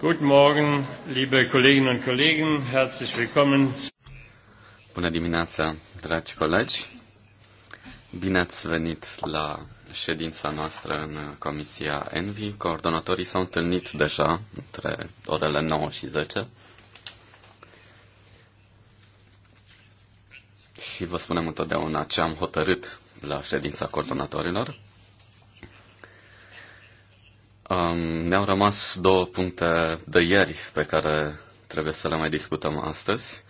Guten Morgen, liebe Kolleginnen und Kollegen, herzlich willkommen. Bună dimineața, dragi colegi. Bine ați venit la ședința noastră în Comisia Envi. Coordonatorii s-au întâlnit deja între orele 9 și 10. Și vă spunem întotdeauna ce am hotărât la ședința coordonatorilor. Um, ne-au rămas două puncte de ieri pe care trebuie să le mai discutăm astăzi.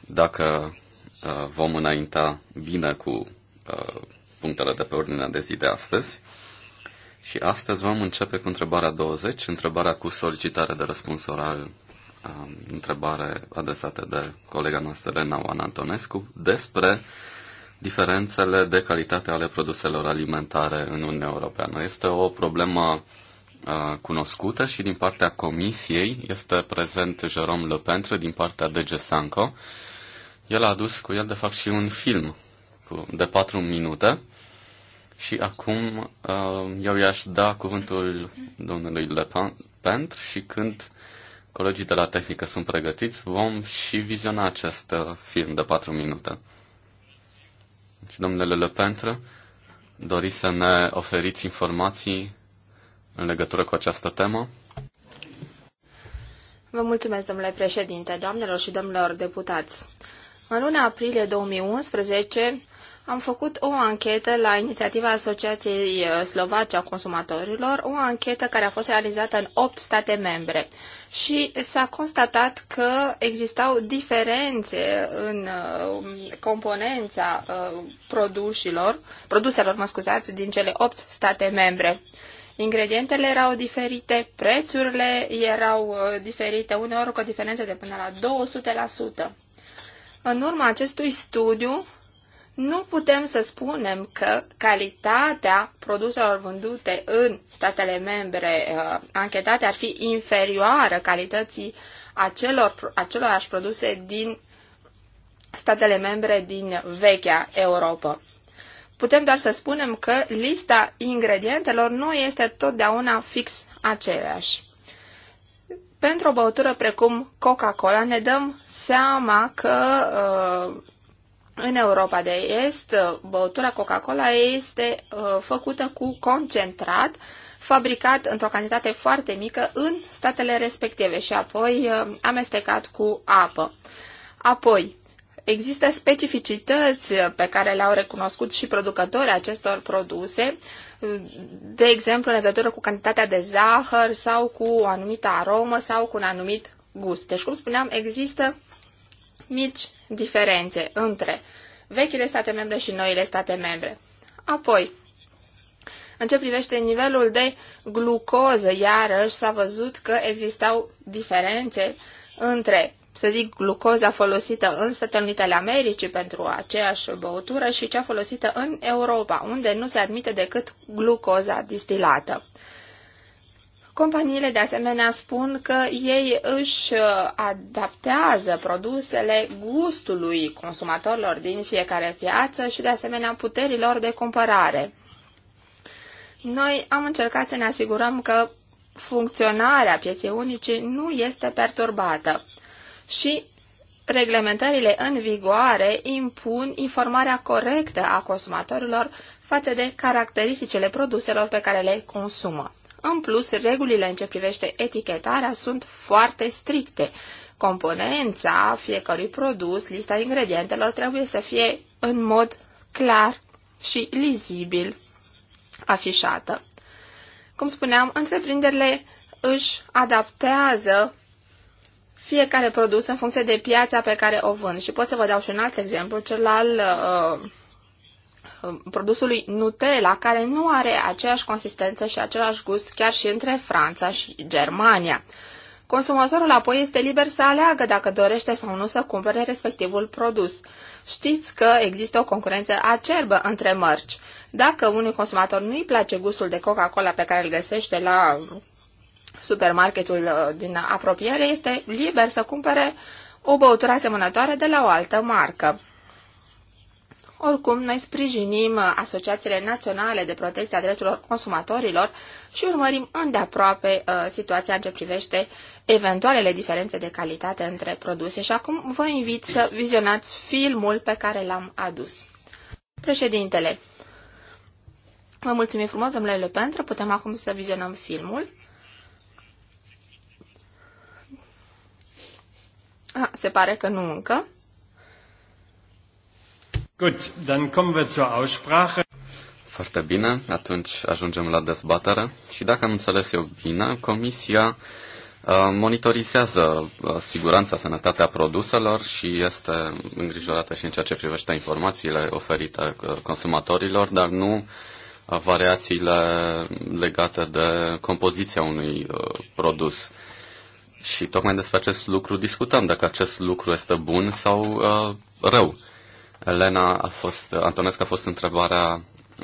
Dacă uh, vom înainta bine cu uh, punctele de pe ordinea de zi de astăzi. Și astăzi vom începe cu întrebarea 20, întrebarea cu solicitare de răspuns oral, um, întrebare adresată de colega noastră Lena Oana Antonescu despre diferențele de calitate ale produselor alimentare în Uniunea Europeană. Este o problemă Uh, cunoscută și din partea comisiei este prezent Jerome Le Pentre din partea DG Sanco. El a adus cu el, de fapt, și un film de patru minute și acum uh, eu i-aș da cuvântul domnului Le Pentre și când colegii de la tehnică sunt pregătiți, vom și viziona acest uh, film de patru minute. Și deci, domnule Le Pentre, doriți să ne oferiți informații în legătură cu această temă? Vă mulțumesc, domnule președinte, doamnelor și domnilor deputați. În luna aprilie 2011 am făcut o anchetă la inițiativa Asociației uh, Slovace a Consumatorilor, o anchetă care a fost realizată în 8 state membre și s-a constatat că existau diferențe în uh, componența uh, produselor, produselor mă scuzați, din cele 8 state membre ingredientele erau diferite, prețurile erau uh, diferite, uneori cu o diferență de până la 200%. În urma acestui studiu, nu putem să spunem că calitatea produselor vândute în statele membre uh, anchetate ar fi inferioară calității acelor, acelorași produse din statele membre din vechea Europa. Putem doar să spunem că lista ingredientelor nu este totdeauna fix aceeași. Pentru o băutură precum Coca-Cola ne dăm seama că uh, în Europa de Est uh, băutura Coca-Cola este uh, făcută cu concentrat fabricat într-o cantitate foarte mică în statele respective și apoi amestecat cu apă. Apoi, Există specificități pe care le-au recunoscut și producătorii acestor produse, de exemplu în legătură cu cantitatea de zahăr sau cu o anumită aromă sau cu un anumit gust. Deci, cum spuneam, există mici diferențe între vechile state membre și noile state membre. Apoi, în ce privește nivelul de glucoză, iarăși s-a văzut că existau diferențe între să zic, glucoza folosită în Statele Unite ale Americii pentru aceeași băutură și cea folosită în Europa, unde nu se admite decât glucoza distilată. Companiile de asemenea spun că ei își uh, adaptează produsele gustului consumatorilor din fiecare piață și de asemenea puterilor de cumpărare. Noi am încercat să ne asigurăm că funcționarea pieței unice nu este perturbată și reglementările în vigoare impun informarea corectă a consumatorilor față de caracteristicile produselor pe care le consumă. În plus, regulile în ce privește etichetarea sunt foarte stricte. Componența fiecărui produs, lista ingredientelor trebuie să fie în mod clar și lizibil afișată. Cum spuneam, întreprinderile își adaptează fiecare produs în funcție de piața pe care o vând. Și pot să vă dau și un alt exemplu, cel al uh, produsului Nutella, care nu are aceeași consistență și același gust chiar și între Franța și Germania. Consumatorul apoi este liber să aleagă dacă dorește sau nu să cumpere respectivul produs. Știți că există o concurență acerbă între mărci. Dacă unui consumator nu-i place gustul de Coca-Cola pe care îl găsește la supermarketul uh, din apropiere este liber să cumpere o băutură asemănătoare de la o altă marcă. Oricum, noi sprijinim uh, asociațiile naționale de protecție a drepturilor consumatorilor și urmărim îndeaproape uh, situația în ce privește eventualele diferențe de calitate între produse și acum vă invit să vizionați filmul pe care l-am adus. Președintele, vă mulțumim frumos, domnule Le Pentru, putem acum să vizionăm filmul. Ah, se pare că nu încă. Gut, dann kommen wir zur Aussprache. Foarte bine, atunci ajungem la dezbatere. Și dacă am înțeles eu bine, Comisia uh, monitorizează uh, siguranța, sănătatea produselor și este îngrijorată și în ceea ce privește informațiile oferite uh, consumatorilor, dar nu variațiile legate de compoziția unui produs. Uh, și tocmai despre acest lucru discutăm, dacă acest lucru este bun sau uh, rău. Elena a fost, Antonescu a fost întrebarea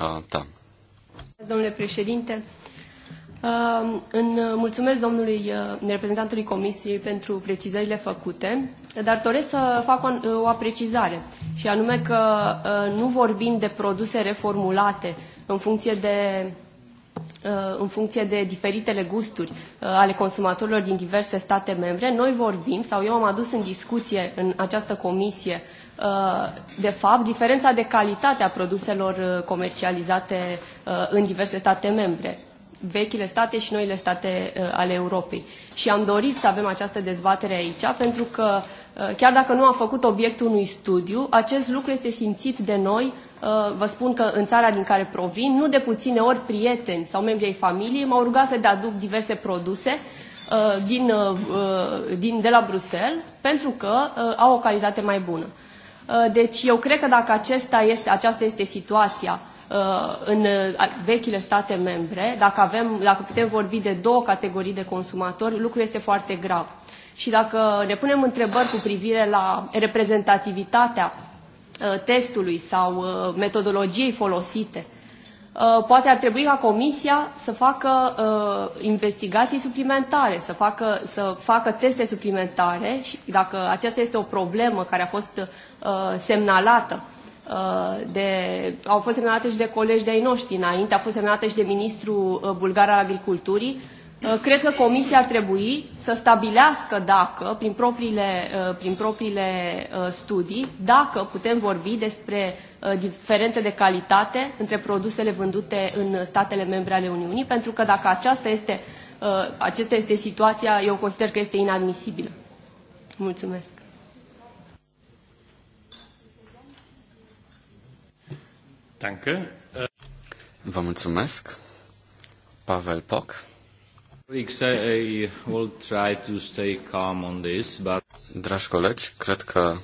uh, ta. Domnule președinte, uh, în, uh, mulțumesc domnului uh, reprezentantului Comisiei pentru precizările făcute, dar doresc să fac o, uh, o precizare, și anume că uh, nu vorbim de produse reformulate în funcție de Uh, în funcție de diferitele gusturi uh, ale consumatorilor din diverse state membre. Noi vorbim, sau eu am adus în discuție în această comisie, uh, de fapt, diferența de calitate a produselor comercializate în diverse state membre vechile state și noile state ale Europei. Și am dorit să avem această dezbatere aici, pentru că, chiar dacă nu a făcut obiectul unui studiu, acest lucru este simțit de noi Uh, vă spun că în țara din care provin, nu de puține ori prieteni sau membri ai familiei m-au rugat să le aduc diverse produse uh, din, uh, din, de la Bruxelles pentru că au o calitate mai bună. Deci eu cred că dacă acesta este, aceasta este situația în vechile state membre, dacă, avem, dacă putem vorbi de două categorii de consumatori, lucrul este foarte grav. Și dacă ne punem întrebări cu privire la reprezentativitatea Uh, testului sau uh, metodologiei folosite. Uh, poate ar trebui ca Comisia să facă investigații suplimentare, să facă, să facă teste suplimentare și dacă aceasta este o problemă care a fost semnalată, de, au fost semnalate și de colegi de-ai noștri înainte, a fost semnalată și de ministrul bulgar al agriculturii, Uh, cred că Comisia ar trebui să stabilească dacă, prin propriile, uh, prin propriile uh, studii, dacă putem vorbi despre diferențe de calitate între produsele vândute în statele membre ale Uniunii, pentru că dacă aceasta este, aceasta este situația, eu consider că este inadmisibilă. Mulțumesc. Danke. Vă mulțumesc. Pavel Poc. Dragi colegi, cred că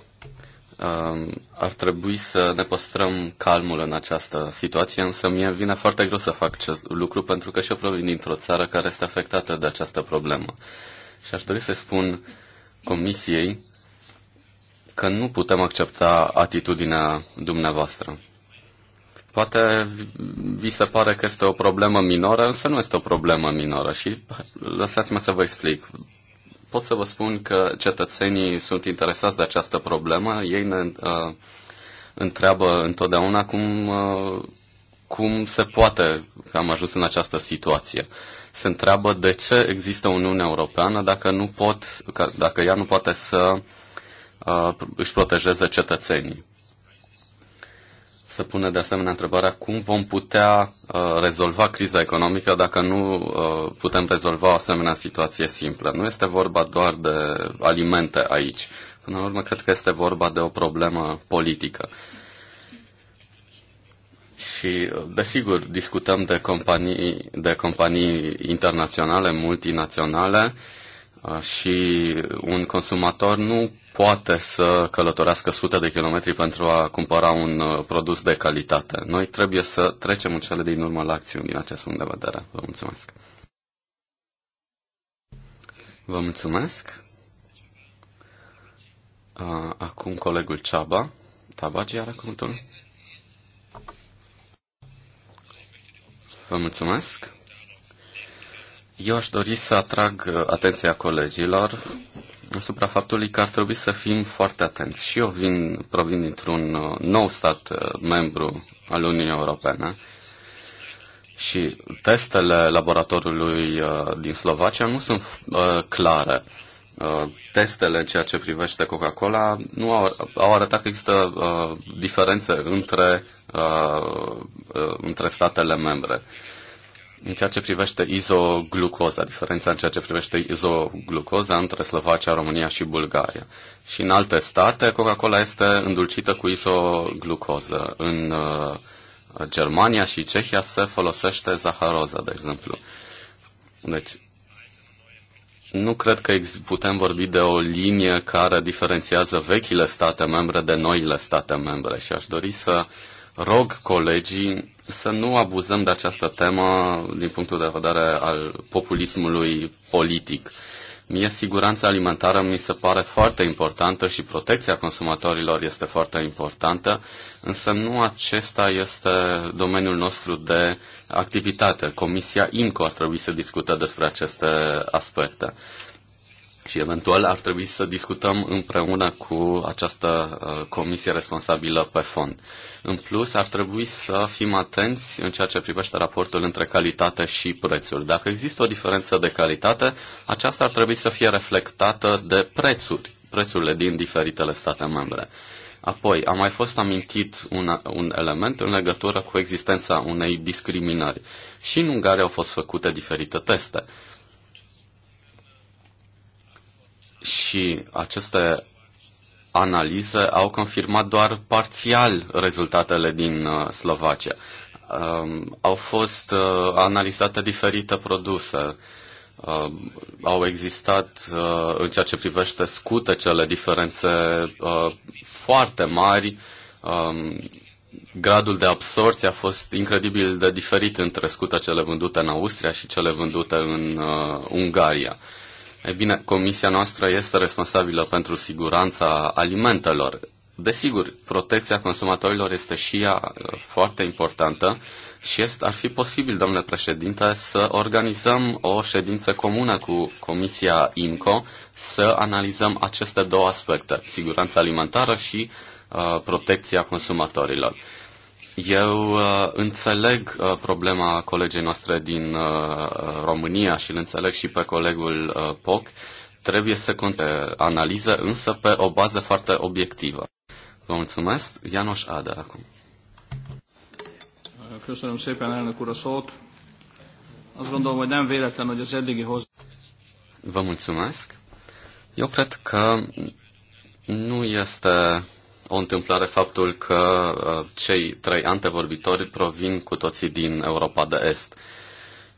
um, ar trebui să ne păstrăm calmul în această situație, însă mie vine foarte greu să fac acest lucru pentru că și eu provin dintr-o țară care este afectată de această problemă. Și aș dori să spun Comisiei că nu putem accepta atitudinea dumneavoastră. Poate vi se pare că este o problemă minoră, însă nu este o problemă minoră și lăsați-mă să vă explic. Pot să vă spun că cetățenii sunt interesați de această problemă. Ei ne uh, întreabă întotdeauna cum, uh, cum se poate că am ajuns în această situație. Se întreabă de ce există Uniunea Europeană dacă, nu pot, dacă ea nu poate să uh, își protejeze cetățenii să pună de asemenea întrebarea cum vom putea uh, rezolva criza economică dacă nu uh, putem rezolva o asemenea situație simplă. Nu este vorba doar de alimente aici. Până la urmă, cred că este vorba de o problemă politică. Și, uh, desigur, discutăm de companii, de companii internaționale, multinaționale, uh, și un consumator nu poate să călătorească sute de kilometri pentru a cumpăra un uh, produs de calitate. Noi trebuie să trecem în cele din urmă la acțiuni din acest punct de vedere. Vă mulțumesc. Vă mulțumesc. Acum colegul Ceaba. Tabagi are cuvântul. Vă mulțumesc. Eu aș dori să atrag uh, atenția colegilor asupra faptului că ar trebui să fim foarte atenți. Și eu vin, provin dintr-un uh, nou stat uh, membru al Uniunii Europene și testele laboratorului uh, din Slovacia nu sunt clare. Testele în ceea ce privește Coca-Cola nu au, au arătat că există diferențe între, între statele membre. În ceea ce privește izoglucoza, diferența în ceea ce privește izoglucoza între Slovacia, România și Bulgaria. Și în alte state, Coca-Cola este îndulcită cu izoglucoză. În uh, Germania și Cehia se folosește zaharoza, de exemplu. Deci, nu cred că putem vorbi de o linie care diferențiază vechile state membre de noile state membre și aș dori să uh, rog colegii să nu abuzăm de această temă din punctul de vedere al populismului politic. Mie siguranța alimentară mi se pare foarte importantă și protecția consumatorilor este foarte importantă, însă nu acesta este domeniul nostru de activitate. Comisia IMCO ar trebui să discute despre aceste aspecte și eventual ar trebui să discutăm împreună cu această uh, comisie responsabilă pe fond. În plus, ar trebui să fim atenți în ceea ce privește raportul între calitate și prețuri. Dacă există o diferență de calitate, aceasta ar trebui să fie reflectată de prețuri, prețurile din diferitele state membre. Apoi, a mai fost amintit un, un element în legătură cu existența unei discriminări. Și în Ungaria au fost făcute diferite teste. și aceste analize au confirmat doar parțial rezultatele din uh, Slovacia. Um, au fost uh, analizate diferite produse. Um, au existat, uh, în ceea ce privește scutecele, diferențe foarte mari. Um, gradul de absorție a fost incredibil de diferit între scutecele vândute în Austria și cele vândute în Ungaria. E bine, comisia noastră este responsabilă pentru siguranța alimentelor. Desigur, protecția consumatorilor este și ea uh, foarte importantă și este, ar fi posibil, domnule președinte, să organizăm o ședință comună cu Comisia IMCO să analizăm aceste două aspecte, siguranța alimentară și uh, protecția consumatorilor. Eu uh, înțeleg uh, problema colegei noastre din uh, România și îl înțeleg și pe colegul uh, POC. Trebuie să conte analiză, însă pe o bază foarte obiectivă. Vă mulțumesc. Janos Ada, acum. Vă mulțumesc. Eu cred că nu este o întâmplare faptul că uh, cei trei antevorbitori provin cu toții din Europa de Est.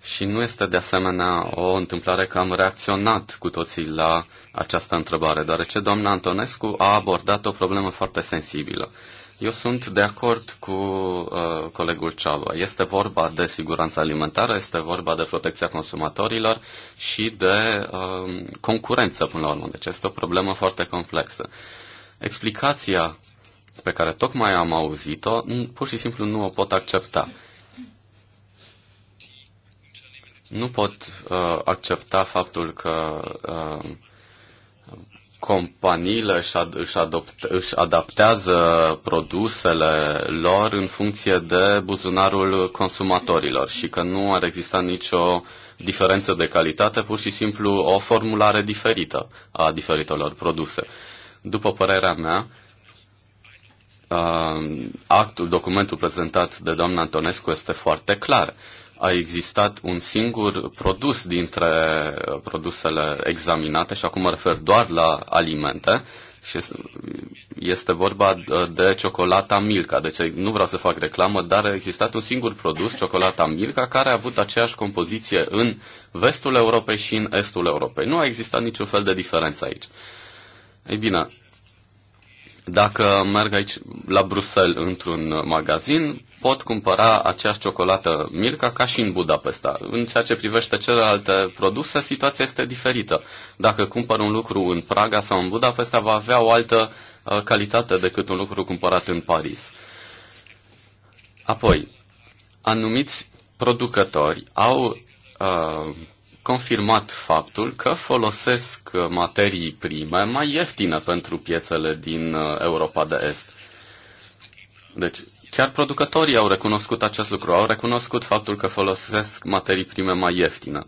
Și nu este de asemenea o întâmplare că am reacționat cu toții la această întrebare, deoarece doamna Antonescu a abordat o problemă foarte sensibilă. Eu sunt de acord cu uh, colegul Ceaba. Este vorba de siguranța alimentară, este vorba de protecția consumatorilor și de uh, concurență, până la urmă. Deci este o problemă foarte complexă. Uh, Explicația pe care tocmai am auzit-o, pur și simplu nu o pot accepta. Nu pot uh, accepta faptul că uh, companiile își, ad- își, adopt- își adaptează produsele lor în funcție de buzunarul consumatorilor și că nu ar exista nicio diferență de calitate, pur și simplu o formulare diferită a diferitelor produse. Uh, după părerea mea, uh, actul, documentul prezentat de doamna Antonescu este foarte clar. A existat un singur produs dintre produsele examinate și acum mă refer doar la alimente și este vorba uh, de ciocolata Milka. Deci uh, nu vreau să fac reclamă, dar a existat un singur produs, ciocolata Milka, care a avut aceeași compoziție în vestul Europei și în estul Europei. Nu a existat niciun fel de diferență aici. Ei bine, dacă merg aici la Bruxelles într-un magazin, pot cumpăra aceeași ciocolată Mirca ca și în Budapesta. În ceea ce privește celelalte produse, situația este diferită. Dacă cumpăr un lucru în Praga sau în Budapesta, va avea o altă uh, calitate decât un lucru cumpărat în Paris. Apoi, anumiți producători au uh, confirmat faptul că folosesc uh, materii prime mai ieftine pentru piețele din uh, Europa de Est. Deci, chiar producătorii au recunoscut acest lucru, au recunoscut faptul că folosesc materii prime mai ieftine.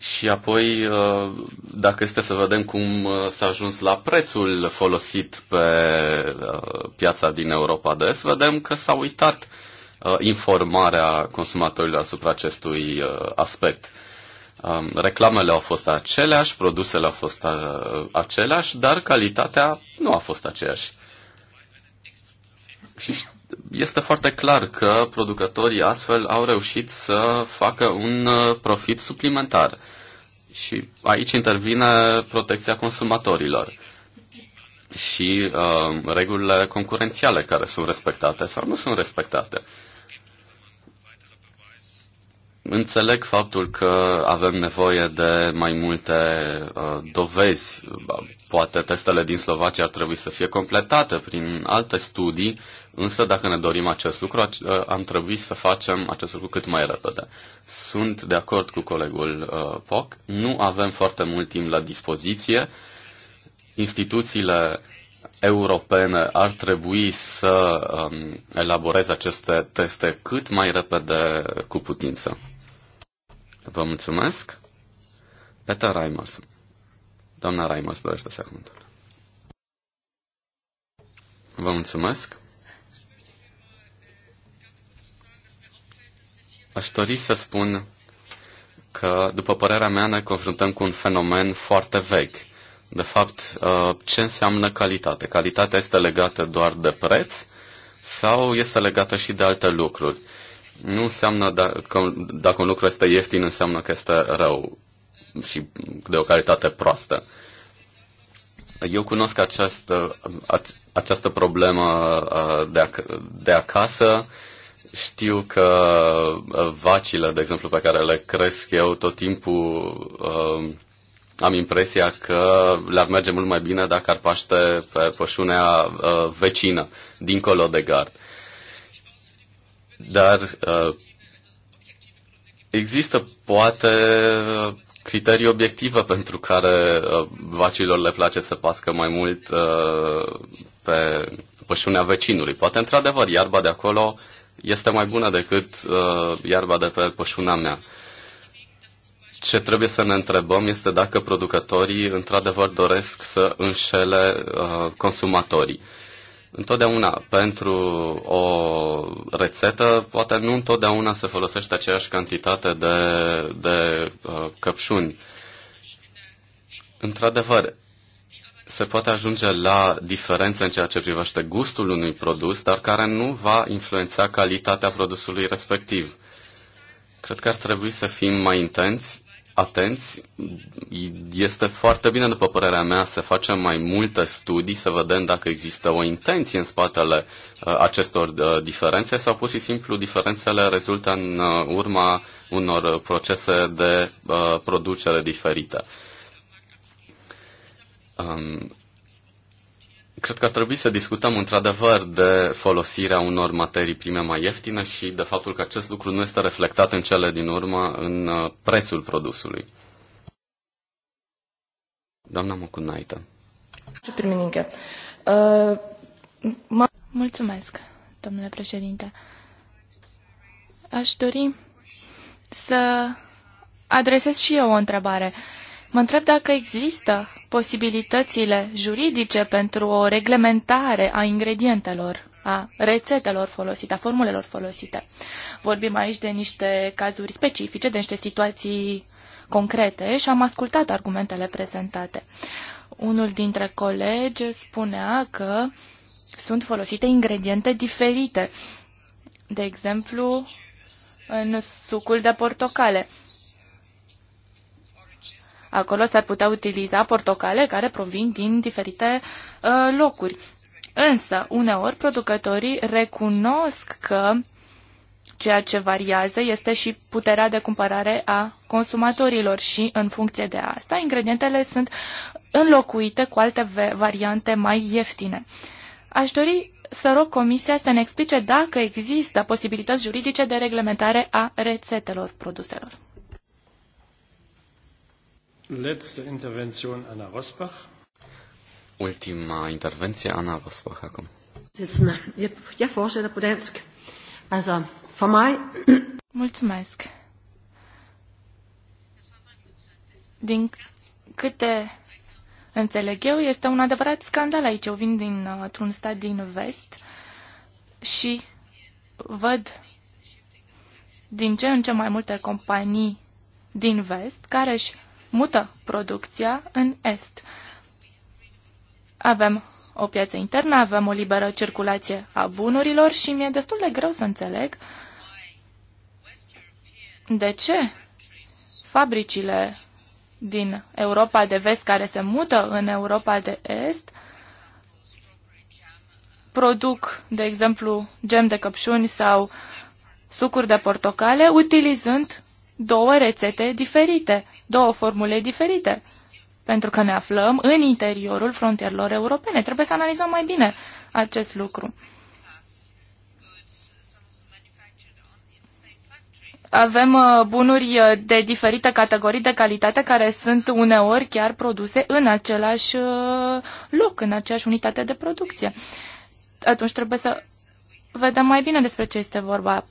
Și apoi, uh, dacă este să vedem cum s-a ajuns la prețul folosit pe piața din Europa de Est, vedem că s-a uitat uh, Uh, informarea consumatorilor asupra acestui uh, aspect. Um, reclamele au fost aceleași, produsele au fost uh, aceleași, dar calitatea nu a fost aceeași. Și este foarte clar că producătorii astfel au reușit să facă un profit suplimentar. Și aici intervine protecția consumatorilor și uh, regulile concurențiale care sunt respectate sau nu sunt respectate. Înțeleg faptul că avem nevoie de mai multe uh, dovezi. Poate testele din Slovacia ar trebui să fie completate prin alte studii, însă dacă ne dorim acest lucru, ac- uh, am trebuit să facem acest lucru cât mai repede. Sunt de acord cu colegul uh, POC. Nu avem foarte mult timp la dispoziție. Instituțiile europene ar trebui să um, elaboreze aceste teste cât mai repede cu putință. Vă mulțumesc. Peter Raimos. Doamna Raimos dorește să cuvântul. Vă mulțumesc. Aș dori să spun că, după părerea mea, ne confruntăm cu un fenomen foarte vechi. De fapt, uh, ce înseamnă calitate? Calitatea este legată doar de preț sau este legată și de alte lucruri? nu înseamnă dacă, dacă un lucru este ieftin, înseamnă că este rău și de o calitate proastă. Eu cunosc această, această problemă de, ac- de acasă. Știu că vacile, de exemplu, pe care le cresc eu tot timpul, am impresia că le-ar merge mult mai bine dacă ar paște pe pășunea vecină, dincolo de gard. Dar uh, există poate criterii obiective pentru care uh, vacilor le place să pască mai mult uh, pe pășunea vecinului. Poate într-adevăr iarba de acolo este mai bună decât iarba de pe pășuna mea. Ce trebuie să ne întrebăm este dacă producătorii într-adevăr doresc să înșele uh, consumatorii. Uh, Întotdeauna, pentru o rețetă, poate nu întotdeauna se folosește aceeași cantitate de, de uh, căpșuni. Într-adevăr, se poate ajunge la diferențe în ceea ce privește gustul unui produs, dar care nu va influența calitatea produsului respectiv. Cred că ar trebui să fim mai intenți atenți. Este foarte bine, după părerea mea, să facem mai multe studii, să vedem dacă există o intenție în spatele uh, acestor uh, diferențe sau pur și simplu diferențele rezultă în uh, urma unor procese de producere diferite. Um, Cred că ar trebui să discutăm într-adevăr de folosirea unor materii prime mai ieftine și de faptul că acest lucru nu este reflectat în cele din urmă în uh, prețul produsului. Doamna Măcunaită. Uh, Mulțumesc, domnule președinte. Aș dori să adresez și eu o întrebare. Uh, Mă întreb dacă există posibilitățile juridice pentru o reglementare a ingredientelor, a rețetelor folosite, a formulelor folosite. Vorbim aici de niște cazuri specifice, de niște situații concrete și am ascultat argumentele prezentate. Unul dintre colegi spunea că sunt folosite ingrediente diferite. De exemplu, în sucul de portocale. Acolo s-ar putea utiliza portocale care provin din diferite uh, locuri. Însă, uneori, producătorii recunosc că ceea ce variază este și puterea de cumpărare a consumatorilor și, în funcție de asta, ingredientele sunt înlocuite cu alte variante mai ieftine. Aș dori să rog Comisia să ne explice dacă există posibilități juridice de reglementare a rețetelor produselor letzte Intervention Anna Rosbach. Ultima intervenție Anna Rosbach acum. Jeg fortsætter på dansk. Altså, for mig... Mulțumesc. Din câte înțeleg eu, este un adevărat scandal aici. Eu vin dintr-un stat din vest și văd din ce în ce mai multe companii din vest care își mută producția în Est. Avem o piață internă, avem o liberă circulație a bunurilor și mi-e destul de greu să înțeleg de ce fabricile din Europa de Vest care se mută în Europa de Est produc, de exemplu, gem de căpșuni sau sucuri de portocale utilizând două rețete diferite două formule diferite, pentru că ne aflăm în interiorul frontierelor europene. Trebuie să analizăm mai bine acest lucru. Avem uh, bunuri uh, de diferite categorii de calitate care sunt uneori chiar produse în același uh, loc, în aceeași unitate de producție. Atunci trebuie să vedem mai bine despre ce este vorba.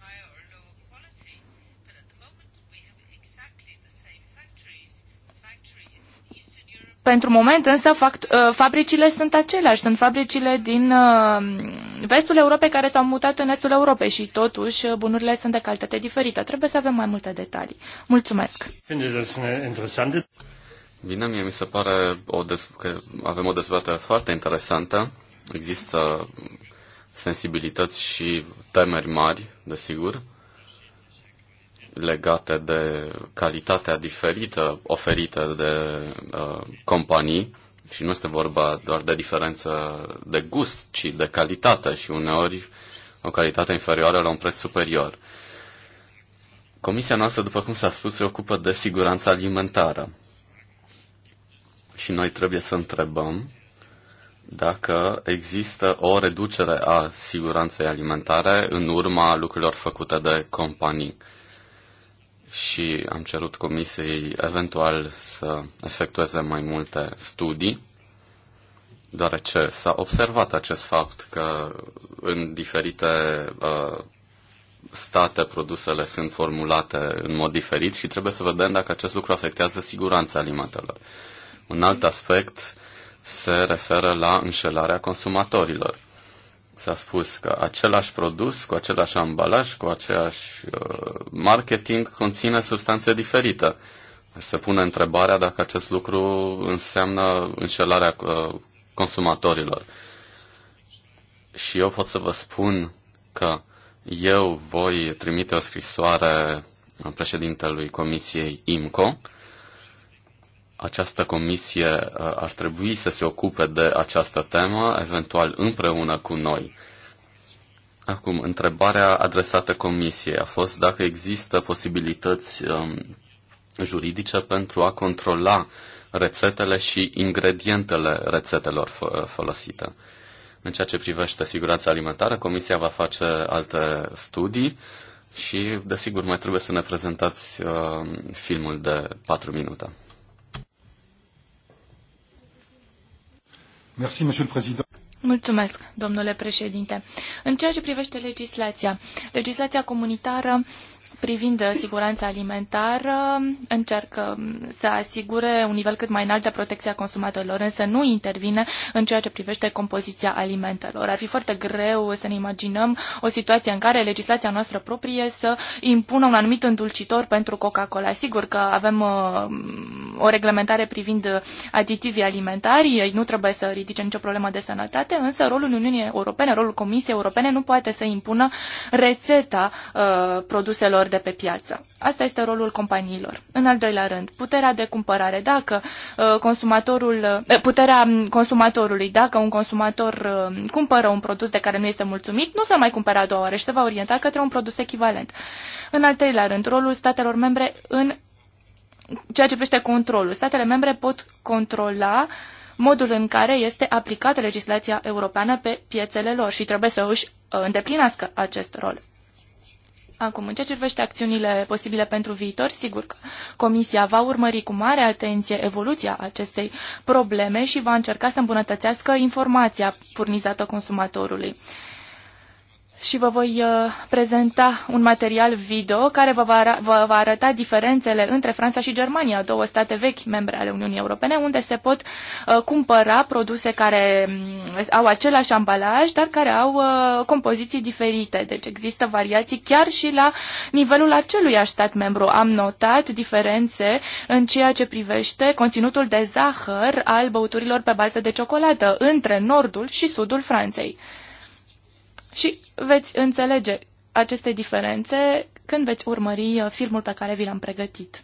Pentru moment însă fact, uh, fabricile sunt aceleași, sunt fabricile din uh, vestul Europei care s-au mutat în estul Europei și totuși uh, bunurile sunt de calitate diferită. Trebuie să avem mai multe detalii. Mulțumesc! Bine, mie mi se pare o dez... că avem o dezbatere foarte interesantă. Există sensibilități și temeri mari, desigur legate de calitatea diferită oferită de uh, companii și nu este vorba doar de diferență de gust, ci de calitate și uneori o calitate inferioară la un preț superior. Comisia noastră, după cum s-a spus, se ocupă de siguranța alimentară. Și noi trebuie să întrebăm dacă există o reducere a siguranței alimentare în urma lucrurilor făcute de companii și am cerut comisiei eventual să efectueze mai multe studii, deoarece s-a observat acest fapt că în diferite uh, state produsele sunt formulate în mod diferit și trebuie să vedem dacă acest lucru afectează siguranța alimentelor. Un alt aspect se referă la înșelarea consumatorilor s-a spus că același produs cu același ambalaj, cu aceeași uh, marketing conține substanțe diferite. Aș se pune întrebarea dacă acest lucru înseamnă înșelarea uh, consumatorilor. Și eu pot să vă spun că eu voi trimite o scrisoare președintelui Comisiei IMCO această comisie uh, ar trebui să se ocupe de această temă, eventual împreună cu noi. Acum, întrebarea adresată comisiei a fost dacă există posibilități um, juridice pentru a controla rețetele și ingredientele rețetelor uh, folosite. În ceea ce privește siguranța alimentară, comisia va face alte studii și, desigur, mai trebuie să ne prezentați uh, filmul de 4 minute. Merci, Monsieur le Président. Mulțumesc, domnule președinte. În ceea ce privește legislația, legislația comunitară privind siguranța alimentară încearcă să asigure un nivel cât mai înalt de protecție a consumatorilor, însă nu intervine în ceea ce privește compoziția alimentelor. Ar fi foarte greu să ne imaginăm o situație în care legislația noastră proprie să impună un anumit îndulcitor pentru Coca-Cola. Sigur că avem uh, o reglementare privind aditivii alimentari, ei nu trebuie să ridice nicio problemă de sănătate, însă rolul Uniunii Europene, rolul Comisiei Europene nu poate să impună rețeta uh, produselor de pe piață. Asta este rolul companiilor. În al doilea rând, puterea de cumpărare. Dacă uh, consumatorul, uh, puterea consumatorului, dacă un consumator uh, cumpără un produs de care nu este mulțumit, nu s-a mai cumpăra a doua oară și se va orienta către un produs echivalent. În al treilea rând, rolul statelor membre în ceea ce privește controlul. Statele membre pot controla modul în care este aplicată legislația europeană pe piețele lor și trebuie să își îndeplinească acest rol. Acum, în ceea ce privește acțiunile posibile pentru viitor, sigur că Comisia va urmări cu mare atenție evoluția acestei probleme și va încerca să îmbunătățească informația furnizată consumatorului și vă voi uh, prezenta un material video care vă va, arăta, vă va arăta diferențele între Franța și Germania, două state vechi membre ale Uniunii Europene, unde se pot uh, cumpăra produse care mm, au același ambalaj, dar care au uh, compoziții diferite. Deci există variații chiar și la nivelul acelui stat membru. Am notat diferențe în ceea ce privește conținutul de zahăr al băuturilor pe bază de ciocolată între nordul și sudul Franței. Și veți înțelege aceste diferențe când veți urmări uh, filmul pe care vi l-am pregătit.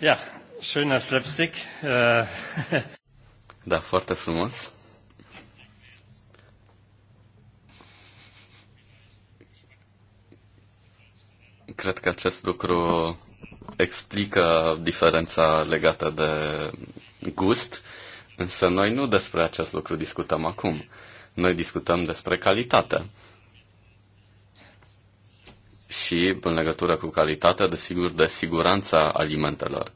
Ja, schöner slapstick. Äh, da, foarte frumos. Cred că acest lucru explică diferența legată de gust, însă noi nu despre acest lucru discutăm acum. Noi discutăm despre calitate și în legătură cu calitatea, desigur, de siguranța alimentelor.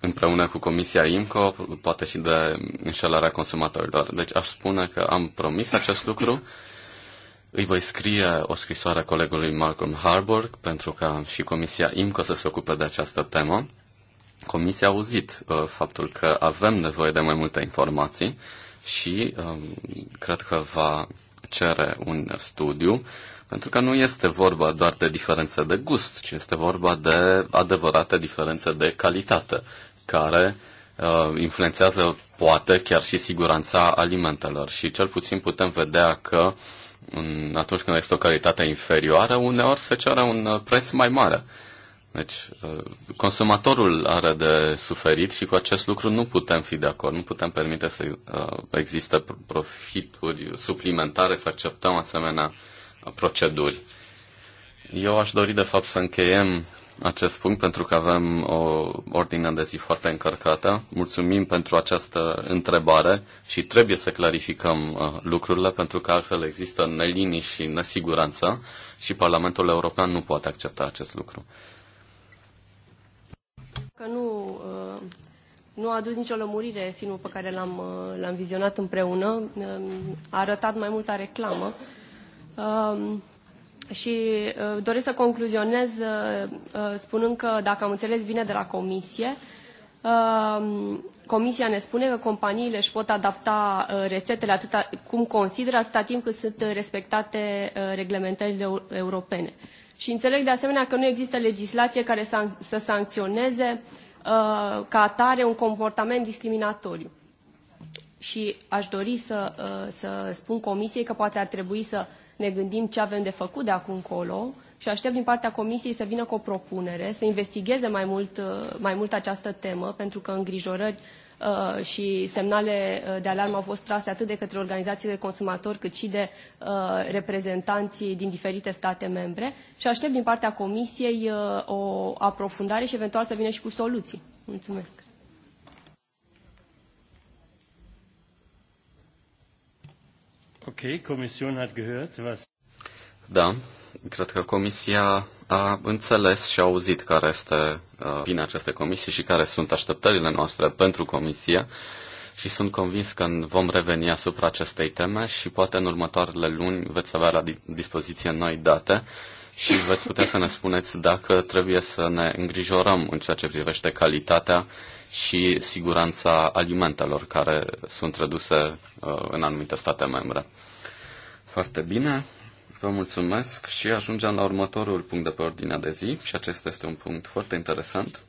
Împreună cu Comisia IMCO, poate și de înșelarea consumatorilor. Deci aș spune că am promis acest lucru. Îi voi scrie o scrisoare colegului Malcolm Harburg, pentru ca și Comisia IMCO să se ocupe de această temă. Comisia a auzit uh, faptul că avem nevoie de mai multe informații și uh, cred că va cere un studiu pentru că nu este vorba doar de diferențe de gust, ci este vorba de adevărate diferențe de calitate, care uh, influențează poate chiar și siguranța alimentelor. Și cel puțin putem vedea că um, atunci când este o calitate inferioară, uneori se cere un uh, preț mai mare. Deci, uh, consumatorul are de suferit și cu acest lucru nu putem fi de acord, nu putem permite să uh, existe profituri suplimentare, să acceptăm asemenea proceduri. Eu aș dori, de fapt, să încheiem acest punct pentru că avem o ordine de zi foarte încărcată. Mulțumim pentru această întrebare și trebuie să clarificăm uh, lucrurile pentru că altfel există nelinii și nesiguranță și Parlamentul European nu poate accepta acest lucru. Că nu, uh, nu a adus nicio lămurire filmul pe care l-am, uh, l-am vizionat împreună. Uh, a arătat mai multă reclamă Um, și uh, doresc să concluzionez uh, uh, spunând că, dacă am înțeles bine de la Comisie, um, Comisia ne spune că companiile își pot adapta rețetele atâta cum consideră, atâta timp cât sunt respectate reglementările europene. Și înțeleg de asemenea că nu există legislație care să, să sancționeze ca atare un comportament discriminatoriu. Și aș dori să, să spun Comisiei că poate ar trebui să ne gândim ce avem de făcut de acum încolo și aștept din partea Comisiei să vină cu o propunere, să investigheze mai mult, uh, mai mult această temă, pentru că îngrijorări uh, și semnale uh, de alarmă au fost trase atât de către organizațiile de consumatori, cât și de reprezentanții din diferite state membre și aștept din partea Comisiei o aprofundare și eventual să vină și cu soluții. Mulțumesc! Comisia a gehört was... Da, cred că Comisia a înțeles și a auzit care este uh, bine aceste comisii și care sunt așteptările noastre pentru Comisia și sunt convins că vom reveni asupra acestei teme și poate în următoarele luni veți avea la dispoziție noi date și veți putea să ne spuneți dacă trebuie să ne îngrijorăm în ceea ce privește calitatea și siguranța alimentelor care sunt reduse uh, în anumite state membre. Foarte bine, vă mulțumesc și ajungem la următorul punct de pe ordinea de zi și acesta este un punct foarte interesant.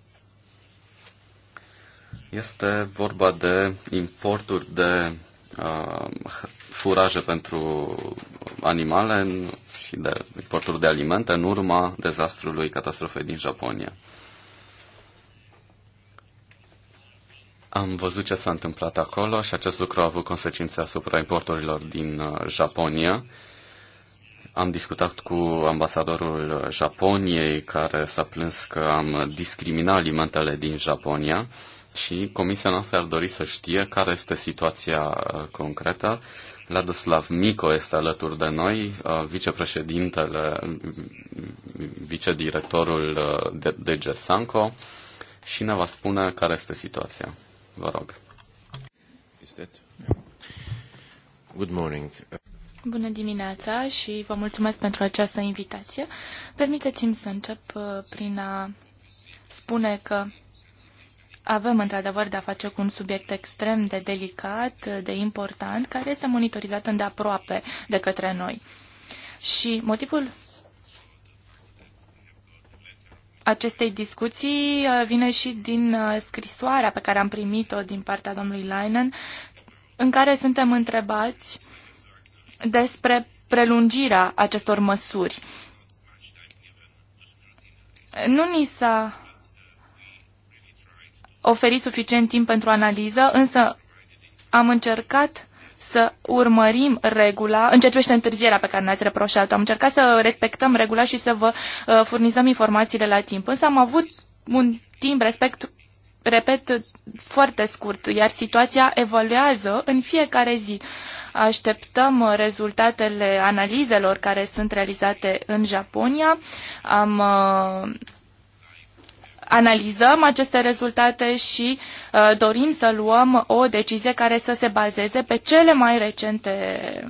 Este vorba de importuri de uh, furaje pentru animale și de importuri de alimente în urma dezastrului catastrofei din Japonia. Am văzut ce s-a întâmplat acolo și acest lucru a avut consecințe asupra importurilor din uh, Japonia. Am discutat cu ambasadorul Japoniei care s-a plâns că am discriminat alimentele din Japonia și comisia noastră ar dori să știe care este situația uh, concretă. Ladislav Mico este alături de noi, uh, vicepreședintele, vicedirectorul de de Sanco și ne va spune care este situația. Vă rog. Good morning. Bună dimineața și vă mulțumesc pentru această invitație. Permiteți-mi să încep uh, prin a spune că avem într-adevăr de-a face cu un subiect extrem de delicat, uh, de important, care este monitorizat îndeaproape de către noi. Și motivul acestei discuții uh, vine și din uh, scrisoarea pe care am primit-o din partea domnului Leinen, în care suntem întrebați despre prelungirea acestor măsuri. Nu ni s-a oferit suficient timp pentru analiză, însă am încercat să urmărim regula, în ce privește întârzierea pe care ne-ați reproșat-o. Am încercat să respectăm regula și să vă uh, furnizăm informațiile la timp, însă am avut un timp respect repet, foarte scurt, iar situația evoluează în fiecare zi. Așteptăm rezultatele analizelor care sunt realizate în Japonia. Am uh, analizăm aceste rezultate și uh, dorim să luăm o decizie care să se bazeze pe cele mai recente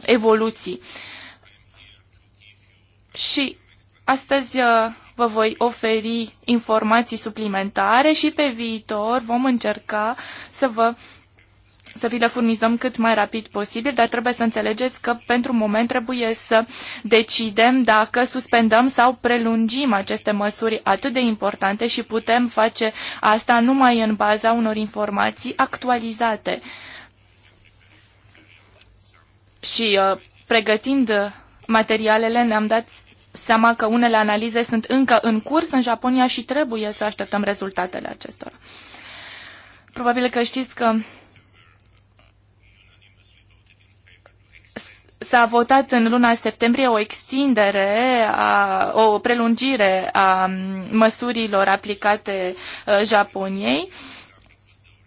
evoluții. Și astăzi uh, vă voi oferi informații suplimentare și pe viitor vom încerca să vă uh, să vi le furnizăm cât mai rapid posibil, dar trebuie să înțelegeți că pentru moment trebuie să decidem dacă suspendăm sau prelungim aceste măsuri atât de importante și putem face asta numai în baza unor informații actualizate. Și uh, pregătind materialele ne-am dat seama că unele analize sunt încă în curs în Japonia și trebuie să așteptăm rezultatele acestora. Probabil că știți că S-a votat în luna septembrie o extindere, a, o prelungire a măsurilor aplicate uh, Japoniei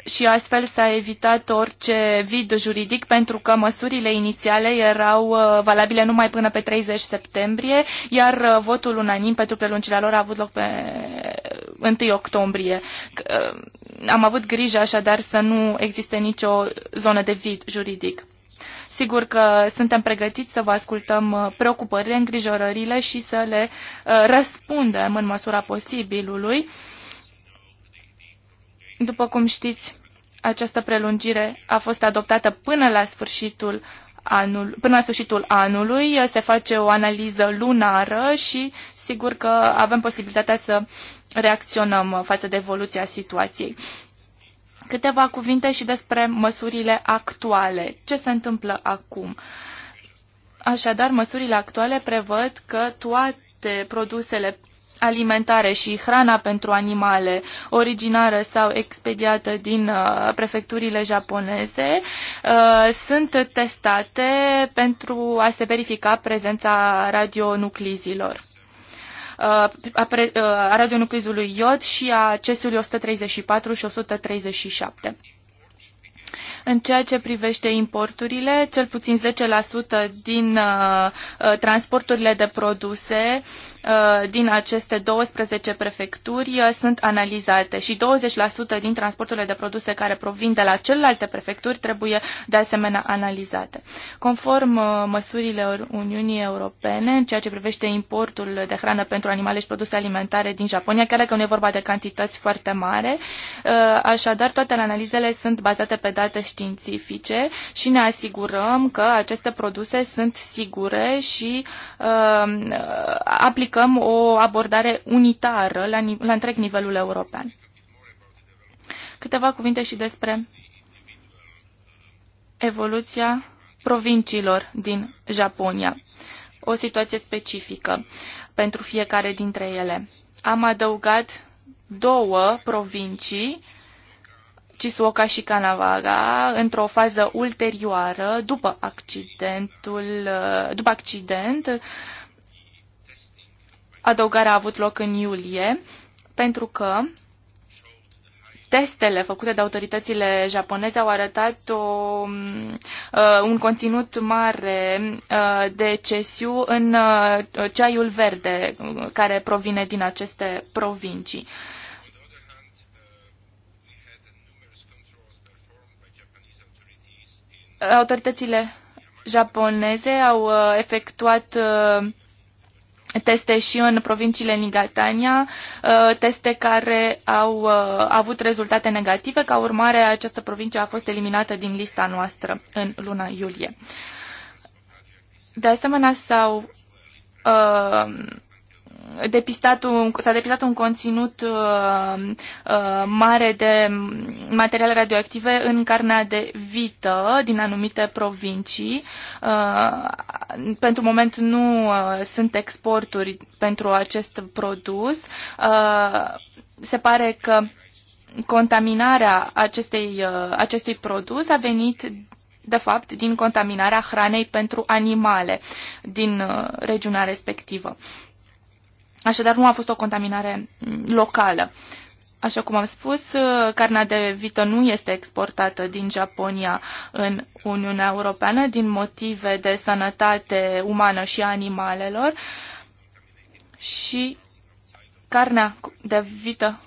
și astfel s-a evitat orice vid juridic pentru că măsurile inițiale erau uh, valabile numai până pe 30 septembrie, iar uh, votul unanim pentru prelungirea lor a avut loc pe 1 octombrie. Am avut grijă așadar să nu existe nicio zonă de vid juridic. Sigur că suntem pregătiți să vă ascultăm uh, preocupările, îngrijorările și să le uh, răspundem în măsura posibilului. După cum știți, această prelungire a fost adoptată până la sfârșitul anul, până la sfârșitul anului. Uh, se face o analiză lunară și sigur că avem posibilitatea să reacționăm față de evoluția situației. Câteva cuvinte și despre măsurile actuale. Ce se întâmplă acum? Așadar, măsurile actuale prevăd că toate produsele alimentare și hrana pentru animale originară sau expediată din uh, prefecturile japoneze uh, sunt testate pentru a se verifica prezența radionuclizilor. Uh, uh, a radionuclizului iod și a cesului 134 și 137. În ceea ce privește importurile, cel puțin 10% din uh, uh, transporturile de produse Uh, din aceste 12 prefecturi uh, sunt analizate și 20% din transporturile de produse care provin de la celelalte prefecturi trebuie de asemenea analizate. Conform uh, măsurilor Uniunii Europene, în ceea ce privește importul de hrană pentru animale și produse alimentare din Japonia, chiar dacă nu e vorba de cantități foarte mare, așadar toate analizele sunt bazate pe date științifice și ne asigurăm că aceste produse sunt sigure și uh, aplicate aplicăm o abordare unitară la, la întreg nivelul european. Câteva cuvinte și despre evoluția provinciilor din Japonia. O situație specifică pentru fiecare dintre ele. Am adăugat două provincii, Chisooka și Kanavaga, într-o fază ulterioară, după accidentul, după accident, adăugarea a avut loc în iulie, pentru că testele făcute de autoritățile japoneze au arătat o, uh, un conținut mare uh, de cesiu în uh, ceaiul verde uh, care provine din aceste provincii. Autoritățile japoneze au uh, efectuat uh, teste și în provinciile Nigatania, uh, teste care au uh, avut rezultate negative. Ca urmare, această provincie a fost eliminată din lista noastră în luna iulie. De asemenea, s-au uh, depistat un, s-a depistat un conținut uh, uh, mare de materiale radioactive în carnea de vită din anumite provincii. Uh, pentru moment nu uh, sunt exporturi pentru acest produs. Uh, se pare că contaminarea acestei, uh, acestui produs a venit de fapt, din contaminarea hranei pentru animale din uh, regiunea respectivă. Uh, Așadar, nu a fost o contaminare mm, locală. Așa cum am spus, uh, carnea de vită nu este exportată din Japonia în Uniunea Europeană din motive de sănătate umană și animalelor și carnea de vită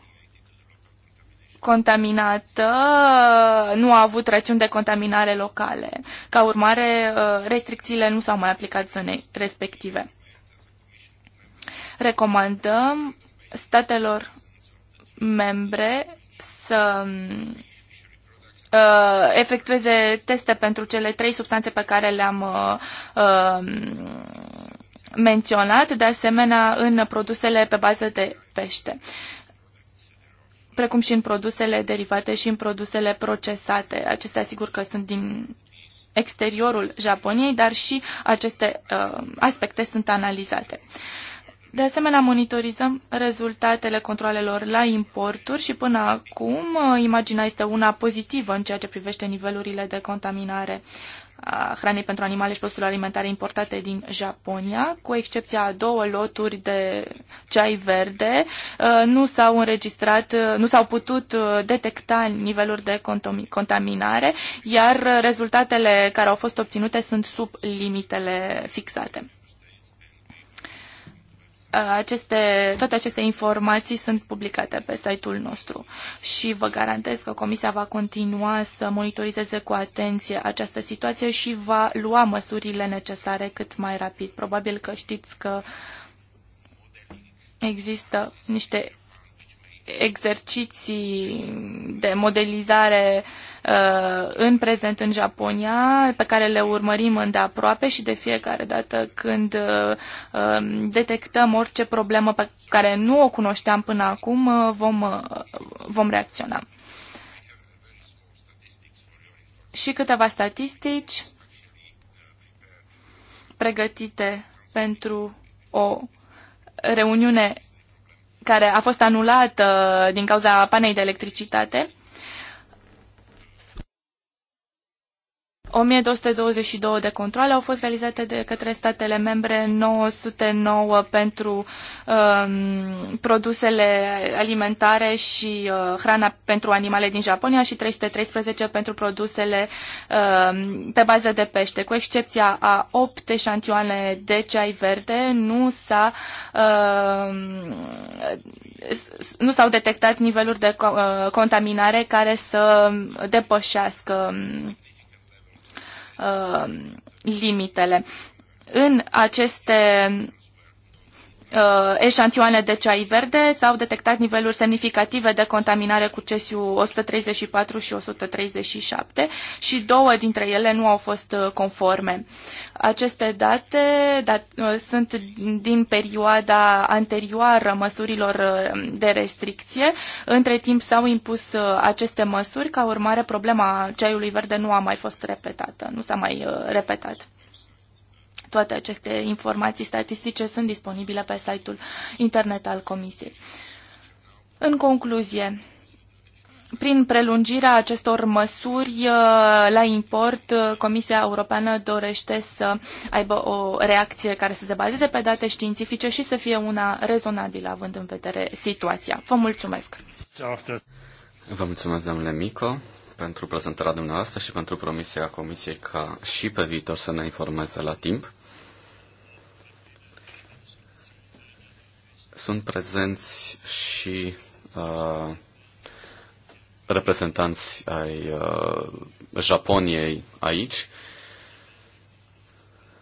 contaminată uh, nu a avut rațiuni de contaminare locale. Ca urmare, uh, restricțiile nu s-au mai aplicat zonei respective. Recomandăm statelor membre să uh, efectueze teste pentru cele trei substanțe pe care le-am uh, um, menționat, de asemenea în produsele pe bază de pește, precum și în produsele derivate și în produsele procesate. Acestea, sigur că sunt din exteriorul Japoniei, dar și aceste uh, aspecte sunt analizate. Uh, de asemenea, monitorizăm rezultatele controlelor la importuri și până acum uh, imaginea este una pozitivă în ceea ce privește nivelurile de contaminare a hranei pentru animale și produsele alimentare importate din Japonia, cu excepția a două loturi de ceai verde, uh, nu s-au înregistrat, uh, nu s-au putut detecta niveluri de contaminare, iar rezultatele care au fost obținute sunt sub limitele fixate aceste, toate aceste informații sunt publicate pe site-ul nostru și vă garantez că Comisia va continua să monitorizeze cu atenție această situație și va lua măsurile necesare cât mai rapid. Probabil că știți că există niște exerciții de modelizare uh, în prezent în Japonia, pe care le urmărim îndeaproape și de fiecare dată când uh, um, detectăm orice problemă pe care nu o cunoșteam până acum, uh, vom, vom reacționa. Și câteva statistici pregătite pentru o reuniune care a fost anulată uh, din cauza panei de electricitate. 1222 de controle au fost realizate de către statele membre, 909 pentru um, produsele alimentare și uh, hrana pentru animale din Japonia și 313 pentru produsele um, pe bază de pește. Cu excepția a 8 eșantioane de ceai verde, nu, s-a, um, nu s-au detectat niveluri de uh, contaminare care să depășească um, Uh, limitele. În aceste Uh, eșantioane de ceai verde, s-au detectat niveluri semnificative de contaminare cu cesiu 134 și 137 și două dintre ele nu au fost uh, conforme. Aceste date dat, uh, sunt din perioada anterioară măsurilor de restricție. Între timp s-au impus aceste măsuri, ca urmare problema ceaiului verde nu a mai fost repetată, nu s-a mai repetat. Toate aceste informații statistice sunt disponibile pe site-ul internet al Comisiei. În concluzie, prin prelungirea acestor măsuri uh, la import, uh, Comisia Europeană dorește să aibă o reacție care să se bazeze pe date științifice și să fie una rezonabilă, având în vedere situația. Vă mulțumesc! Vă mulțumesc, domnule Mico, pentru prezentarea dumneavoastră și pentru promisia Comisiei ca și pe viitor să ne informeze la timp. Sunt prezenți și uh, reprezentanți ai uh, Japoniei aici.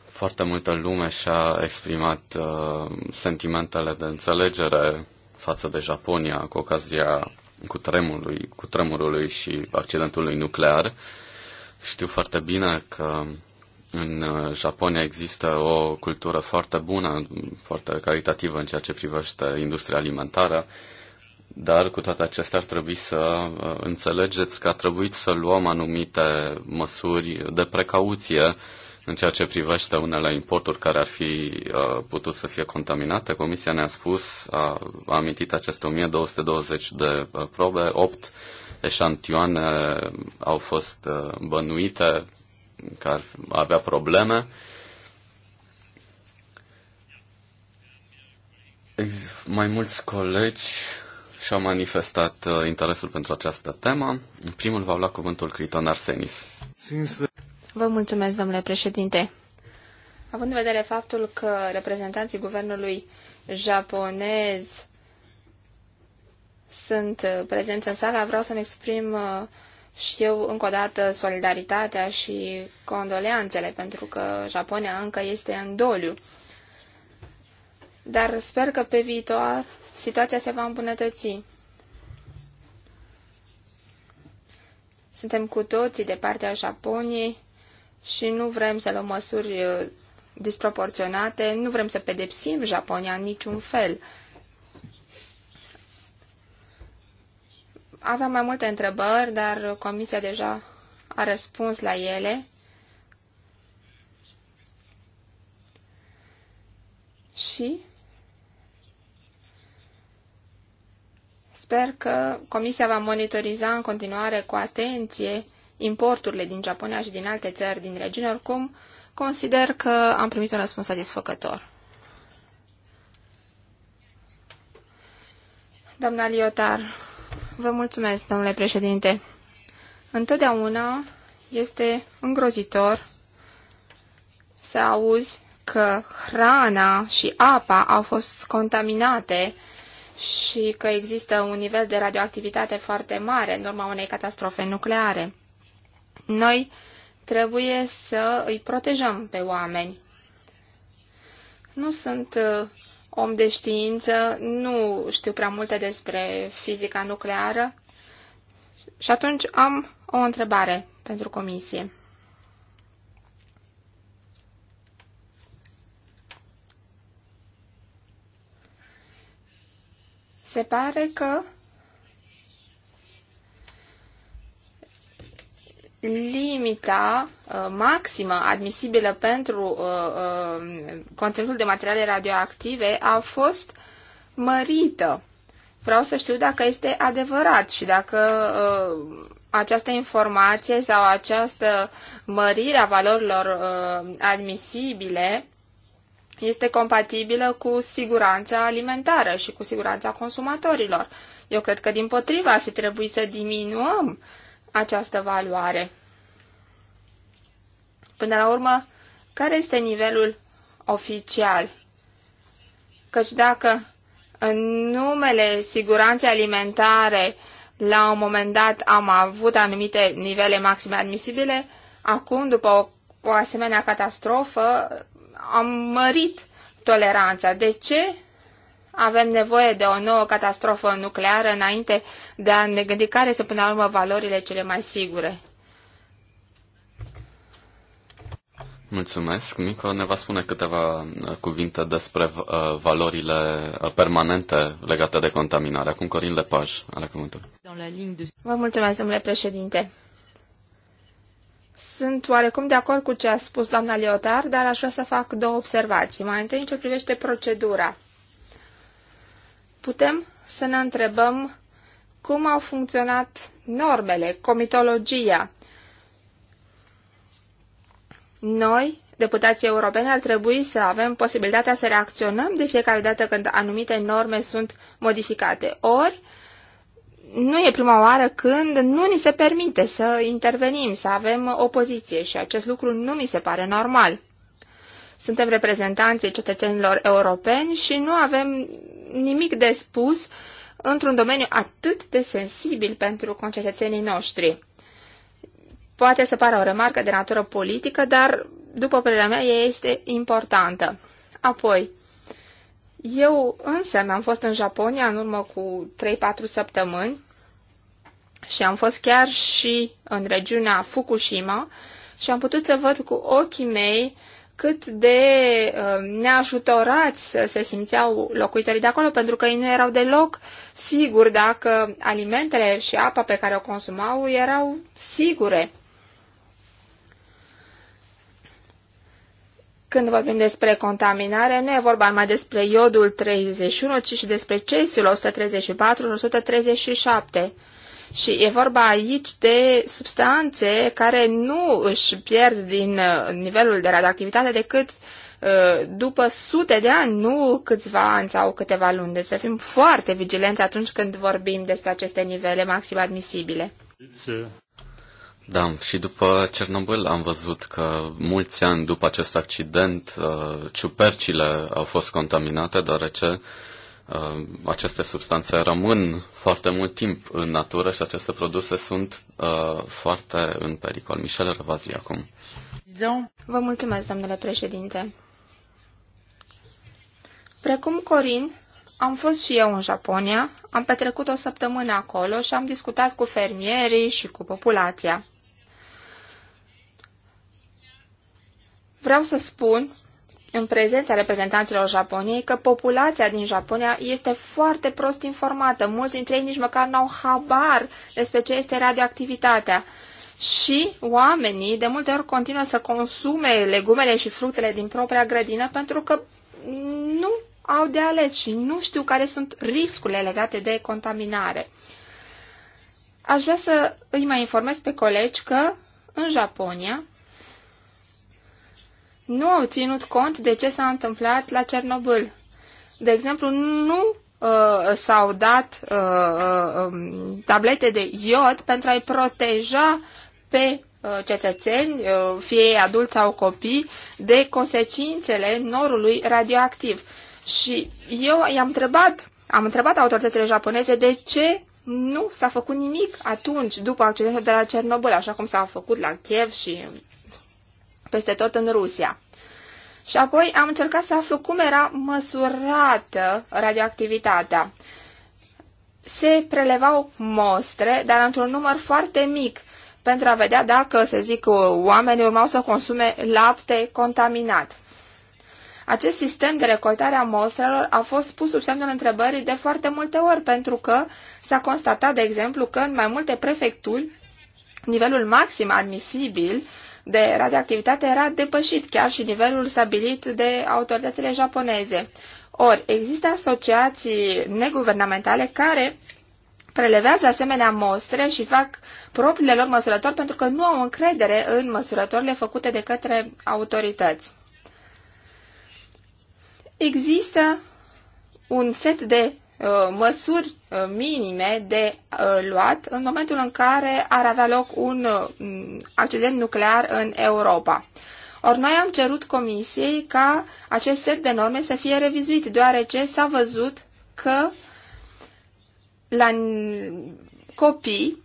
Foarte multă lume și-a exprimat uh, sentimentele de înțelegere față de Japonia cu ocazia cu cu tremurului și accidentului nuclear. Știu foarte bine că în uh, Japonia există o cultură foarte bună, foarte calitativă în ceea ce privește industria alimentară, dar cu toate acestea ar trebui să uh, înțelegeți că a trebuit să luăm anumite măsuri de precauție în ceea ce privește unele importuri care ar fi uh, putut să fie contaminate. Comisia ne-a spus, a, a amintit aceste 1220 de probe, 8 eșantioane au fost bănuite că ar avea probleme. Mai mulți colegi și-au manifestat uh, interesul pentru această temă. Primul va lua cuvântul Criton Arsenis. Vă mulțumesc, domnule președinte. Având în vedere faptul că reprezentanții guvernului japonez sunt uh, prezenți în sala, vreau să-mi exprim uh, eu, încă o dată solidaritatea și condoleanțele, pentru că Japonia încă este în doliu. Dar sper că pe viitor situația se va îmbunătăți. Suntem cu toții de partea Japoniei și nu vrem să luăm măsuri uh, disproporționate, nu vrem să pedepsim Japonia în niciun fel. Aveam mai multe întrebări, dar comisia deja a răspuns la ele. Și sper că comisia va monitoriza în continuare cu atenție importurile din Japonia și din alte țări din regiune. Oricum, consider că am primit un răspuns satisfăcător. Doamna Liotar, Vă mulțumesc, domnule președinte. Întotdeauna este îngrozitor să auzi că hrana și apa au fost contaminate și că există un nivel de radioactivitate foarte mare în urma unei catastrofe nucleare. Noi trebuie să îi protejăm pe oameni. Nu sunt uh, om de știință, nu știu prea multe despre fizica nucleară și atunci am o întrebare pentru comisie. Se pare că limita uh, maximă admisibilă pentru uh, uh, conținutul de materiale radioactive a fost mărită. Vreau să știu dacă este adevărat și dacă uh, această informație sau această mărire a valorilor uh, admisibile este compatibilă cu siguranța alimentară și cu siguranța consumatorilor. Eu cred că, din potrivă, ar fi trebuit să diminuăm această valoare. Până la urmă, care este nivelul oficial? Căci dacă în numele siguranței alimentare la un moment dat am avut anumite nivele maxime admisibile, acum, după o, o asemenea catastrofă, am mărit toleranța. De ce avem nevoie de o nouă catastrofă nucleară înainte de a ne gândi care sunt până la urmă valorile cele mai sigure. Mulțumesc. Mico ne va spune câteva uh, cuvinte despre uh, valorile uh, permanente legate de contaminare. Acum Corin Lepaj, ale cuvântului. Vă mulțumesc, domnule președinte. Sunt oarecum de acord cu ce a spus doamna Leotar, dar aș vrea să fac două observații. Mai întâi, în ce privește procedura putem să ne întrebăm cum au funcționat normele, comitologia. Noi, deputații europeni, ar trebui să avem posibilitatea să reacționăm de fiecare dată când anumite norme sunt modificate. Ori, nu e prima oară când nu ni se permite să intervenim, să avem opoziție și acest lucru nu mi se pare normal. Suntem reprezentanții cetățenilor europeni și nu avem nimic de spus într-un domeniu atât de sensibil pentru concetățenii noștri. Poate să pară o remarcă de natură politică, dar, după părerea mea, ea este importantă. Apoi, eu însă mi-am fost în Japonia în urmă cu 3-4 săptămâni și am fost chiar și în regiunea Fukushima și am putut să văd cu ochii mei cât de uh, neajutorați se simțeau locuitorii de acolo, pentru că ei nu erau deloc siguri dacă alimentele și apa pe care o consumau erau sigure. Când vorbim despre contaminare, nu e vorba numai despre iodul 31, ci și despre cesiul 134-137. Și e vorba aici de substanțe care nu își pierd din uh, nivelul de radioactivitate decât uh, după sute de ani, nu câțiva ani sau câteva luni. Deci să fim foarte vigilenți atunci când vorbim despre aceste nivele maxim admisibile. Da, și după Cernobâl am văzut că mulți ani după acest accident, uh, ciupercile au fost contaminate, deoarece Uh, aceste substanțe rămân foarte mult timp în natură și aceste produse sunt uh, foarte în pericol. Michel Răvazi acum. Vă mulțumesc, domnule președinte. Precum Corin, am fost și eu în Japonia, am petrecut o săptămână acolo și am discutat cu fermierii și cu populația. Vreau să spun în prezența reprezentanților Japoniei că populația din Japonia este foarte prost informată. Mulți dintre ei nici măcar n-au habar despre ce este radioactivitatea. Și oamenii de multe ori continuă să consume legumele și fructele din propria grădină pentru că nu au de ales și nu știu care sunt riscurile legate de contaminare. Aș vrea să îi mai informez pe colegi că în Japonia nu au ținut cont de ce s-a întâmplat la Cernobâl. De exemplu, nu uh, s-au dat uh, uh, um, tablete de iod pentru a-i proteja pe uh, cetățeni, uh, fie ei adulți sau copii, de consecințele norului radioactiv. Și eu i-am întrebat, am întrebat autoritățile japoneze de ce nu s-a făcut nimic atunci, după accidentul de la Cernobâl, așa cum s-a făcut la Kiev și peste tot în Rusia. Și apoi am încercat să aflu cum era măsurată radioactivitatea. Se prelevau mostre, dar într-un număr foarte mic, pentru a vedea dacă, să zic, oamenii urmau să consume lapte contaminat. Acest sistem de recoltare a mostrelor a fost pus sub semnul întrebării de foarte multe ori, pentru că s-a constatat, de exemplu, că în mai multe prefecturi nivelul maxim admisibil de radioactivitate era depășit chiar și nivelul stabilit de autoritățile japoneze. Ori, există asociații neguvernamentale care prelevează asemenea mostre și fac propriile lor măsurători pentru că nu au încredere în măsurătorile făcute de către autorități. Există un set de Uh, măsuri uh, minime de uh, luat în momentul în care ar avea loc un accident nuclear în Europa. Ori noi am cerut comisiei ca acest set de norme să fie revizuit, deoarece s-a văzut că la copii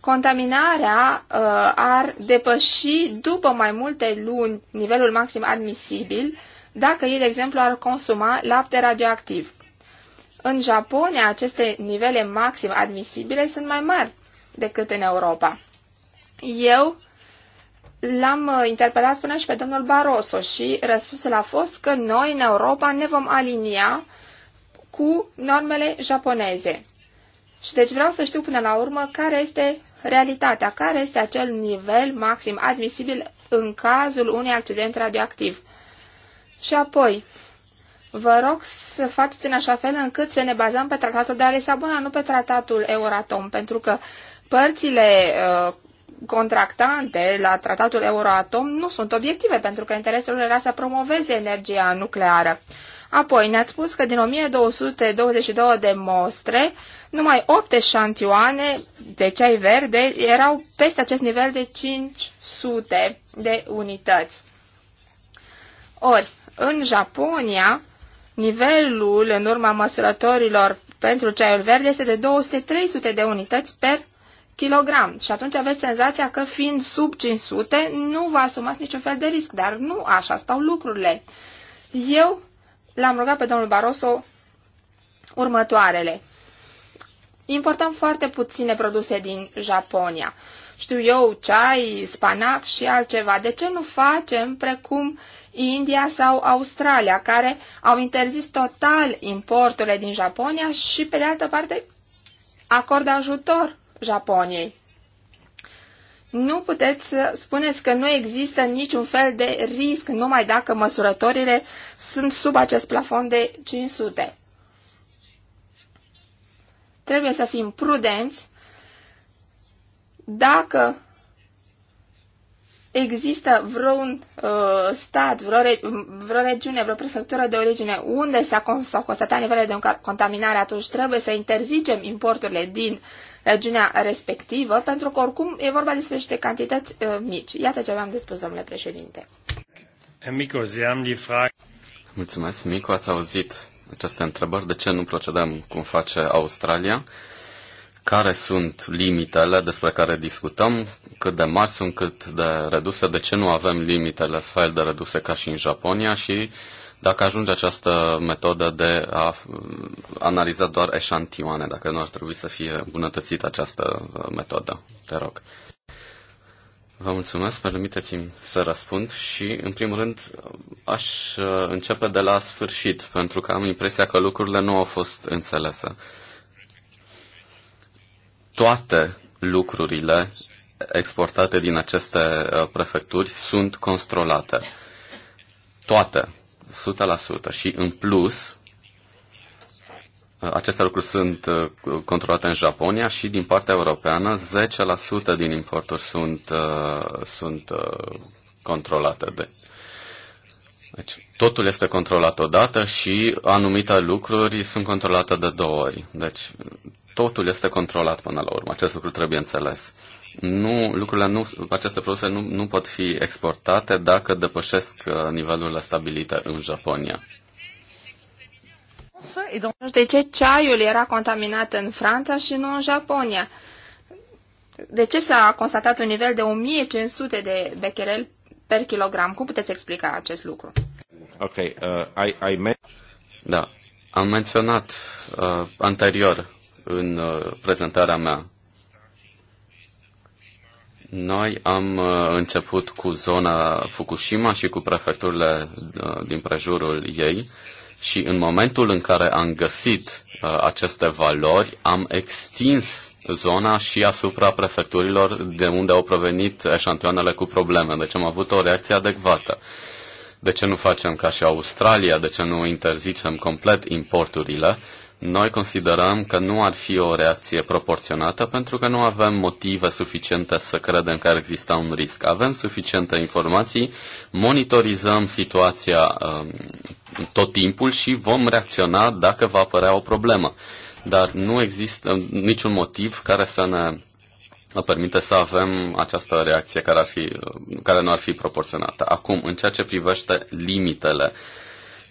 contaminarea uh, ar depăși după mai multe luni nivelul maxim admisibil dacă ei, de exemplu, ar consuma lapte radioactiv. În Japonia, aceste nivele maxim admisibile sunt mai mari decât în Europa. Eu l-am uh, interpelat până și pe domnul Barroso și răspunsul a fost că noi în Europa ne vom alinia cu normele japoneze. Și deci vreau să știu până la urmă care este realitatea, care este acel nivel maxim admisibil în cazul unui accident radioactiv. Și apoi, Vă rog să faceți în așa fel încât să ne bazăm pe tratatul de la Lisabona, nu pe tratatul Euratom, pentru că părțile uh, contractante la tratatul Euratom nu sunt obiective, pentru că interesul era să promoveze energia nucleară. Apoi ne-ați spus că din 1222 de mostre, numai 8 șantioane de ceai verde erau peste acest nivel de 500 de unități. Ori, în Japonia, Nivelul în urma măsurătorilor pentru ceaiul verde este de 200-300 de unități per kilogram și atunci aveți senzația că fiind sub 500 nu vă asumați niciun fel de risc, dar nu așa stau lucrurile. Eu l-am rugat pe domnul Barroso următoarele. Importăm foarte puține produse din Japonia. Știu eu, ceai, spanac și altceva. De ce nu facem precum uh, India sau Australia, care au interzis total importurile din Japonia și, pe de altă parte, acordă ajutor Japoniei. Nu puteți să spuneți că nu există niciun fel de risc numai dacă măsurătorile sunt sub acest plafon de 500. Trebuie să fim prudenți dacă există vreun uh, stat, vreo, re, vreo regiune, vreo prefectură de origine unde s-au constatat nivele de contaminare, atunci trebuie să interzicem importurile din regiunea respectivă, pentru că oricum e vorba despre niște cantități uh, mici. Iată ce aveam de spus, domnule președinte. Eh, Mico, Mulțumesc, Mico, ați auzit aceste întrebări, de ce nu procedăm cum face Australia? care sunt limitele despre care discutăm, cât de mari sunt, cât de reduse, de ce nu avem limitele fel de reduse ca și în Japonia și dacă ajunge această metodă de a analiza doar eșantioane, dacă nu ar trebui să fie bunătățită această uh, metodă. Te rog. Vă mulțumesc, permiteți-mi să răspund și, în primul rând, aș uh, începe de la sfârșit, pentru că am impresia că lucrurile nu au fost înțelese toate lucrurile exportate din aceste uh, prefecturi sunt controlate. Toate, 100%. Și în plus, uh, aceste lucruri sunt uh, controlate în Japonia și din partea europeană 10% din importuri sunt, sunt controlate. De. Deci, totul este controlat odată și anumite lucruri sunt controlate de două ori. Deci totul este controlat până la urmă. Acest lucru trebuie înțeles. Nu, lucrurile nu, aceste produse nu, nu pot fi exportate dacă depășesc uh, nivelurile stabilite în Japonia. de ce ceaiul era contaminat în Franța și nu în Japonia. De ce s-a constatat un nivel de 1500 de becherel per kilogram? Cum puteți explica acest lucru? Ok, uh, I, I Da, am menționat uh, anterior în uh, prezentarea mea. Noi am uh, început cu zona Fukushima și cu prefecturile uh, din prejurul ei și în momentul în care am găsit aceste valori, am extins zona și asupra prefecturilor de unde au provenit eșantioanele cu probleme. Deci am avut o reacție adecvată. De ce nu facem ca și Australia? De ce nu interzicem complet importurile? Noi considerăm că nu ar fi o reacție proporționată pentru că nu avem motive suficiente să credem că ar exista un risc. Avem suficiente informații, monitorizăm situația um, tot timpul și vom reacționa dacă va apărea o problemă. Dar nu există niciun motiv care să ne permite să avem această reacție care, ar fi, care nu ar fi proporționată. Acum, în ceea ce privește limitele, uh,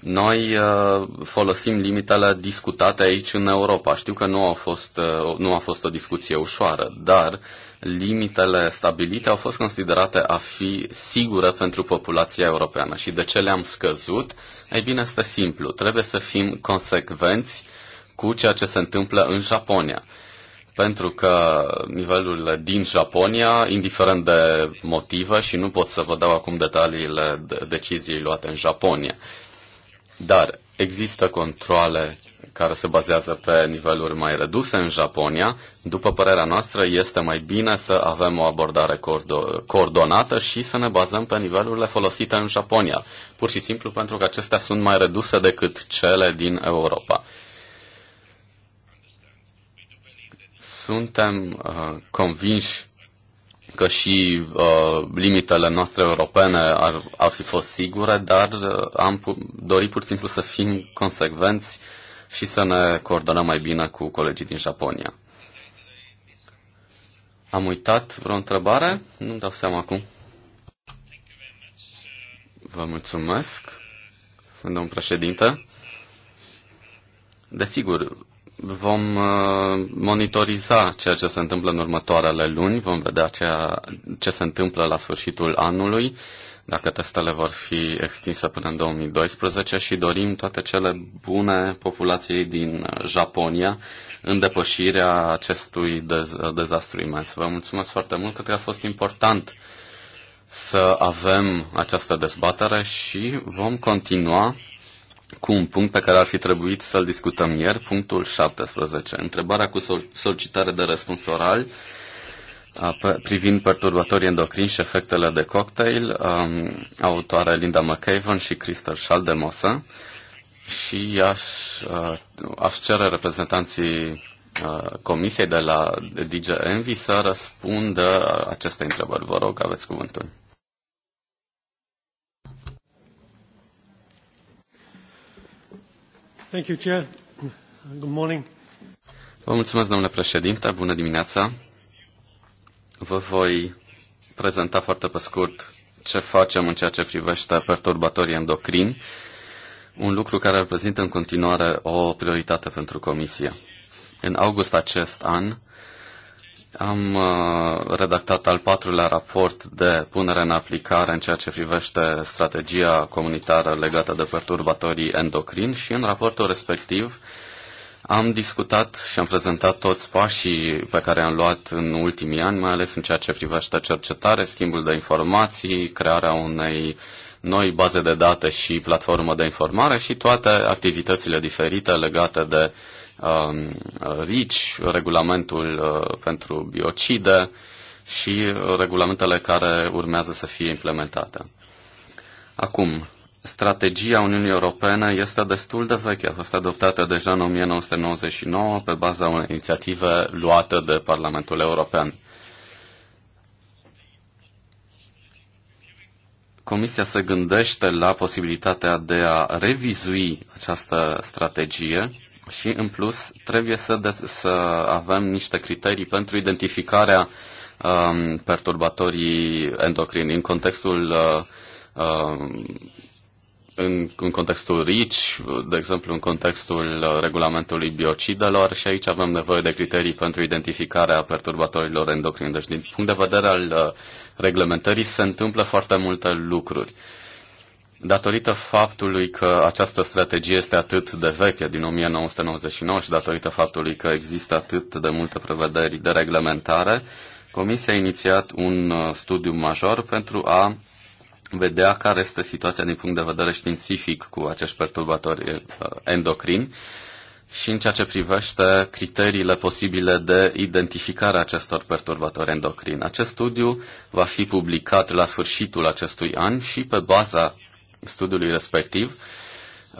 noi uh, folosim limitele discutate aici în Europa. Știu că nu a fost, uh, nu a fost o discuție ușoară, dar limitele stabilite au fost considerate a fi sigure pentru populația europeană. Și de ce le-am scăzut? Ei bine, este simplu. Trebuie să fim consecvenți cu ceea ce se întâmplă în Japonia pentru că nivelul din Japonia, indiferent de motive, și nu pot să vă dau acum detaliile de deciziei luate în Japonia, dar există controle care se bazează pe niveluri mai reduse în Japonia. După părerea noastră, este mai bine să avem o abordare cordo- coordonată și să ne bazăm pe nivelurile folosite în Japonia, pur și simplu pentru că acestea sunt mai reduse decât cele din Europa. Suntem uh, convinși că și uh, limitele noastre europene ar, ar fi fost sigure, dar uh, am pu- dorit pur și simplu să fim consecvenți și să ne coordonăm mai bine cu colegii din Japonia. Am uitat vreo întrebare? Nu-mi dau seama acum. Vă mulțumesc, domnul președinte. Desigur, vom uh, monitoriza ceea ce se întâmplă în următoarele luni, vom vedea ceea ce se întâmplă la sfârșitul anului, dacă testele vor fi extinse până în 2012 și dorim toate cele bune populației din uh, Japonia în depășirea acestui dez- uh, dezastru imens. Vă mulțumesc foarte mult, cred că a fost important să avem această dezbatere și vom continua cu un punct pe care ar fi trebuit să-l discutăm ieri, punctul 17. Întrebarea cu solicitare de răspuns oral privind perturbatorii endocrini și efectele de cocktail, um, autoare Linda McAvon și Crystal Schaldemosa. și aș, uh, aș cere reprezentanții uh, comisiei de la DG Envy să răspundă aceste întrebări. Vă rog, aveți cuvântul. Thank you, Chair. Good morning. Vă mulțumesc, domnule președinte. Bună dimineața. Vă voi prezenta foarte pe scurt ce facem în ceea ce privește perturbatorii endocrini, un lucru care reprezintă în continuare o prioritate pentru Comisie. În august acest an, am uh, redactat al patrulea raport de punere în aplicare în ceea ce privește strategia comunitară legată de perturbatorii endocrini și în raportul respectiv am discutat și am prezentat toți pașii pe care am luat în ultimii ani, mai ales în ceea ce privește cercetare, schimbul de informații, crearea unei noi baze de date și platformă de informare și toate activitățile diferite legate de uh, Um, RICI, regulamentul uh, pentru biocide și regulamentele care urmează să fie implementate. Acum, strategia Uniunii Europene este destul de veche. A fost adoptată deja în 1999 pe baza unei inițiative luată de Parlamentul European. Comisia se gândește la posibilitatea de a revizui această strategie și, în plus, trebuie să, de- să avem niște criterii pentru identificarea um, perturbatorii endocrini în contextul uh, uh, în, în contextul RICI, de exemplu în contextul uh, regulamentului biocidelor și aici avem nevoie de criterii pentru identificarea perturbatorilor endocrini. Deci din punct de vedere al uh, reglementării se întâmplă foarte multe lucruri. Datorită faptului că această strategie este atât de veche, din 1999, și datorită faptului că există atât de multe prevederi de reglementare, Comisia a inițiat un uh, studiu major pentru a vedea care este situația din punct de vedere științific cu acești perturbatori uh, endocrini și în ceea ce privește criteriile posibile de identificare a acestor perturbatori endocrini. Acest studiu va fi publicat la sfârșitul acestui an și pe baza studiului respectiv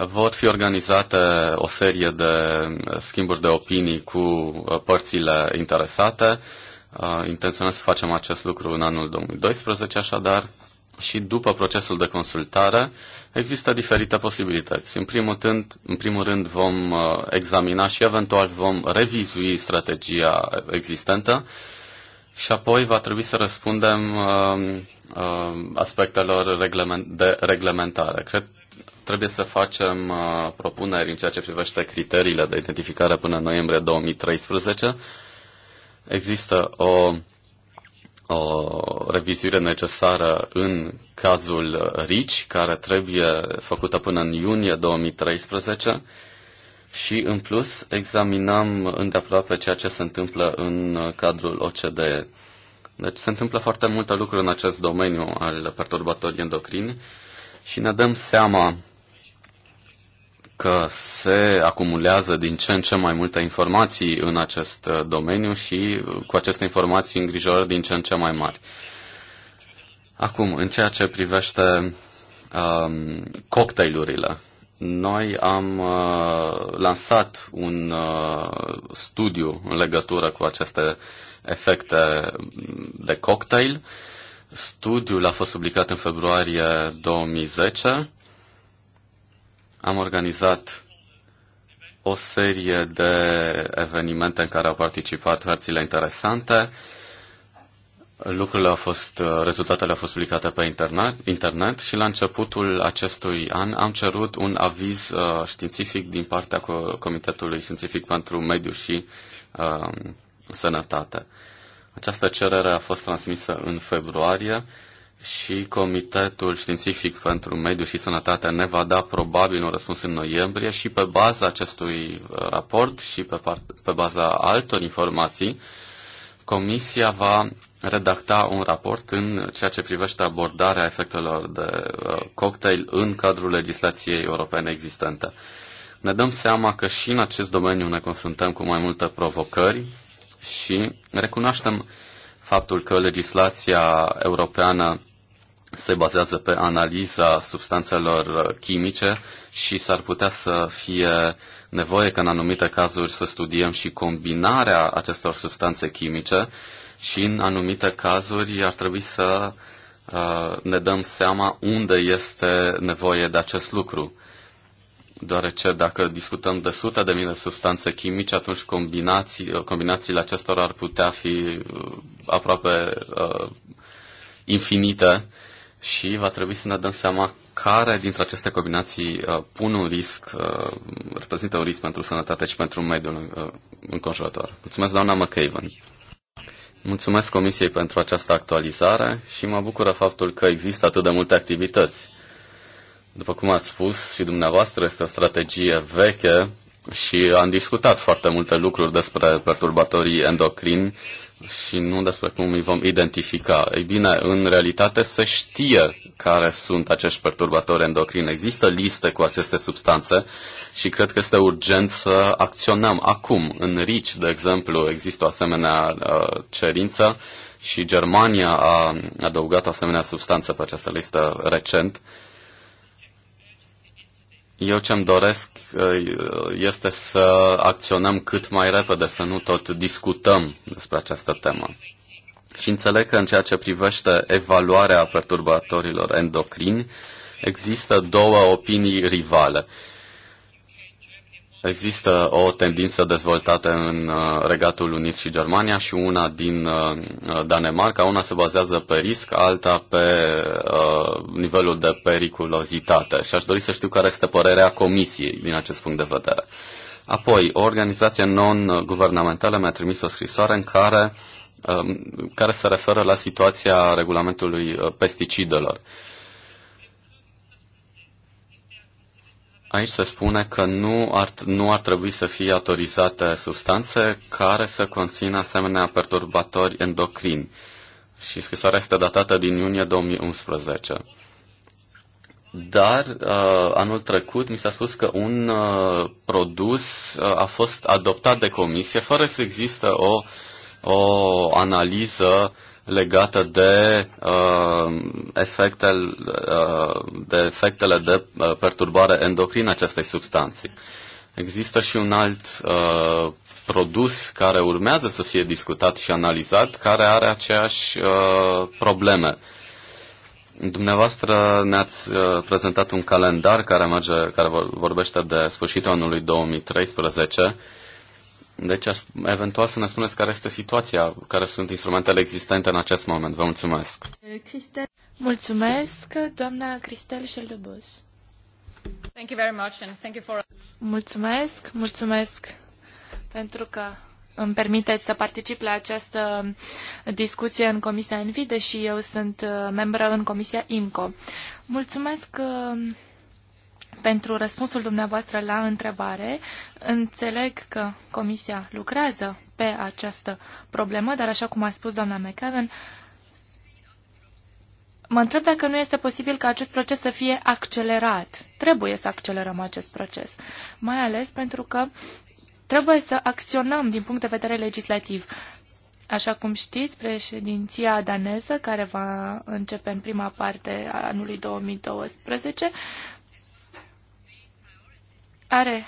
vor fi organizate o serie de schimburi de opinii cu uh, părțile interesate. Uh, Intenționăm să facem acest lucru în anul 2012, așadar, și după procesul de consultare există diferite posibilități. În primul rând, în primul rând vom uh, examina și eventual vom revizui strategia existentă și apoi va trebui să răspundem uh, uh, aspectelor reglement, de reglementare. Cred trebuie să facem uh, propuneri în ceea ce privește criteriile de identificare până în noiembrie 2013. Există o, o revizuire necesară în cazul RICI, care trebuie făcută până în iunie 2013 și, în plus, examinăm îndeaproape ceea ce se întâmplă în uh, cadrul OCDE. Deci se întâmplă foarte multe lucruri în acest domeniu al perturbatorii endocrini și ne dăm seama că se acumulează din ce în ce mai multe informații în acest uh, domeniu și uh, cu aceste informații îngrijorări din ce în ce mai mari. Acum, în ceea ce privește um, cocktailurile, noi am uh, lansat un uh, studiu în legătură cu aceste efecte de cocktail. Studiul a fost publicat în februarie 2010. Am organizat o serie de evenimente în care au participat hărțile interesante. Uh, Lucrurile au fost, uh, rezultatele au fost publicate pe internet, internet și la începutul acestui an am cerut un aviz uh, științific din partea Comitetului Științific pentru Mediu și uh, Sănătate. Această cerere a fost transmisă în februarie și Comitetul Științific pentru Mediu și Sănătate ne va da probabil un răspuns în noiembrie și pe baza acestui uh, raport și pe, part, pe baza altor informații, Comisia va redacta un raport în ceea ce privește abordarea efectelor de uh, cocktail în cadrul legislației europene existente. Ne dăm seama că și în acest domeniu ne confruntăm cu mai multe provocări și recunoaștem faptul că legislația europeană se bazează pe analiza substanțelor chimice și s-ar putea să fie nevoie că în anumite cazuri să studiem și combinarea acestor substanțe chimice și în anumite cazuri ar trebui să uh, ne dăm seama unde este nevoie de acest lucru. Deoarece dacă discutăm de sute de mii de substanțe chimice, atunci combinații, uh, combinațiile acestora ar putea fi uh, aproape uh, infinite și va trebui să ne dăm seama care dintre aceste combinații uh, pun un risc, uh, reprezintă un risc pentru sănătate și pentru mediul uh, înconjurător. Mulțumesc, doamna McAven. Mulțumesc Comisiei pentru această actualizare și mă bucură faptul că există atât de multe activități. După cum ați spus și dumneavoastră, este o strategie veche și am discutat foarte multe lucruri despre perturbatorii endocrini și nu despre cum îi vom identifica. Ei bine, în realitate se știe care sunt acești perturbatori endocrini. Există liste cu aceste substanțe și cred că este urgent să acționăm acum. În RICI, de exemplu, există o asemenea uh, cerință și Germania a adăugat o asemenea substanță pe această listă recent. Eu ce-mi doresc uh, este să acționăm cât mai repede, să nu tot discutăm despre această temă. Și înțeleg că în ceea ce privește evaluarea perturbatorilor endocrini, există două opinii rivale. Există o tendință dezvoltată în uh, Regatul Unit și Germania și una din uh, uh, Danemarca. Una se bazează pe risc, alta pe nivelul de periculozitate. Și aș dori să știu care este părerea Comisiei din acest punct de vedere. Apoi, o organizație non-guvernamentală mi-a trimis o scrisoare în care, um, care se referă la situația regulamentului pesticidelor. Aici se spune că nu ar, nu ar trebui să fie autorizate substanțe care să conțină asemenea perturbatori endocrini. Și scrisoarea este datată din iunie 2011. Dar uh, anul trecut mi s-a spus că un uh, produs uh, a fost adoptat de comisie fără să există o, o analiză legată de uh, efectele, uh, de efectele de uh, perturbare endocrină acestei substanții. Există și un alt uh, produs care urmează să fie discutat și analizat, care are aceeași uh, probleme. Dumneavoastră ne-ați uh, prezentat un calendar care, merge, care vorbește de sfârșitul anului 2013 deci, aș, eventual să ne spuneți care este situația, care sunt instrumentele existente în acest moment. Vă mulțumesc. Christel. Mulțumesc, doamna Cristel Sheldobos. Thank you very much and thank you for... Mulțumesc, mulțumesc pentru că îmi permiteți să particip la această discuție în Comisia Envi, deși eu sunt uh, membră în Comisia IMCO. Mulțumesc uh, pentru răspunsul dumneavoastră la întrebare. Înțeleg că Comisia lucrează pe această problemă, dar așa cum a spus doamna McAven, mă întreb dacă nu este posibil ca acest proces să fie accelerat. Trebuie să accelerăm acest proces, mai ales pentru că trebuie să acționăm din punct de vedere legislativ. Așa cum știți, președinția daneză, care va începe în prima parte a anului 2012, are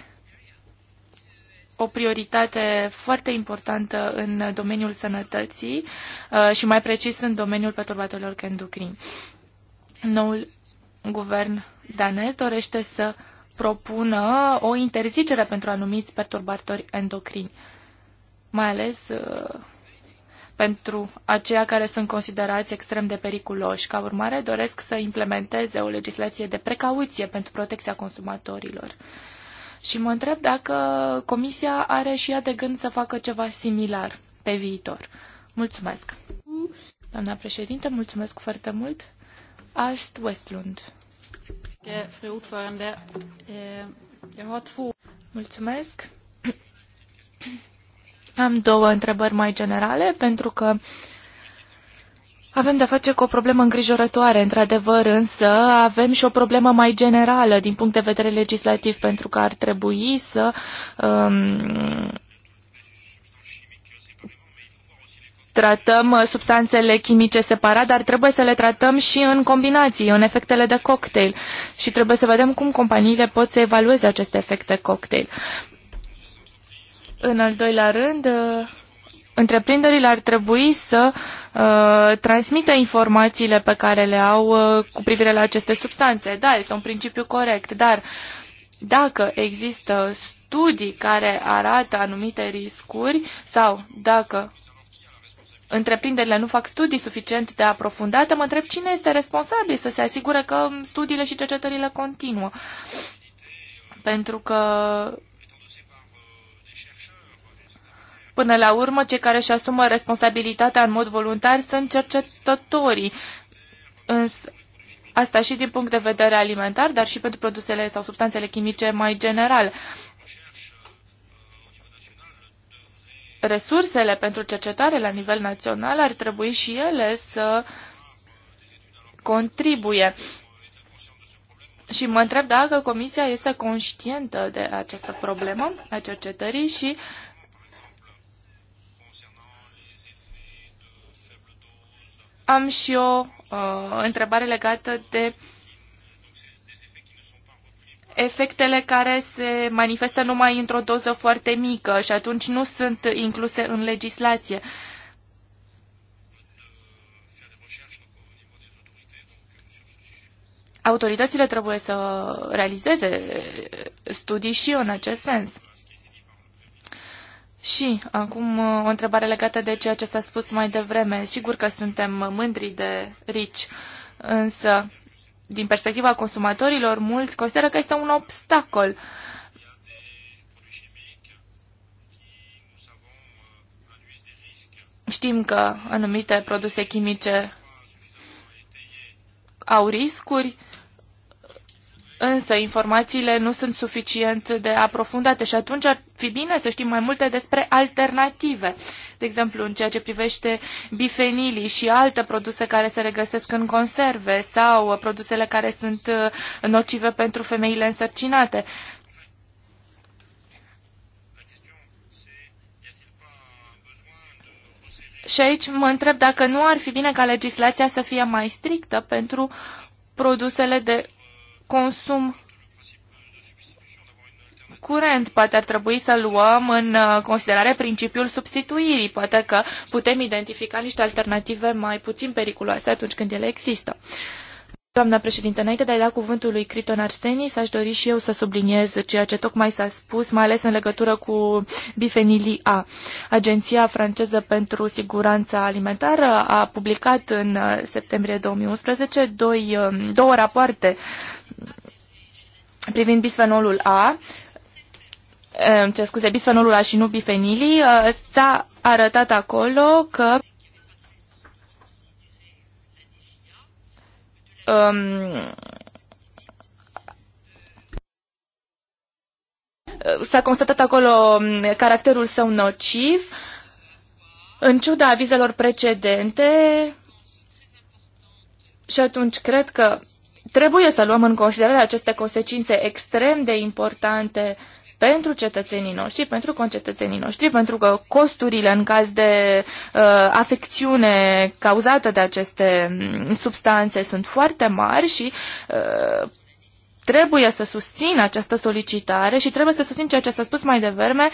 o prioritate foarte importantă în domeniul sănătății uh, și mai precis în domeniul perturbatorilor endocrini. Noul guvern danez dorește să propună o interzicere pentru anumiți perturbatori endocrini, mai ales uh, pentru aceia care sunt considerați extrem de periculoși. Ca urmare, doresc să implementeze o legislație de precauție pentru protecția consumatorilor. Și mă întreb dacă Comisia are și ea de gând să facă ceva similar pe viitor. Mulțumesc! Doamna președinte, mulțumesc foarte mult! Ast Westlund. Mulțumesc! Am două întrebări mai generale, pentru că uh, avem de-a face cu o problemă îngrijorătoare, într-adevăr, însă avem și o problemă mai generală din punct de vedere legislativ, pentru că ar trebui să um, tratăm substanțele chimice separat, dar trebuie să le tratăm și în combinații, în efectele de cocktail. Și trebuie să vedem cum companiile pot să evalueze aceste efecte cocktail. În al doilea rând... Uh, Întreprinderile ar trebui să uh, transmită informațiile pe care le au uh, cu privire la aceste substanțe. Da, este un principiu corect, dar dacă există studii care arată anumite riscuri sau dacă întreprinderile nu fac studii suficient de aprofundate, mă întreb cine este responsabil să se asigure că studiile și cercetările continuă. Pentru că Până la urmă, cei care își asumă responsabilitatea în mod voluntar sunt cercetătorii. Însă, asta și din punct de vedere alimentar, dar și pentru produsele sau substanțele chimice mai general. Resursele pentru cercetare la nivel național ar trebui și ele să contribuie. Și mă întreb dacă Comisia este conștientă de această problemă a cercetării și uh, Am și o uh, întrebare legată de efectele care se manifestă numai într-o doză foarte mică și atunci nu sunt incluse în legislație. Autoritățile trebuie să realizeze studii și în acest sens. Și acum uh, o întrebare legată de ceea ce s-a spus mai devreme. Sigur că suntem mândri de RICI, însă din perspectiva consumatorilor, mulți consideră că este un obstacol. Știm că anumite produse chimice au riscuri, însă informațiile nu sunt suficient de aprofundate și atunci ar fi bine să știm mai multe despre alternative. De exemplu, în ceea ce privește bifenilii și alte produse care se regăsesc în conserve sau produsele care sunt uh, nocive pentru femeile însărcinate. Și aici mă întreb dacă nu ar fi bine ca legislația să fie mai strictă pentru produsele de consum curent. Poate ar trebui să luăm în uh, considerare principiul substituirii. Poate că putem identifica niște alternative mai puțin periculoase atunci când ele există. Uh, Doamna președinte, înainte de a da cuvântul lui Criton Arsenis, aș dori și eu să subliniez ceea ce tocmai s-a spus, mai ales în legătură cu bifenili A. Agenția franceză pentru siguranța alimentară a publicat în uh, septembrie 2011 doi, um, două rapoarte privind bisfenolul A, ce scuze, bisfenolul A și nu bifenilii, uh, s-a arătat acolo că um, s-a constatat acolo um, caracterul său nociv. În ciuda avizelor precedente, și atunci cred că trebuie să luăm în considerare aceste consecințe extrem de importante uh, pentru cetățenii noștri, pentru concetățenii noștri, pentru că costurile în caz de uh, afecțiune cauzată de aceste mm, substanțe sunt foarte mari și uh, trebuie să susțin această solicitare și trebuie să susțin ceea ce s-a spus mai devreme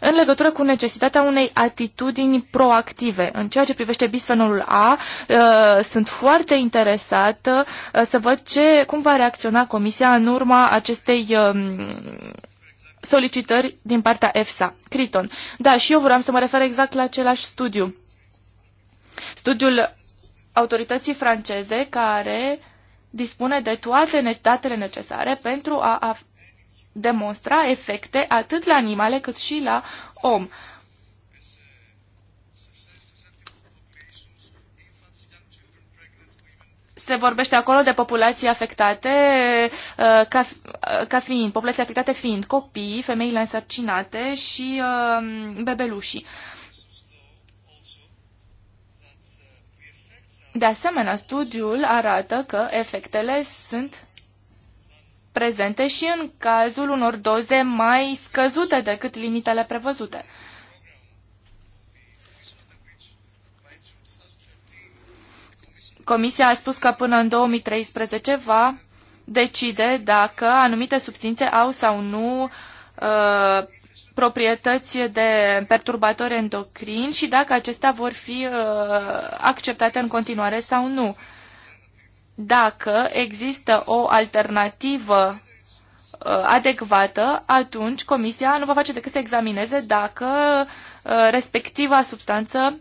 în legătură cu necesitatea unei atitudini proactive. În ceea ce privește bisfenolul A, uh, sunt foarte interesată uh, să văd ce, cum va reacționa Comisia în urma acestei uh, solicitări din partea EFSA, Criton. Da, și eu vreau să mă refer exact la același studiu. Studiul autorității franceze care dispune de toate datele necesare pentru a, a demonstra efecte atât la animale cât și la om. se vorbește acolo de populații afectate uh, ca, uh, ca fiind, populații afectate fiind copii, femeile însărcinate și uh, bebelușii. De asemenea, studiul arată că efectele sunt prezente și în cazul unor doze mai scăzute decât limitele prevăzute. Comisia a spus că până în 2013 va decide dacă anumite substanțe au sau nu uh, proprietăți de perturbatori endocrini și dacă acestea vor fi uh, acceptate în continuare sau nu. Dacă există o alternativă uh, adecvată, atunci Comisia nu va face decât să examineze dacă uh, respectiva substanță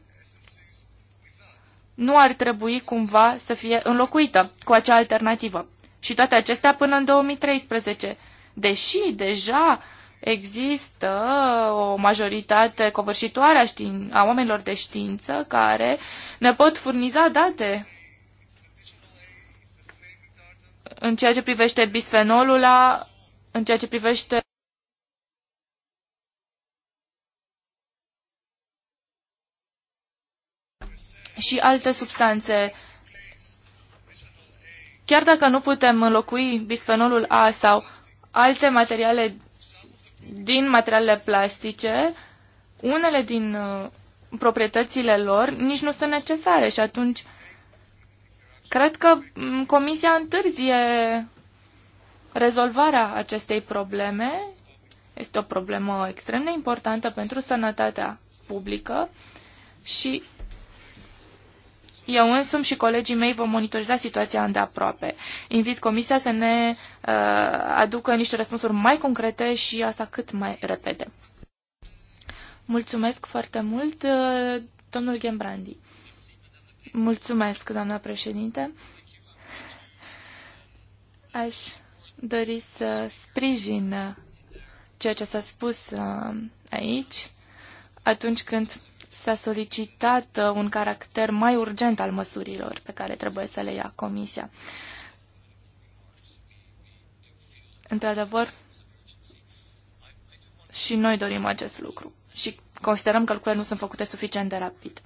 nu ar trebui cumva să fie înlocuită cu acea alternativă. Și toate acestea până în 2013, deși deja există o majoritate covârșitoare a, știin- a oamenilor de știință care ne pot furniza date în ceea ce privește bisfenolul A, în ceea ce privește și alte substanțe. Chiar dacă nu putem înlocui bisfenolul A sau alte materiale din materiale plastice, unele din uh, proprietățile lor nici nu sunt necesare și atunci cred că mm, Comisia întârzie rezolvarea acestei probleme. Este o problemă extrem de importantă pentru sănătatea publică și eu însumi și colegii mei vom monitoriza situația îndeaproape. Invit Comisia să ne uh, aducă niște răspunsuri mai concrete și asta cât mai repede. Mulțumesc foarte mult, uh, domnul Gembrandi. Mulțumesc, doamna președinte. Aș dori să sprijin uh, ceea ce s-a spus uh, aici atunci când s-a solicitat uh, un caracter mai urgent al măsurilor pe care trebuie să le ia Comisia. Într-adevăr, și noi dorim acest lucru și considerăm că lucrurile nu sunt făcute suficient de rapid.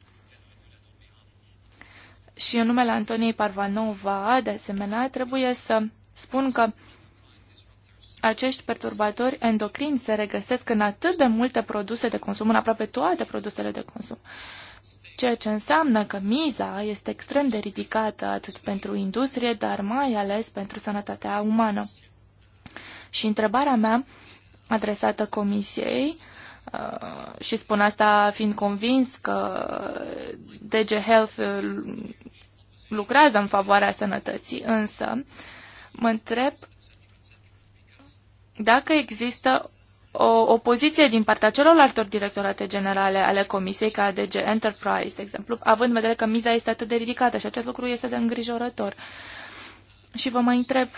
Și în numele Antoniei Parvanova, de asemenea, trebuie să spun că acești perturbatori endocrini se regăsesc în atât de multe produse de consum, în aproape toate produsele de consum. Ceea ce înseamnă că miza este extrem de ridicată atât pentru industrie, dar mai ales pentru sănătatea umană. Și întrebarea mea adresată Comisiei, uh, și spun asta fiind convins că DG Health uh, lucrează în favoarea sănătății, însă mă întreb dacă există o opoziție din partea celorlaltor directorate generale ale Comisiei, ca DG Enterprise, de exemplu, având în vedere că miza este atât de ridicată și acest lucru este de îngrijorător. Și vă mai întreb,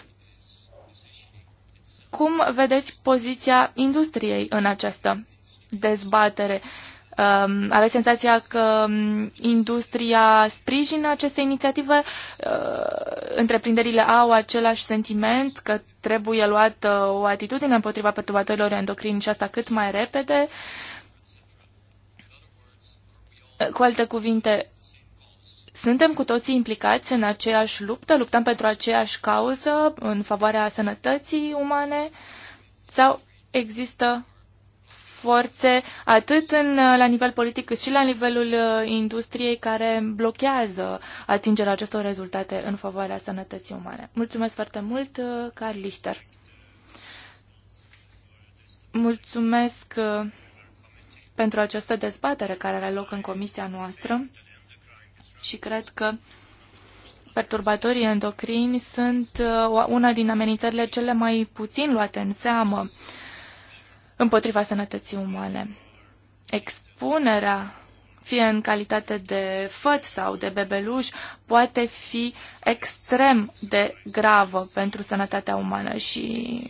cum vedeți poziția industriei în această dezbatere? Um, aveți senzația că um, industria sprijină aceste inițiative? Uh, întreprinderile au același sentiment că trebuie luată o atitudine împotriva perturbatorilor endocrini și asta cât mai repede? Uh, cu alte cuvinte, suntem cu toții implicați în aceeași luptă, luptăm pentru aceeași cauză în favoarea sănătății umane sau există forțe atât în, uh, la nivel politic cât și la nivelul uh, industriei care blochează atingerea acestor rezultate în favoarea sănătății umane. Mulțumesc foarte mult, uh, Carl Lichter. Mulțumesc pentru această dezbatere care are loc în comisia noastră și cred că perturbatorii endocrini sunt una din amenințările cele mai puțin luate în seamă împotriva sănătății umane. Expunerea, fie în calitate de făt sau de bebeluș, poate fi extrem de gravă pentru sănătatea umană și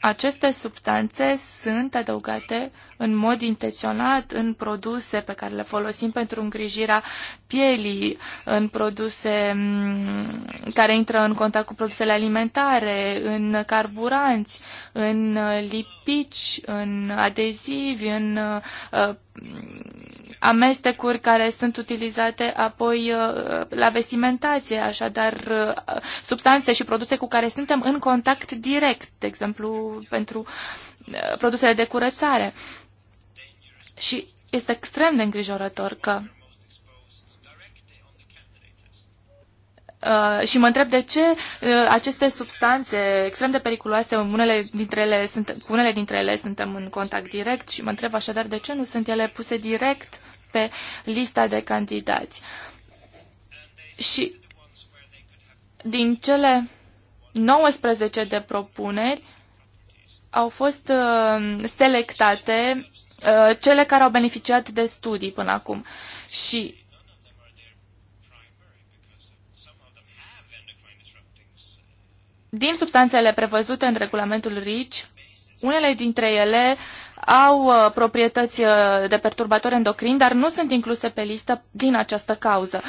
aceste substanțe sunt adăugate în mod intenționat în produse pe care le folosim pentru îngrijirea pielii, în produse mm, care intră în contact cu produsele alimentare, în carburanți, în uh, lipici, în adezivi, în uh, mm, amestecuri care sunt utilizate apoi uh, la vestimentație, așadar uh, substanțe și produse cu care suntem în contact direct, de exemplu pentru uh, produsele de curățare. Uh, și este extrem de îngrijorător că Uh, și mă întreb de ce uh, aceste substanțe extrem de periculoase, unele dintre ele sunt, cu unele dintre ele suntem în contact direct și mă întreb așadar de ce nu sunt ele puse direct pe lista de candidați. Și din cele 19 de propuneri, au fost uh, selectate uh, cele care au beneficiat de studii până acum. Și din substanțele prevăzute în regulamentul RICI, unele dintre ele au uh, proprietăți de perturbatori endocrini, dar nu sunt incluse pe listă din această cauză.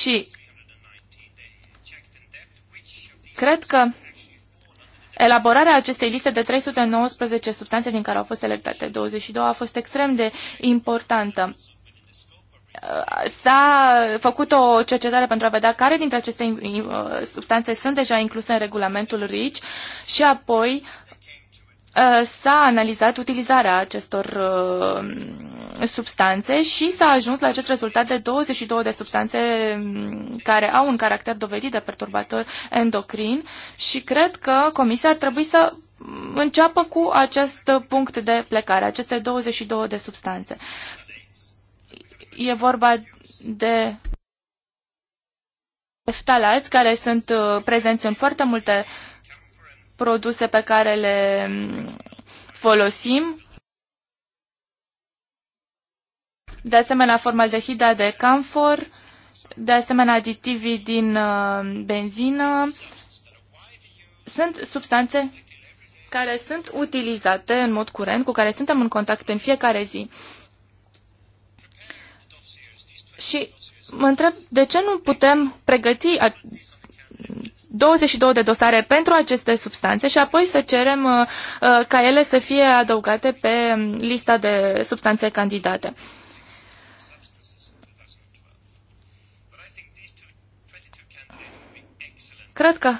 Și cred că Elaborarea acestei liste de 319 substanțe din care au fost selectate 22 a fost extrem de importantă. S-a făcut o cercetare pentru a vedea care dintre aceste substanțe sunt deja incluse în regulamentul RICI și apoi Uh, s-a analizat utilizarea acestor uh, substanțe și s-a ajuns la acest rezultat de 22 de substanțe mm, care au un caracter dovedit de perturbator endocrin și cred că Comisia ar trebui să mm, înceapă cu acest punct de plecare, aceste 22 de substanțe. E vorba de eftalați care sunt uh, prezenți în foarte multe uh, produse pe care le mm, folosim. De asemenea, formaldehida de camfor, de asemenea, aditivii din uh, benzină. Sunt substanțe care sunt utilizate în mod curent, cu care suntem în contact în fiecare zi. Și mă întreb de ce nu putem pregăti 22 de dosare pentru aceste substanțe și apoi să cerem uh, uh, ca ele să fie adăugate pe um, lista de substanțe candidate. Cred că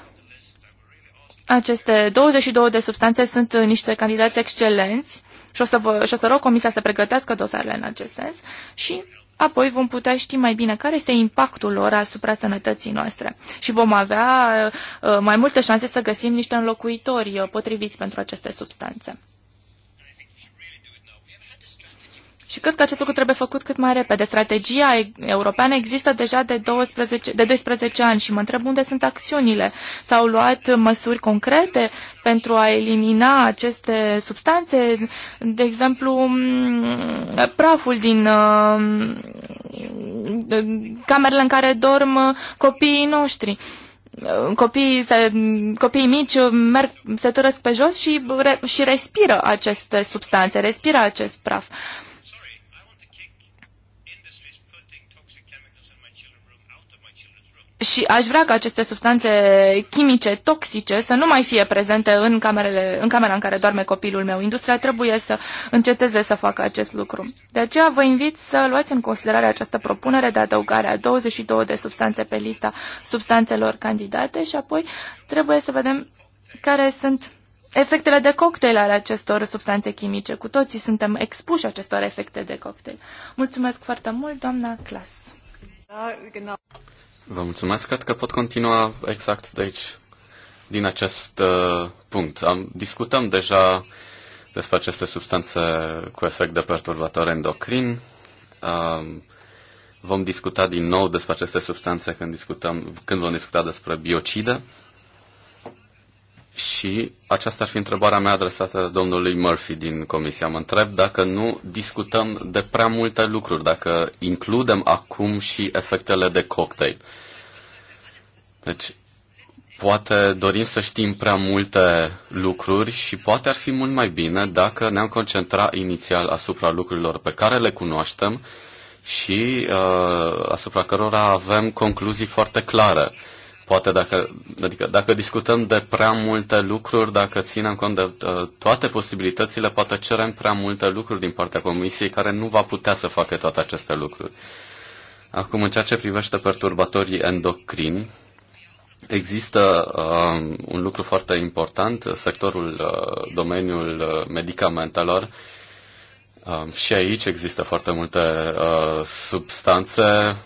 aceste 22 de substanțe sunt uh, niște candidați excelenți și o să, vă, și o să rog Comisia să pregătească dosarele în acest sens și apoi vom putea ști mai bine care este impactul lor asupra sănătății noastre și vom avea uh, mai multe șanse să găsim niște înlocuitori uh, potriviți pentru aceste substanțe. Și cred că acest lucru trebuie făcut cât mai repede. Strategia europeană există deja de 12, de 12 ani și mă întreb unde sunt acțiunile. S-au luat măsuri concrete pentru a elimina aceste substanțe, de exemplu, mm, praful din uh, camerele în care dorm copiii noștri copiii, se, copiii mici merg, se târăsc pe jos și, re, și respiră aceste substanțe, respiră acest praf. Uh, și aș vrea ca aceste substanțe chimice toxice să nu mai fie prezente în, camerele, în camera în care doarme copilul meu. Industria trebuie să înceteze să facă acest lucru. De aceea vă invit să luați în considerare această propunere de adăugare a 22 de substanțe pe lista substanțelor candidate și apoi trebuie să vedem care sunt efectele de cocktail ale acestor substanțe chimice. Cu toții suntem expuși acestor efecte de cocktail. Mulțumesc foarte mult, doamna Clas. Da, genau. Vă mulțumesc. Cred că pot continua exact de aici, din acest uh, punct. Am, discutăm deja despre aceste substanțe cu efect de perturbator endocrin. Um, vom discuta din nou despre aceste substanțe când, discutăm, când vom discuta despre biocide. Și aceasta ar fi întrebarea mea adresată domnului Murphy din comisia. Mă întreb dacă nu discutăm de prea multe lucruri, dacă includem acum și efectele de cocktail. Deci, poate dorim să știm prea multe lucruri și poate ar fi mult mai bine dacă ne-am concentrat inițial asupra lucrurilor pe care le cunoaștem și uh, asupra cărora avem concluzii foarte clare. Uh, Poate dacă, adică dacă discutăm de prea multe lucruri, dacă ținem cont de ă, toate posibilitățile, poate cerem prea multe lucruri din partea Comisiei care nu va putea să facă toate aceste lucruri. Acum, în ceea ce privește perturbatorii endocrini, Există uh, un lucru foarte important, sectorul, uh, domeniul uh, medicamentelor. Uh, și aici există foarte multe uh, substanțe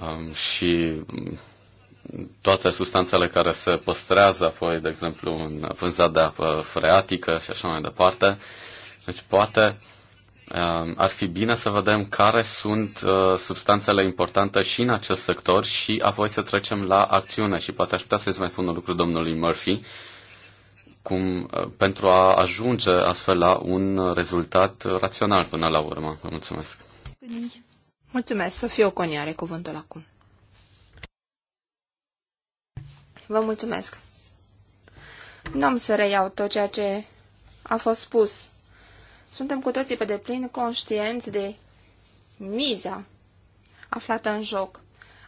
uh, și toate substanțele care se păstrează apoi, de exemplu, în vânza de apă freatică și așa mai departe. Deci poate um, ar fi bine să vedem care sunt uh, substanțele importante și în acest sector și apoi să trecem la acțiune și poate aș putea să-i mai spun un lucru domnului Murphy cum, uh, pentru a ajunge astfel la un rezultat rațional până la urmă. Vă mulțumesc! Mulțumesc! Sofia Oconi are cuvântul acum. Vă mulțumesc. Nu am să reiau tot ceea ce a fost spus. Suntem cu toții pe deplin conștienți de miza aflată în joc,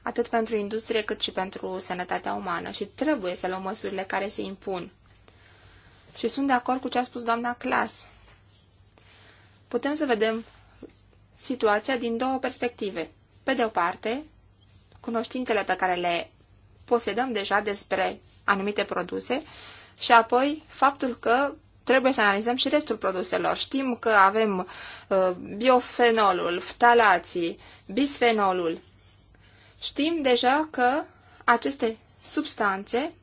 atât pentru industrie cât și pentru sănătatea umană și trebuie să luăm măsurile care se impun. Și sunt de acord cu ce a spus doamna Clas. Putem să vedem situația din două perspective. Pe de o parte, cunoștințele pe care le posedăm deja despre anumite produse și apoi faptul că trebuie să analizăm și restul produselor. Știm că avem uh, biofenolul, ftalații, bisfenolul. Știm deja că aceste substanțe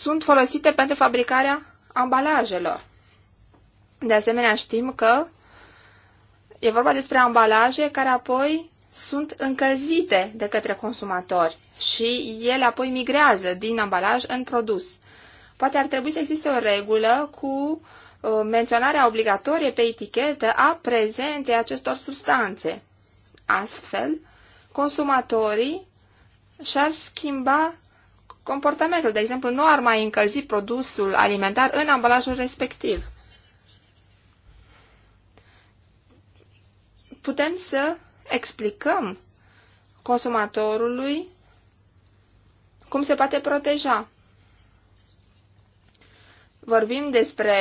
sunt folosite pentru fabricarea ambalajelor. De asemenea, știm că e vorba despre ambalaje care apoi sunt încălzite de către consumatori și ele apoi migrează din ambalaj în produs. Poate ar trebui să existe o regulă cu uh, menționarea obligatorie pe etichetă a prezenței acestor substanțe. Astfel, consumatorii și-ar schimba comportamentul. De exemplu, nu ar mai încălzi produsul alimentar în ambalajul respectiv. Putem să explicăm consumatorului cum se poate proteja. Vorbim despre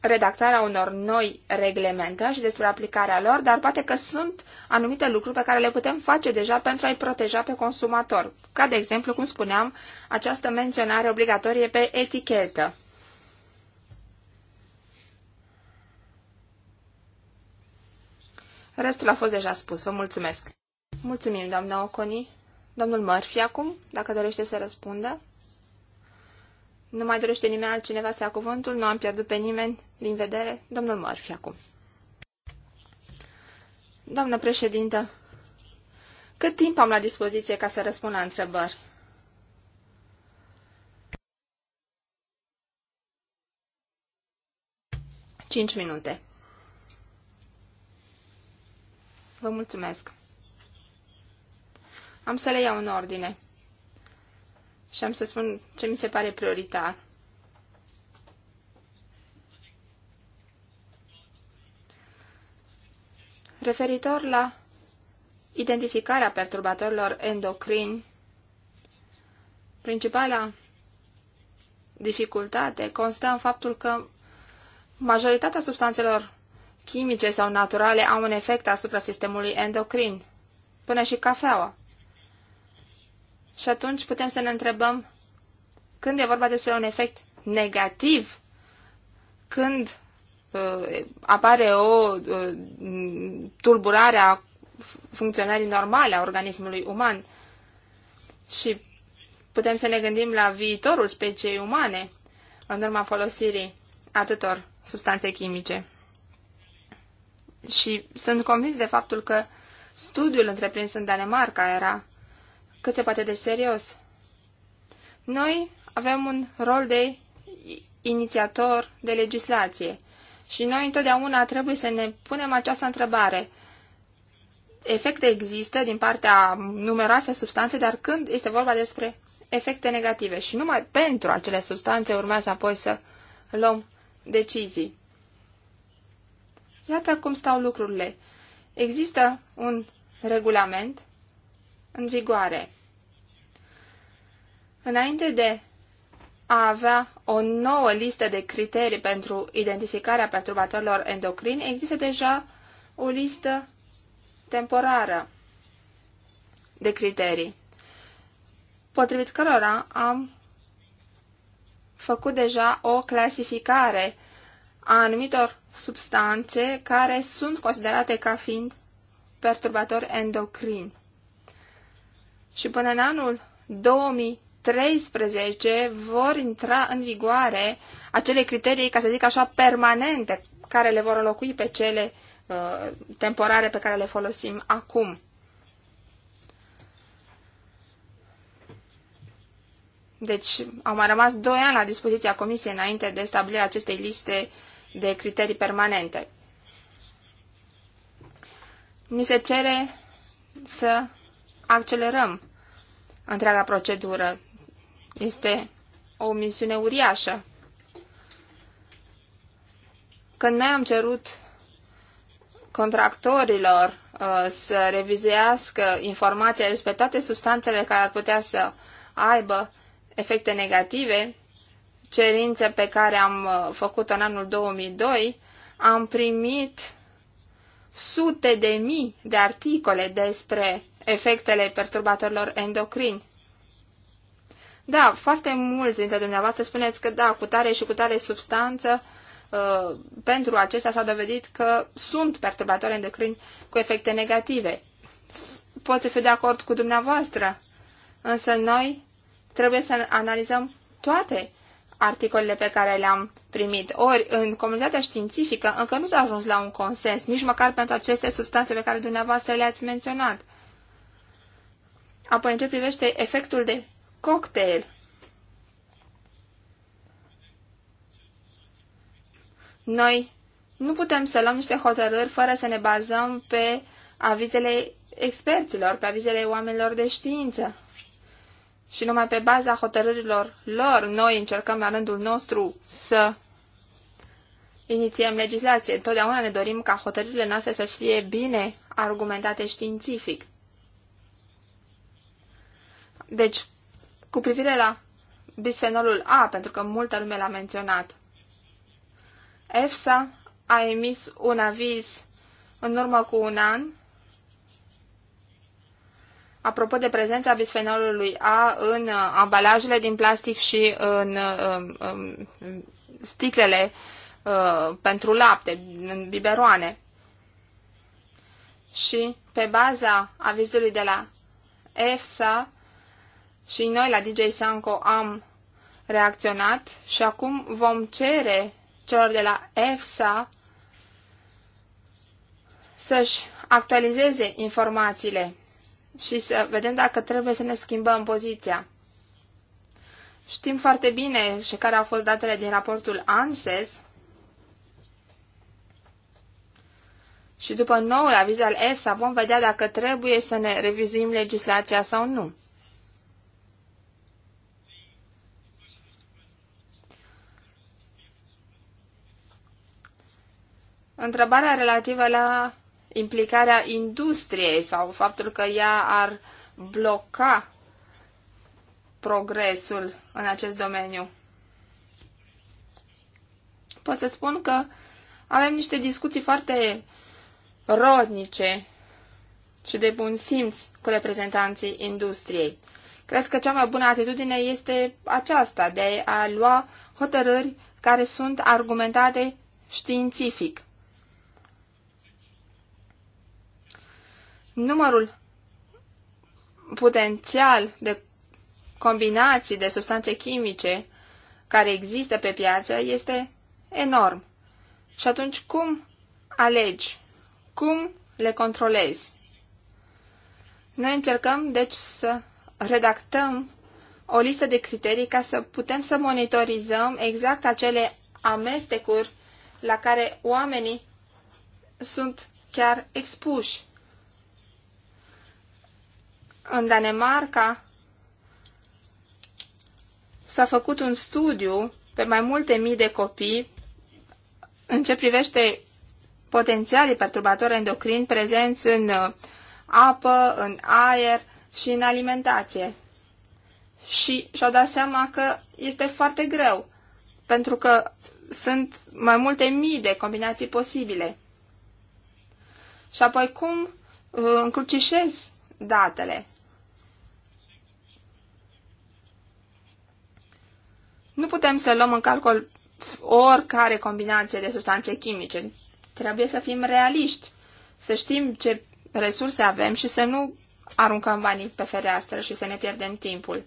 redactarea unor noi reglementări și despre aplicarea lor, dar poate că sunt anumite lucruri pe care le putem face deja pentru a-i proteja pe consumator, ca de exemplu, cum spuneam, această menționare obligatorie pe etichetă. Restul a fost deja spus. Vă mulțumesc. Mulțumim, doamna Oconi. Domnul Murphy acum, dacă dorește să răspundă. Nu mai dorește nimeni altcineva să ia cuvântul? Nu am pierdut pe nimeni din vedere? Domnul Murphy acum. Doamnă președintă, cât timp am la dispoziție ca să răspund la întrebări? Cinci minute. Vă mulțumesc. Am să le iau în ordine și am să spun ce mi se pare prioritar. Referitor la identificarea perturbatorilor endocrini, principala dificultate constă în faptul că majoritatea substanțelor chimice sau naturale au un efect asupra sistemului endocrin, până și cafeaua. Și atunci putem să ne întrebăm când e vorba despre un efect negativ, când uh, apare o uh, tulburare a funcționării normale a organismului uman și putem să ne gândim la viitorul speciei umane în urma folosirii atâtor substanțe chimice și sunt convins de faptul că studiul întreprins în Danemarca era cât se poate de serios. Noi avem un rol de inițiator de legislație și noi întotdeauna trebuie să ne punem această întrebare. Efecte există din partea numeroase substanțe, dar când este vorba despre efecte negative și numai pentru acele substanțe urmează apoi să luăm decizii. Iată cum stau lucrurile. Există un regulament în vigoare. Înainte de a avea o nouă listă de criterii pentru identificarea perturbatorilor endocrini, există deja o listă temporară de criterii, potrivit cărora am făcut deja o clasificare a anumitor substanțe care sunt considerate ca fiind perturbatori endocrini. Și până în anul 2013 vor intra în vigoare acele criterii, ca să zic așa, permanente, care le vor înlocui pe cele uh, temporare pe care le folosim acum. Deci au mai rămas 2 ani la dispoziția Comisiei înainte de stabilirea acestei liste uh, de criterii permanente. Mi se cere să accelerăm întreaga procedură. Este o misiune uriașă. Când noi am cerut contractorilor uh, să revizuiască informația despre toate substanțele care ar putea să aibă efecte negative, cerință pe care am uh, făcut-o în anul 2002, am primit sute de mii de articole despre efectele perturbatorilor endocrini. Da, foarte mulți dintre dumneavoastră spuneți că da, cu tare și cu tare substanță, uh, pentru acestea s-a dovedit că sunt perturbatori endocrini cu efecte negative. Pot să fiu de acord cu dumneavoastră, însă noi trebuie să analizăm toate articolele pe care le-am primit. Ori, în comunitatea științifică încă nu s-a ajuns la un consens, nici măcar pentru aceste substanțe pe care dumneavoastră le-ați menționat. Apoi, în ce privește efectul de cocktail, noi nu putem să luăm niște hotărâri fără să ne bazăm pe avizele experților, pe avizele oamenilor de știință și numai pe baza hotărârilor lor noi încercăm la rândul nostru să inițiem legislație. Întotdeauna ne dorim ca hotărârile noastre să fie bine argumentate științific. Deci, cu privire la bisfenolul A, pentru că multă lume l-a menționat, EFSA a emis un aviz în urmă cu un an apropo de prezența bisfenolului A în uh, ambalajele din plastic și în uh, um, um, sticlele uh, pentru lapte, în biberoane. Și pe baza avizului de la EFSA și noi la DJ Sanco am reacționat și acum vom cere celor de la EFSA să-și actualizeze informațiile și să vedem dacă trebuie să ne schimbăm poziția. Știm foarte bine și care au fost datele din raportul ANSES și după noul aviz al EFSA vom vedea dacă trebuie să ne revizuim legislația sau nu. Întrebarea relativă la implicarea industriei sau faptul că ea ar bloca progresul în acest domeniu. Pot să spun că avem niște discuții foarte rodnice și de bun simț cu reprezentanții industriei. Cred că cea mai bună atitudine este aceasta de a lua hotărâri care sunt argumentate științific. numărul potențial de combinații de substanțe chimice care există pe piață este enorm. Și atunci cum alegi? Cum le controlezi? Noi încercăm, deci, să redactăm o listă de criterii ca să putem să monitorizăm exact acele amestecuri la care oamenii sunt chiar expuși în Danemarca s-a făcut un studiu pe mai multe mii de copii în ce privește potențialii perturbatori endocrini prezenți în uh, apă, în aer și în alimentație. Și și-au dat seama că este foarte greu, pentru că sunt mai multe mii de combinații posibile. Și apoi cum uh, încrucișez datele? Nu putem să luăm în calcul oricare combinație de substanțe chimice. Trebuie să fim realiști, să știm ce resurse avem și să nu aruncăm banii pe fereastră și să ne pierdem timpul.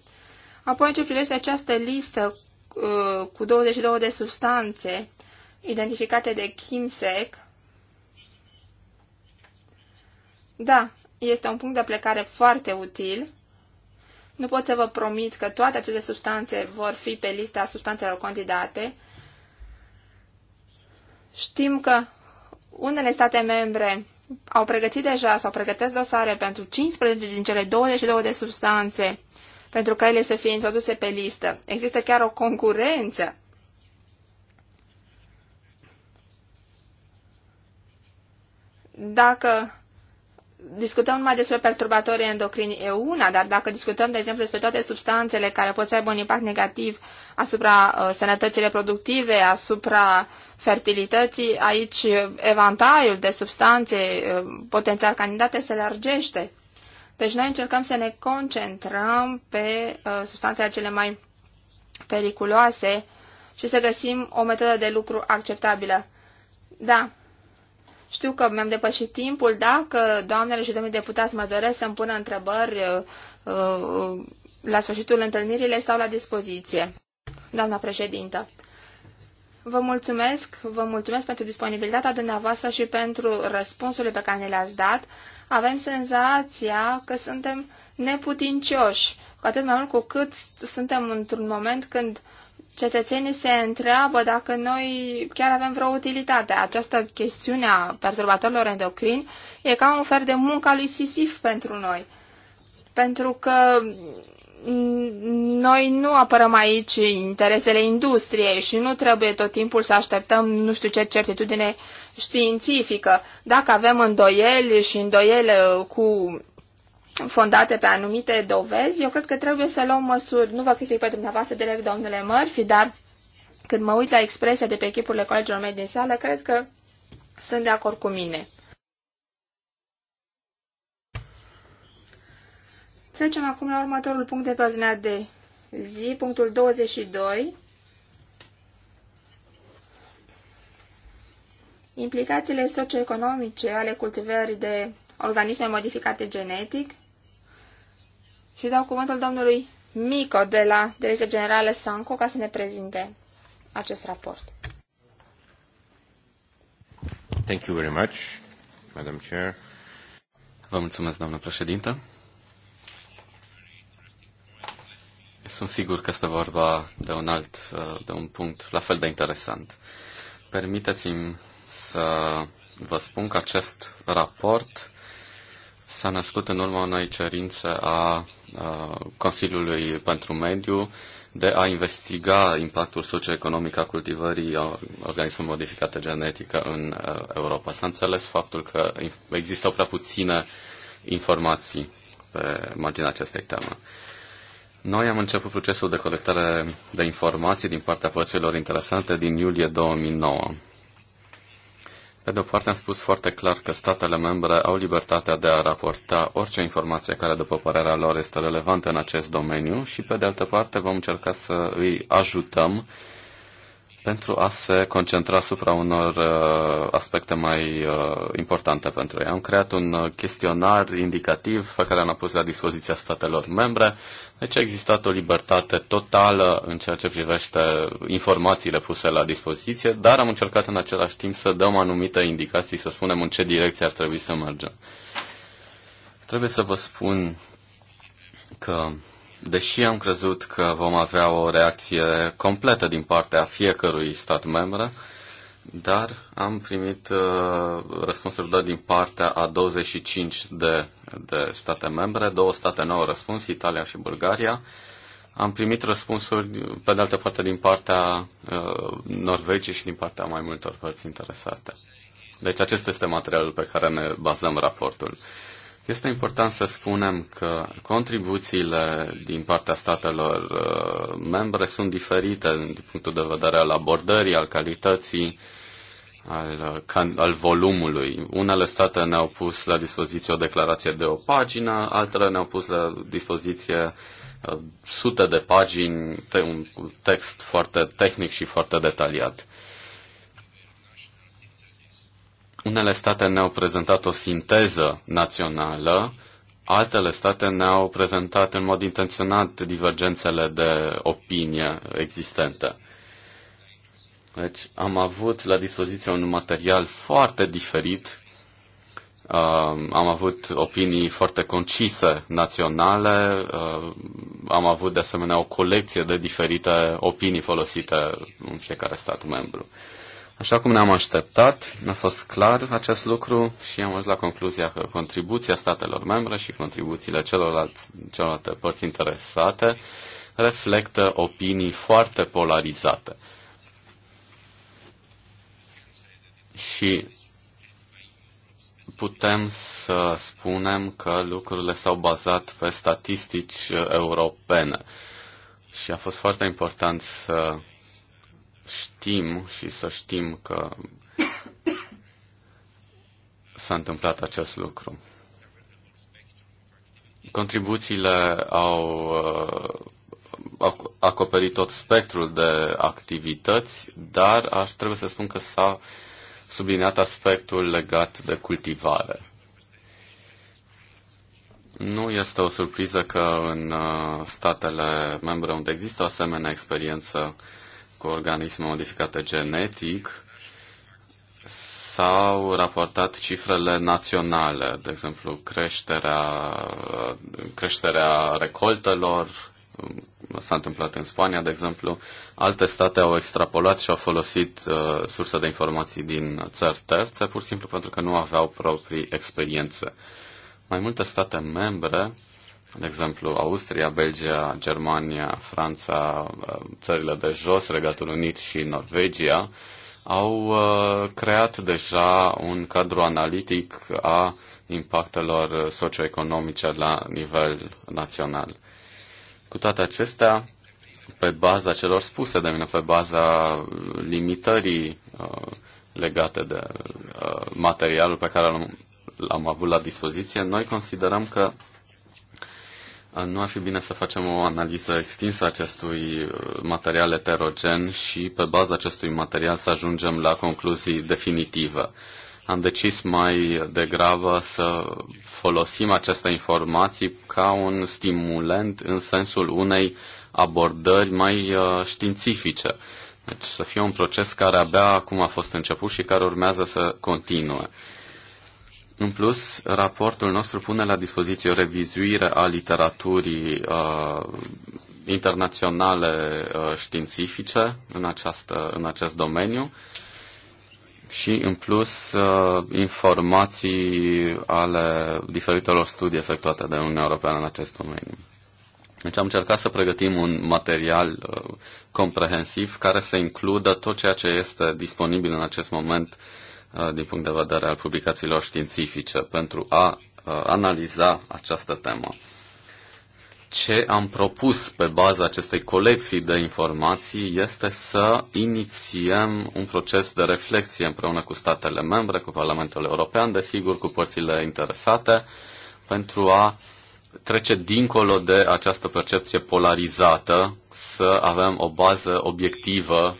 Apoi, în ce privește această listă uh, cu 22 de substanțe identificate de Kimsec, da, este un punct de plecare foarte util nu pot să vă promit că toate aceste substanțe vor fi pe lista substanțelor candidate. Știm că unele state membre au pregătit deja sau pregătesc dosare pentru 15 din cele 22 de substanțe pentru ca ele să fie introduse pe listă. Există chiar o concurență. Dacă discutăm numai despre perturbatorii endocrini e una, dar dacă discutăm, de exemplu, despre toate substanțele care pot să aibă un impact negativ asupra uh, sănătății reproductive, asupra fertilității, aici uh, evantaiul de substanțe uh, potențial candidate se largește. Deci noi încercăm să ne concentrăm pe uh, substanțele cele mai periculoase și să găsim o metodă de lucru acceptabilă. Da, știu că mi-am depășit timpul. Dacă doamnele și domnii deputați mă doresc să-mi pună întrebări uh, uh, la sfârșitul întâlnirii, le stau la dispoziție. Doamna președintă, vă mulțumesc, vă mulțumesc pentru disponibilitatea dumneavoastră și pentru răspunsurile pe care ne le-ați dat. Avem senzația că suntem neputincioși, cu atât mai mult cu cât suntem într-un moment când uh, cetățenii se întreabă dacă noi chiar avem vreo utilitate. Această chestiune a perturbatorilor endocrini e ca un fel de muncă lui Sisif pentru noi. Pentru că noi nu apărăm aici interesele industriei și nu trebuie tot timpul să așteptăm nu știu ce certitudine științifică. Dacă avem îndoieli și îndoiele cu fondate pe anumite dovezi, eu cred că trebuie să luăm măsuri. Nu vă critic pe dumneavoastră direct, domnule Murphy, dar când mă uit la expresia de pe echipurile colegilor mei din sală, cred că sunt de acord cu mine. Trecem acum la următorul punct de pe ordinea de zi, punctul 22. Implicațiile socioeconomice ale cultivării de organisme modificate genetic și dau cuvântul domnului Mico de la Direcția Generală Sanco ca să ne prezinte acest raport. Thank you very much, Madam Chair. Vă mulțumesc, doamnă președintă. Sunt sigur că este vorba de un alt, de un punct la fel de interesant. Permiteți-mi să vă spun că acest raport s-a născut în urma unei cerințe a Consiliului pentru Mediu de a investiga impactul socioeconomic al cultivării organismului modificate genetică în Europa. S-a înțeles faptul că existau prea puține informații pe marginea acestei teme. Noi am început procesul de colectare de informații din partea părților interesante din iulie 2009. Pe de o parte am spus foarte clar că statele membre au libertatea de a raporta orice informație care, după părerea lor, este relevantă în acest domeniu și, pe de altă parte, vom încerca să îi ajutăm uh, pentru a se concentra asupra unor uh, aspecte mai uh, importante pentru ei. Am creat un uh, chestionar indicativ pe care l-am pus la dispoziția statelor membre, deci a existat o libertate totală în ceea ce privește informațiile puse la dispoziție, dar am încercat în același timp să dăm anumite indicații, să spunem în ce direcție ar trebui să mergem. Trebuie să vă spun că Deși am crezut că vom avea o reacție completă din partea fiecărui stat membru, dar am primit uh, răspunsuri doar din partea a 25 de, de state membre, două state au răspuns, Italia și Bulgaria. Am primit răspunsuri, pe de altă parte, din partea uh, Norvegiei și din partea mai multor părți interesate. Deci acesta este materialul pe care ne bazăm raportul. Uh, este important să spunem că contribuțiile din partea statelor uh, membre sunt diferite din punctul de vedere al abordării, al calității, al, uh, al volumului. Unele state ne-au pus la dispoziție o declarație de o pagină, altele ne-au pus la dispoziție uh, sute de pagini, un text foarte tehnic și foarte detaliat. Unele state ne-au prezentat o sinteză națională, altele state ne-au prezentat în mod intenționat divergențele de opinie existente. Deci am avut la dispoziție un material foarte diferit, uh, am avut opinii foarte concise naționale, uh, am avut de asemenea o colecție de diferite opinii folosite în fiecare stat membru. Uh, Așa cum ne-am așteptat, a fost clar acest lucru și am ajuns la concluzia că contribuția statelor membre și contribuțiile celorlalți, celorlalte părți interesate reflectă opinii foarte polarizate. Și putem să spunem că lucrurile s-au bazat pe statistici europene. Și a fost foarte important să știm și să știm că s-a întâmplat acest lucru. Contribuțiile au uh, acoperit tot spectrul de activități, dar aș trebui să spun că s-a subliniat aspectul legat de cultivare. Nu este o surpriză că în uh, statele membre unde există o asemenea experiență uh, cu organisme modificate genetic, s-au raportat cifrele naționale, de exemplu creșterea, creșterea recoltelor, s-a întâmplat în Spania, de exemplu, alte state au extrapolat și au folosit uh, surse de informații din țări terțe, pur și simplu pentru că nu aveau proprii experiențe. Mai multe state membre de exemplu, Austria, Belgia, Germania, Franța, țările de jos, Regatul Unit și Norvegia, au uh, creat deja un cadru analitic a impactelor socioeconomice la nivel național. Cu toate acestea, pe baza celor spuse de mine, pe baza limitării uh, legate de uh, materialul pe care l-am avut la dispoziție, noi considerăm că nu ar fi bine să facem o analiză extinsă acestui uh, material eterogen și pe baza acestui material să ajungem la concluzii definitive. Am decis mai degrabă să folosim aceste informații ca un stimulent în sensul unei abordări mai uh, științifice. Deci să fie un proces care abia acum a fost început și care urmează să continue. În plus, raportul nostru pune la dispoziție o revizuire a literaturii uh, internaționale uh, științifice în, această, în acest domeniu și, în plus, uh, informații ale diferitelor studii efectuate de Uniunea Europeană în acest domeniu. Deci am încercat să pregătim un material uh, comprehensiv care să includă tot ceea ce este disponibil în acest moment uh, Uh, din punct de vedere al publicațiilor științifice pentru a uh, analiza această temă. Ce am propus pe baza acestei colecții de informații este să inițiem un proces de reflexie împreună cu statele membre, cu Parlamentul European, desigur, cu părțile interesate, pentru a trece dincolo de această percepție polarizată, să avem o bază obiectivă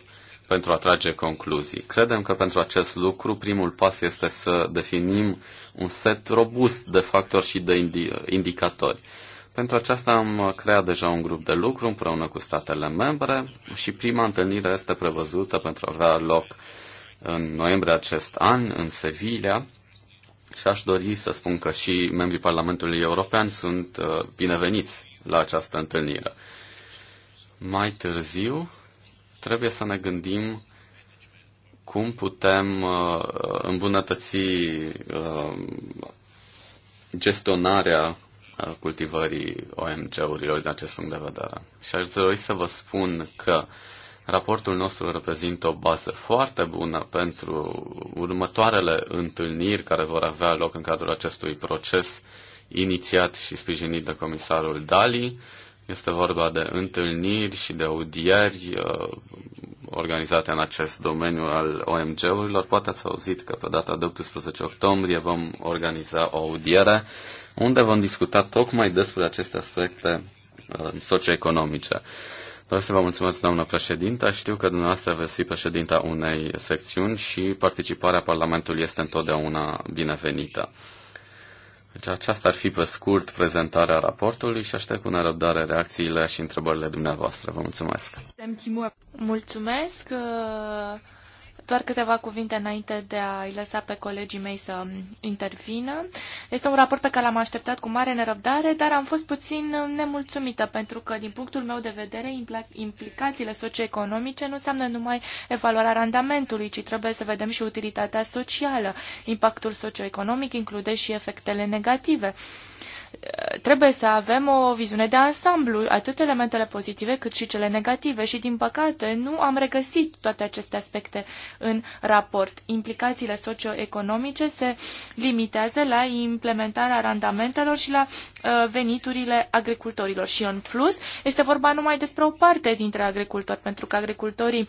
pentru a trage concluzii. Credem că pentru acest lucru primul pas este să definim un set robust de factori și de indi- indicatori. Pentru aceasta am creat deja un grup de lucru împreună cu statele membre și prima întâlnire este prevăzută pentru a avea loc în noiembrie acest an, în Sevilla, și aș dori să spun că și membrii Parlamentului European sunt uh, bineveniți la această întâlnire. Mai târziu, trebuie să ne gândim cum putem uh, îmbunătăți uh, gestionarea uh, cultivării OMG-urilor din acest punct de vedere. Și aș dori să vă spun că raportul nostru reprezintă o bază foarte bună pentru următoarele întâlniri care vor avea loc în cadrul acestui proces inițiat și sprijinit de comisarul Dali. Este vorba de întâlniri și de audieri organizate în acest domeniu al OMG-urilor. Poate ați auzit că pe data de 18 octombrie vom organiza o audiere unde vom discuta tocmai despre aceste aspecte uh, socioeconomice. Doresc să vă mulțumesc, doamnă președinte. Știu că dumneavoastră veți fi președinta unei secțiuni și participarea Parlamentului este întotdeauna binevenită. Deci aceasta ar fi pe scurt prezentarea raportului și aștept cu nerăbdare reacțiile și întrebările dumneavoastră. Vă mulțumesc! Mulțumesc! Doar câteva cuvinte înainte de a-i lăsa pe colegii mei să intervină. Este un raport pe care l-am așteptat cu mare nerăbdare, dar am fost puțin nemulțumită pentru că, din punctul meu de vedere, implicațiile socioeconomice nu înseamnă numai evaluarea randamentului, ci trebuie să vedem și utilitatea socială. Impactul socioeconomic include și efectele negative trebuie să avem o viziune de ansamblu, atât elementele pozitive cât și cele negative și, din păcate, nu am regăsit toate aceste aspecte în raport. Implicațiile socioeconomice se limitează la implementarea randamentelor și la uh, veniturile agricultorilor și, în plus, este vorba numai despre o parte dintre agricultori, pentru că agricultorii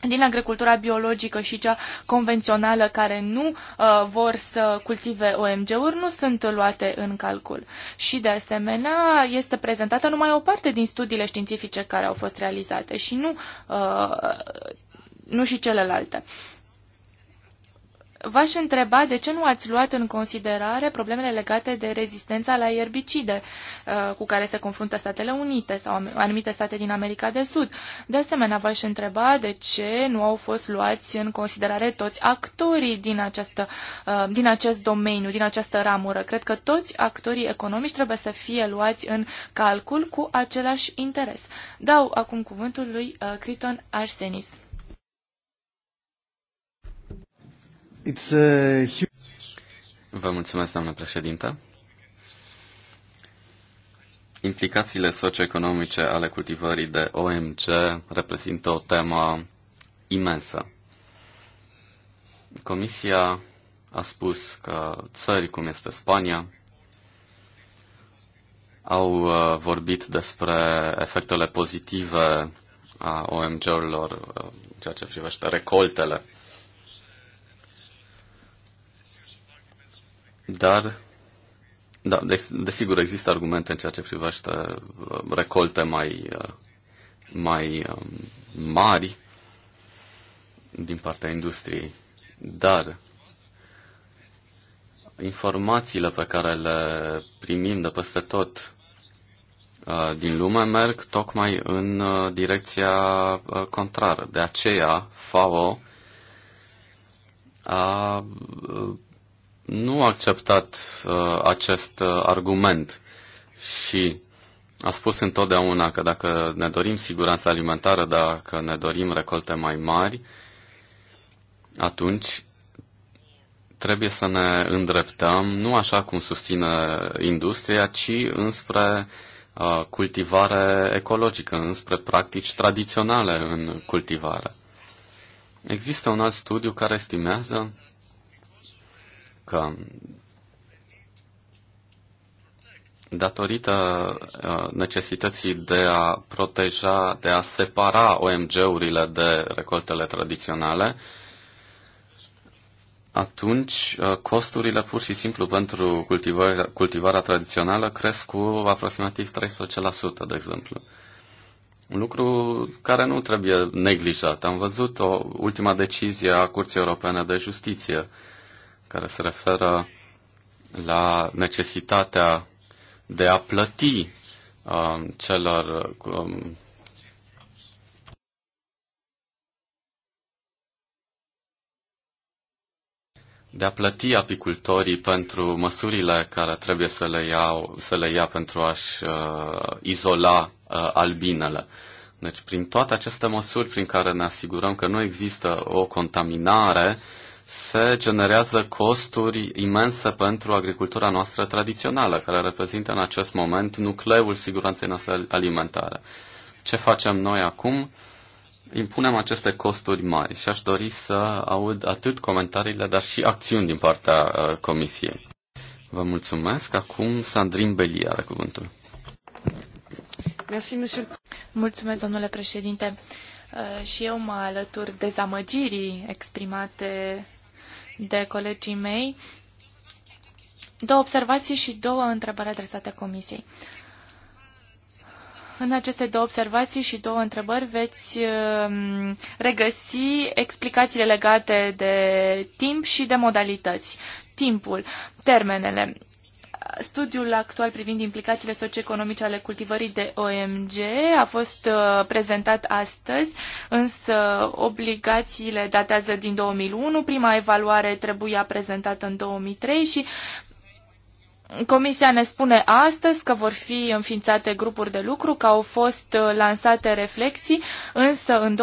din agricultura biologică și cea convențională care nu uh, vor să cultive OMG-uri nu sunt luate în calcul. Și de asemenea este prezentată numai o parte din studiile științifice care au fost realizate și nu, uh, nu și celelalte. Uh, V-aș întreba de ce nu ați luat în considerare problemele legate de rezistența la erbicide uh, cu care se confruntă Statele Unite sau anumite state din America de Sud. De asemenea, v-aș întreba de ce nu au fost luați în considerare toți actorii din, această, uh, din acest domeniu, din această ramură. Cred că toți actorii economici trebuie să fie luați în calcul cu același interes. Dau acum cuvântul lui uh, Criton Arsenis. It's a... Vă mulțumesc, doamnă președintă. Implicațiile socioeconomice ale cultivării de OMC reprezintă o temă imensă. Comisia a spus că țări cum este Spania au uh, vorbit despre efectele pozitive a OMG-urilor uh, în ceea ce privește recoltele Dar, da, desigur, există argumente în ceea ce privește uh, recolte mai, uh, mai um, mari din partea industriei. Dar informațiile pe care le primim de peste tot uh, din lume merg tocmai în direcția contrară. De aceea FAO a nu a acceptat uh, acest uh, argument și a spus întotdeauna că dacă ne dorim siguranța alimentară, dacă ne dorim recolte mai mari, atunci trebuie să ne îndreptăm nu așa cum susține industria, ci înspre uh, cultivare ecologică, înspre practici tradiționale în cultivare. Există un alt studiu care estimează că datorită uh, necesității de a proteja, de a separa OMG-urile de recoltele tradiționale, atunci uh, costurile pur și simplu pentru cultivarea, cultivarea tradițională cresc cu aproximativ 13%, de exemplu. Un lucru care nu trebuie neglijat. Am văzut o ultima decizie a Curții Europene de Justiție care se referă la necesitatea de a plăti um, celor um, de a plăti apicultorii pentru măsurile care trebuie să le, iau, să le ia pentru a-și uh, izola uh, albinele. Deci, prin toate aceste măsuri prin care ne asigurăm că nu există o contaminare uh, se generează costuri imense pentru agricultura noastră tradițională, care reprezintă în acest moment nucleul siguranței noastre alimentare. Ce facem noi acum? Impunem aceste costuri mari și aș dori să aud atât comentariile, dar și acțiuni din partea uh, Comisiei. Vă mulțumesc. Acum Sandrin Beli are cuvântul. Mulțumesc, domnule președinte. Uh, și eu mă alătur dezamăgirii exprimate de colegii mei, două observații și două întrebări adresate Comisiei. În aceste două observații și două întrebări veți um, regăsi explicațiile legate de timp și de modalități. Timpul, termenele. Studiul actual privind implicațiile socioeconomice ale cultivării de OMG a fost uh, prezentat astăzi, însă obligațiile datează din 2001, prima evaluare trebuia prezentată în 2003 și Comisia ne spune astăzi că vor fi înființate grupuri de lucru, că au fost uh, lansate reflexii, însă în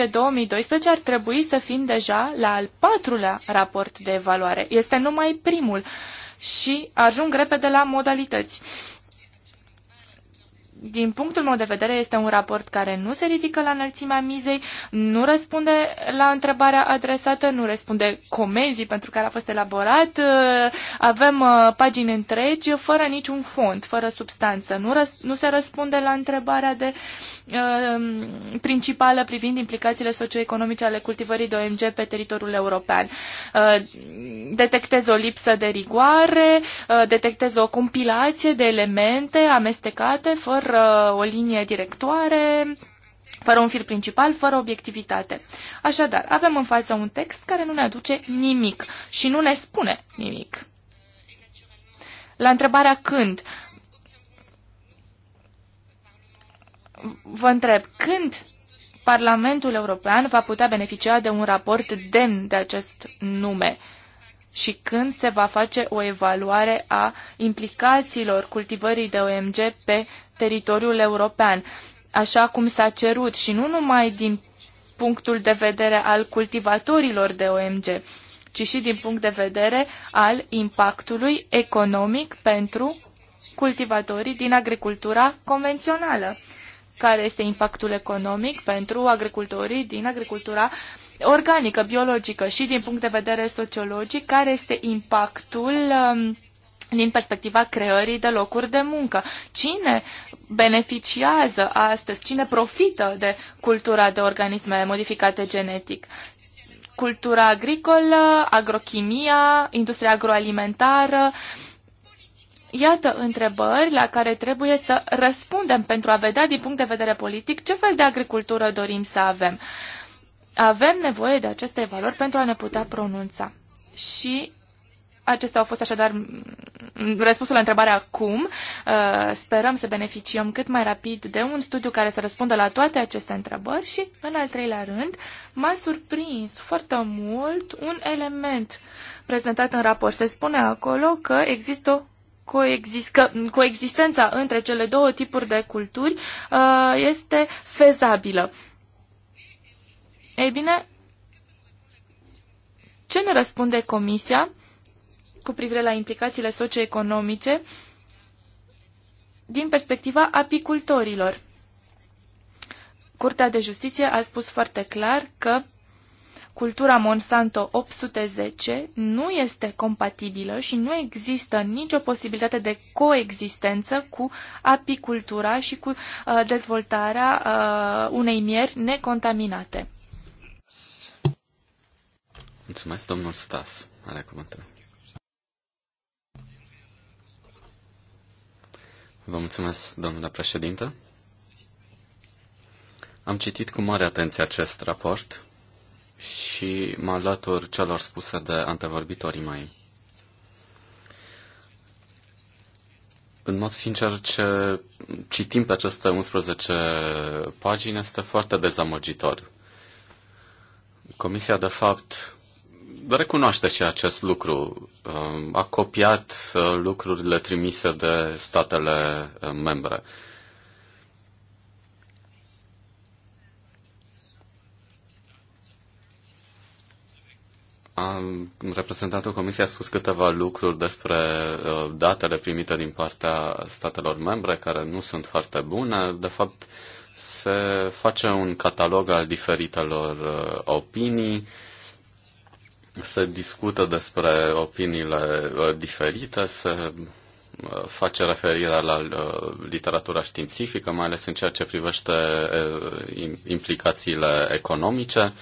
2011-2012 ar trebui să fim deja la al patrulea raport de evaluare. Este numai primul și ajung repede la modalități. Din punctul meu de vedere, este un raport care nu se ridică la înălțimea mizei, nu răspunde la întrebarea adresată, nu răspunde comenzii pentru care a fost elaborat. Uh, avem uh, pagini întregi fără niciun fond, fără substanță. Nu, răs- nu se răspunde la întrebarea de uh, Um, principală privind implicațiile socioeconomice ale cultivării de OMG pe teritoriul european. Uh, detectez o lipsă de rigoare, uh, detectez o compilație de elemente amestecate fără o linie directoare, fără un fir principal, fără obiectivitate. Așadar, avem în față un text care nu ne aduce nimic și nu ne spune nimic. La întrebarea când, uh, vă întreb, când Parlamentul European va putea beneficia de un raport demn de acest nume? și când se va face o evaluare a implicațiilor cultivării de OMG pe teritoriul european, așa cum s-a cerut și nu numai din punctul de vedere al cultivatorilor de OMG, ci și din punct de vedere al impactului economic pentru cultivatorii din agricultura convențională care este impactul economic pentru agricultorii din agricultura organică, biologică și din punct de vedere sociologic, care este impactul um, din perspectiva creării de locuri de muncă. Cine beneficiază astăzi, cine profită de cultura de organisme modificate genetic? Cultura agricolă, agrochimia, industria agroalimentară, uh, iată întrebări la care trebuie să răspundem pentru a vedea din punct de vedere politic ce fel de agricultură dorim să avem. Avem nevoie de aceste valori pentru a ne putea pronunța. Și acestea au fost așadar mm, mm, răspunsul la întrebarea cum. Uh, sperăm să beneficiem cât mai rapid de un studiu care să răspundă la toate aceste întrebări și, în al treilea rând, m-a surprins foarte mult un element prezentat în raport. Se spune acolo că există o coexistența între cele două tipuri de culturi uh, este fezabilă. Ei bine, ce ne răspunde Comisia cu privire la implicațiile socioeconomice din perspectiva apicultorilor? Curtea de Justiție a spus foarte clar că cultura Monsanto 810 nu este compatibilă și nu există nicio posibilitate de coexistență cu apicultura și cu uh, dezvoltarea uh, unei mieri necontaminate. Mulțumesc, domnul Stas. Are cuvântul. Vă mulțumesc, domnule președinte. Am citit cu mare atenție acest raport și mă alătur celor spuse de antevorbitorii mei. În mod sincer, ce citim pe aceste 11 pagini este foarte dezamăgitor. Comisia, de fapt, recunoaște și acest lucru. A copiat uh, lucrurile trimise de statele uh, membre. Am reprezentantul Comisiei a spus câteva lucruri despre uh, datele primite din partea statelor membre, care nu sunt foarte bune. De fapt, se face un catalog al diferitelor uh, opinii, se discută despre opiniile uh, diferite, se face referire la literatura științifică, mai ales în ceea ce privește implicațiile economice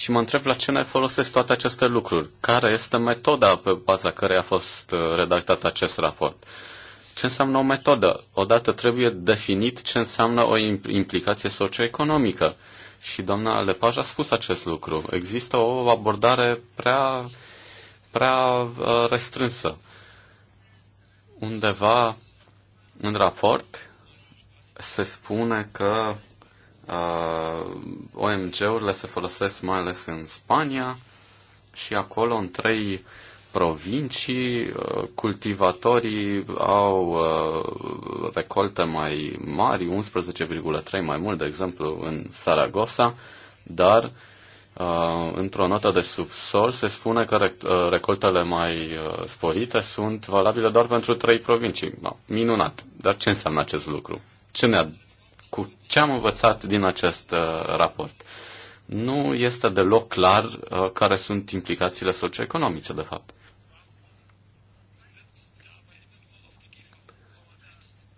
și mă întreb la ce ne folosesc toate aceste lucruri. Care este metoda pe baza care a fost uh, redactat acest raport? Ce înseamnă o metodă? Odată trebuie definit ce înseamnă o implicație socioeconomică. Și doamna Lepaj a spus acest lucru. Există o abordare prea, prea uh, restrânsă. Undeva în raport se spune că uh, OMG-urile se folosesc mai ales în Spania și acolo în trei provincii uh, cultivatorii au uh, recolte mai mari, 11,3 mai mult, de exemplu, în Saragossa, dar uh, într-o notă de subsol se spune că uh, recoltele mai uh, sporite sunt valabile doar pentru trei provincii. No, minunat. Dar ce înseamnă acest lucru? Ce ne cu ce am învățat din acest uh, raport. Nu este deloc clar uh, care sunt implicațiile socioeconomice, de fapt.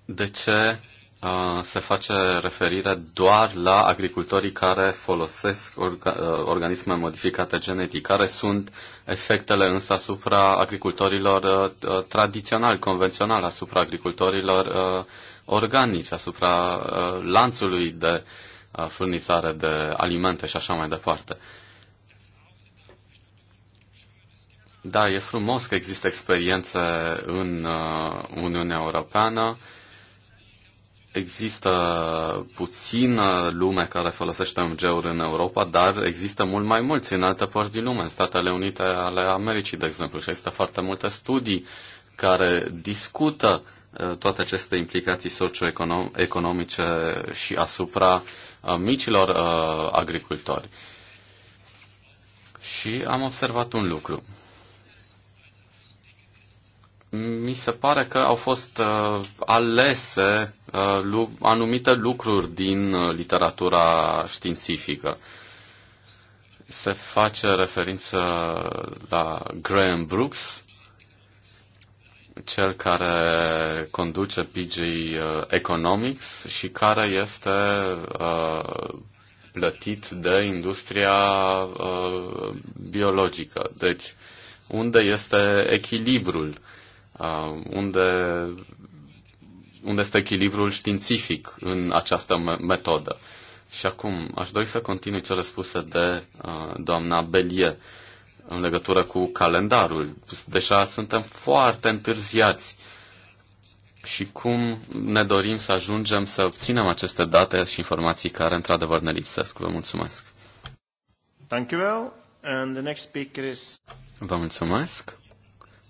De ce uh, se face referire doar la agricultorii care folosesc orga- organisme modificate genetic? Care sunt efectele însă asupra agricultorilor tradițional, tradiționali, convenționali, asupra agricultorilor uh, organici, asupra uh, lanțului de uh, furnizare de alimente și așa mai departe. Da, e frumos că există experiențe în uh, Uniunea Europeană. Există puțină lume care folosește MG-uri în Europa, dar există mult mai mulți în alte părți din lume, în Statele Unite ale Americii, de exemplu. Și există foarte multe studii care discută Uh, toate aceste implicații socioeconomice și asupra uh, micilor uh, agricultori. Și am observat un lucru. Mi se pare că au fost uh, alese uh, anumite lucruri din uh, literatura științifică. Se face referință la Graham Brooks, cel care conduce PG uh, Economics și care este uh, plătit de industria uh, biologică. Deci, unde este echilibrul? Uh, unde, unde este echilibrul științific în această metodă? Și acum, aș dori să continui cele spuse de uh, doamna Belie în legătură cu calendarul. Deja suntem foarte întârziați. Și cum ne dorim să ajungem să obținem aceste date și informații care într-adevăr ne lipsesc. Vă mulțumesc. Thank you well. And the next speaker is... Vă mulțumesc.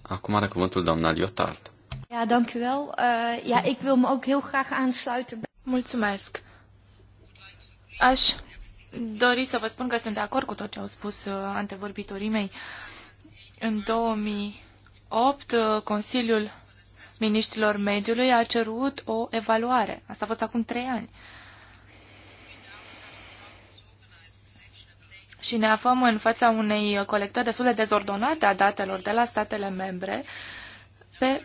Acum are cuvântul doamna Liotard. Ja, dank u wel. Uh, ja, ik wil me ook heel graag aansluiten. Mulțumesc. Aș dori să vă spun că sunt de acord cu tot ce au spus uh, antevorbitorii mei. În 2008, uh, Consiliul Ministrilor Mediului a cerut o evaluare. Asta a fost acum trei ani. Și ne aflăm în fața unei colectări destul de dezordonate a datelor de la statele membre pe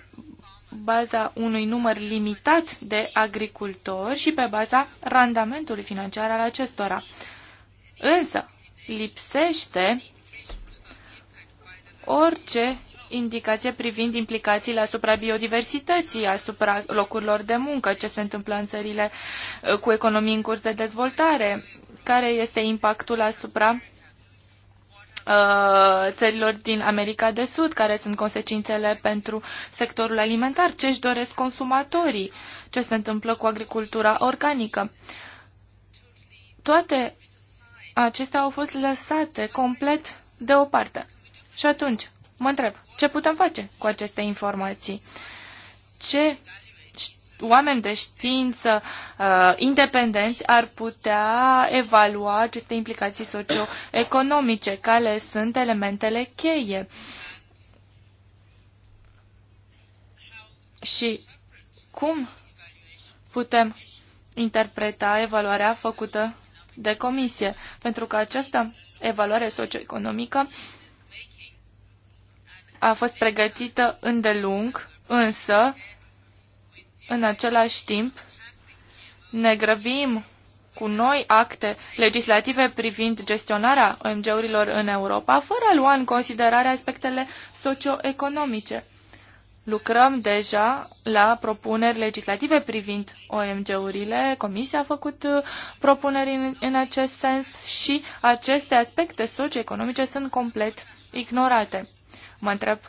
baza unui număr limitat de agricultori și pe baza randamentului financiar al acestora. Însă, lipsește orice indicație privind implicațiile asupra biodiversității, asupra locurilor de muncă, ce se întâmplă în țările uh, cu economii în curs de dezvoltare, care este impactul asupra uh, țărilor din America de Sud, care sunt consecințele pentru sectorul alimentar, ce își doresc consumatorii, ce se întâmplă cu agricultura organică. Toate acestea au fost lăsate complet deoparte. Și atunci, mă întreb, ce putem face cu aceste informații? Ce oameni de știință uh, independenți ar putea evalua aceste implicații socioeconomice, care sunt elementele cheie. Și cum putem interpreta evaluarea făcută de comisie, pentru că această evaluare socioeconomică a fost pregătită îndelung, însă, în același timp, ne grăbim cu noi acte legislative privind gestionarea OMG-urilor în Europa, fără a lua în considerare aspectele socioeconomice. Lucrăm deja la propuneri legislative privind OMG-urile. Comisia a făcut uh, propuneri în, în acest sens și aceste aspecte socioeconomice sunt complet ignorate. Mă întreb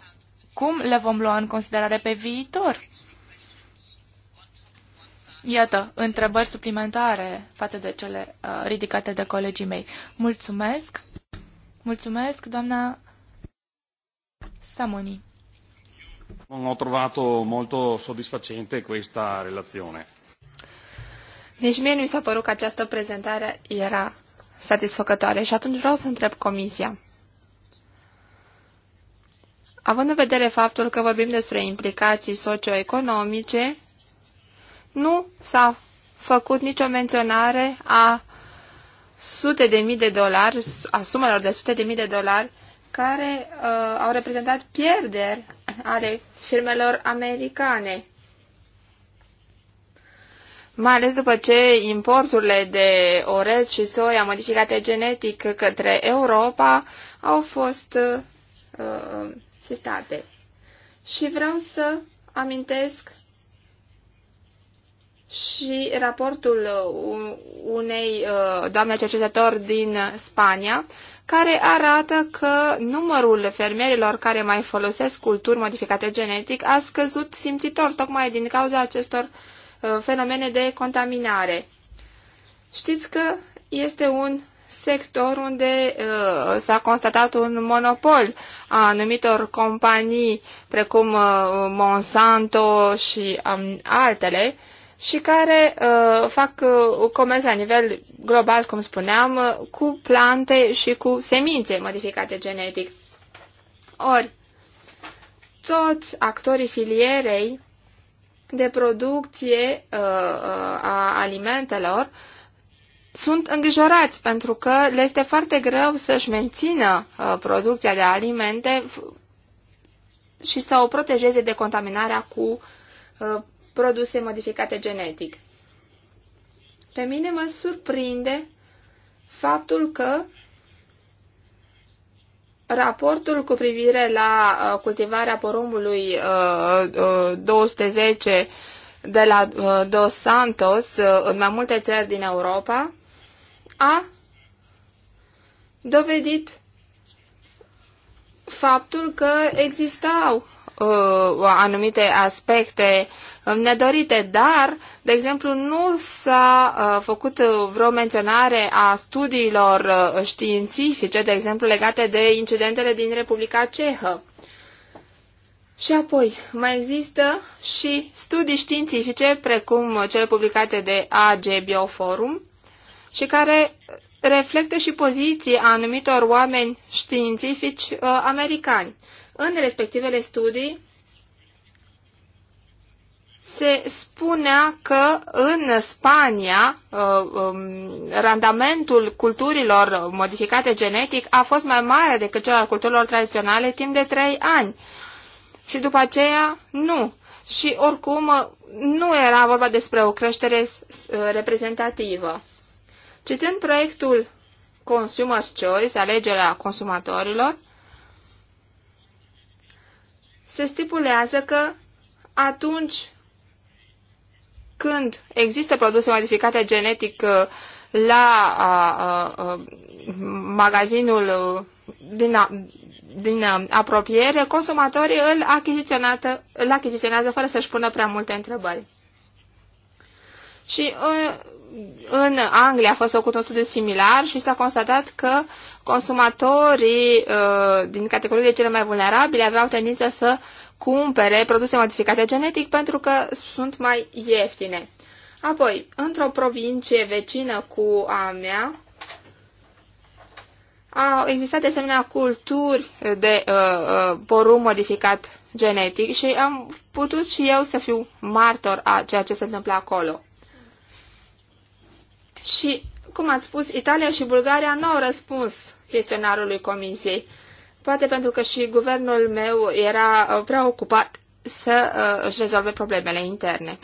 cum le vom lua în considerare pe viitor? Iată, întrebări suplimentare față de cele uh, ridicate de colegii mei. Mulțumesc! Mulțumesc, doamna Samoni. Non ho trovato molto soddisfacente questa relazione. Nici mie nu mi s-a părut că această prezentare era satisfăcătoare și atunci vreau să întreb comisia. Având în vedere faptul că vorbim despre implicații socioeconomice, nu s-a făcut nicio menționare a sute de mii de dolari, a sumelor de sute de mii de dolari, care uh, au reprezentat pierderi ale firmelor americane. Mai ales după ce importurile de orez și soia modificate genetic către Europa au fost uh, uh sistate. Și vreau să amintesc și raportul uh, unei uh, doamne cercetător din Spania, care arată că numărul fermierilor care mai folosesc culturi modificate genetic a scăzut simțitor, tocmai din cauza acestor uh, fenomene de contaminare. Știți că este un sector unde uh, s-a constatat un monopol a anumitor companii precum uh, Monsanto și um, altele și care uh, fac uh, comerț la nivel global, cum spuneam, uh, cu plante și cu semințe modificate genetic. Ori, toți actorii filierei de producție uh, uh a alimentelor sunt îngrijorați pentru că le este foarte greu să-și mențină uh, producția de alimente și să o protejeze de contaminarea cu uh, produse modificate genetic. Pe mine mă surprinde faptul că raportul cu privire la uh, cultivarea porumbului 210 uh, uh, de la Dos Santos în mai multe țări din Europa a dovedit faptul că existau anumite aspecte nedorite, dar, de exemplu, nu s-a uh, făcut vreo menționare a studiilor uh, științifice, de exemplu, legate de incidentele din Republica Cehă. Și apoi, mai există și studii științifice, precum cele publicate de AG Bioforum, și care reflectă și poziții anumitor oameni științifici uh, americani. În respectivele studii se spunea că în Spania uh, um, randamentul culturilor modificate genetic a fost mai mare decât cel al culturilor tradiționale timp de trei ani. Și după aceea, nu. Și oricum, nu era vorba despre o creștere uh, reprezentativă. Citând proiectul Consumer's Choice, alegerea consumatorilor, se stipulează că atunci când există produse modificate genetic uh, la a, a, a, magazinul uh, din, a, din uh, apropiere, consumatorii îl, îl achiziționează fără să-și pună prea multe întrebări. Și în Anglia a fost făcut un studiu similar și s-a constatat că consumatorii din categoriile cele mai vulnerabile aveau tendința să cumpere produse modificate genetic pentru că sunt mai ieftine. Apoi, într-o provincie vecină cu a mea, au existat de asemenea culturi de uh, uh, porum modificat genetic și am putut și eu să fiu martor a ceea ce se întâmplă acolo. Și, cum ați spus, Italia și Bulgaria nu au răspuns chestionarului comisiei poate pentru că și guvernul meu era uh, prea ocupat să uh, își rezolve problemele interne.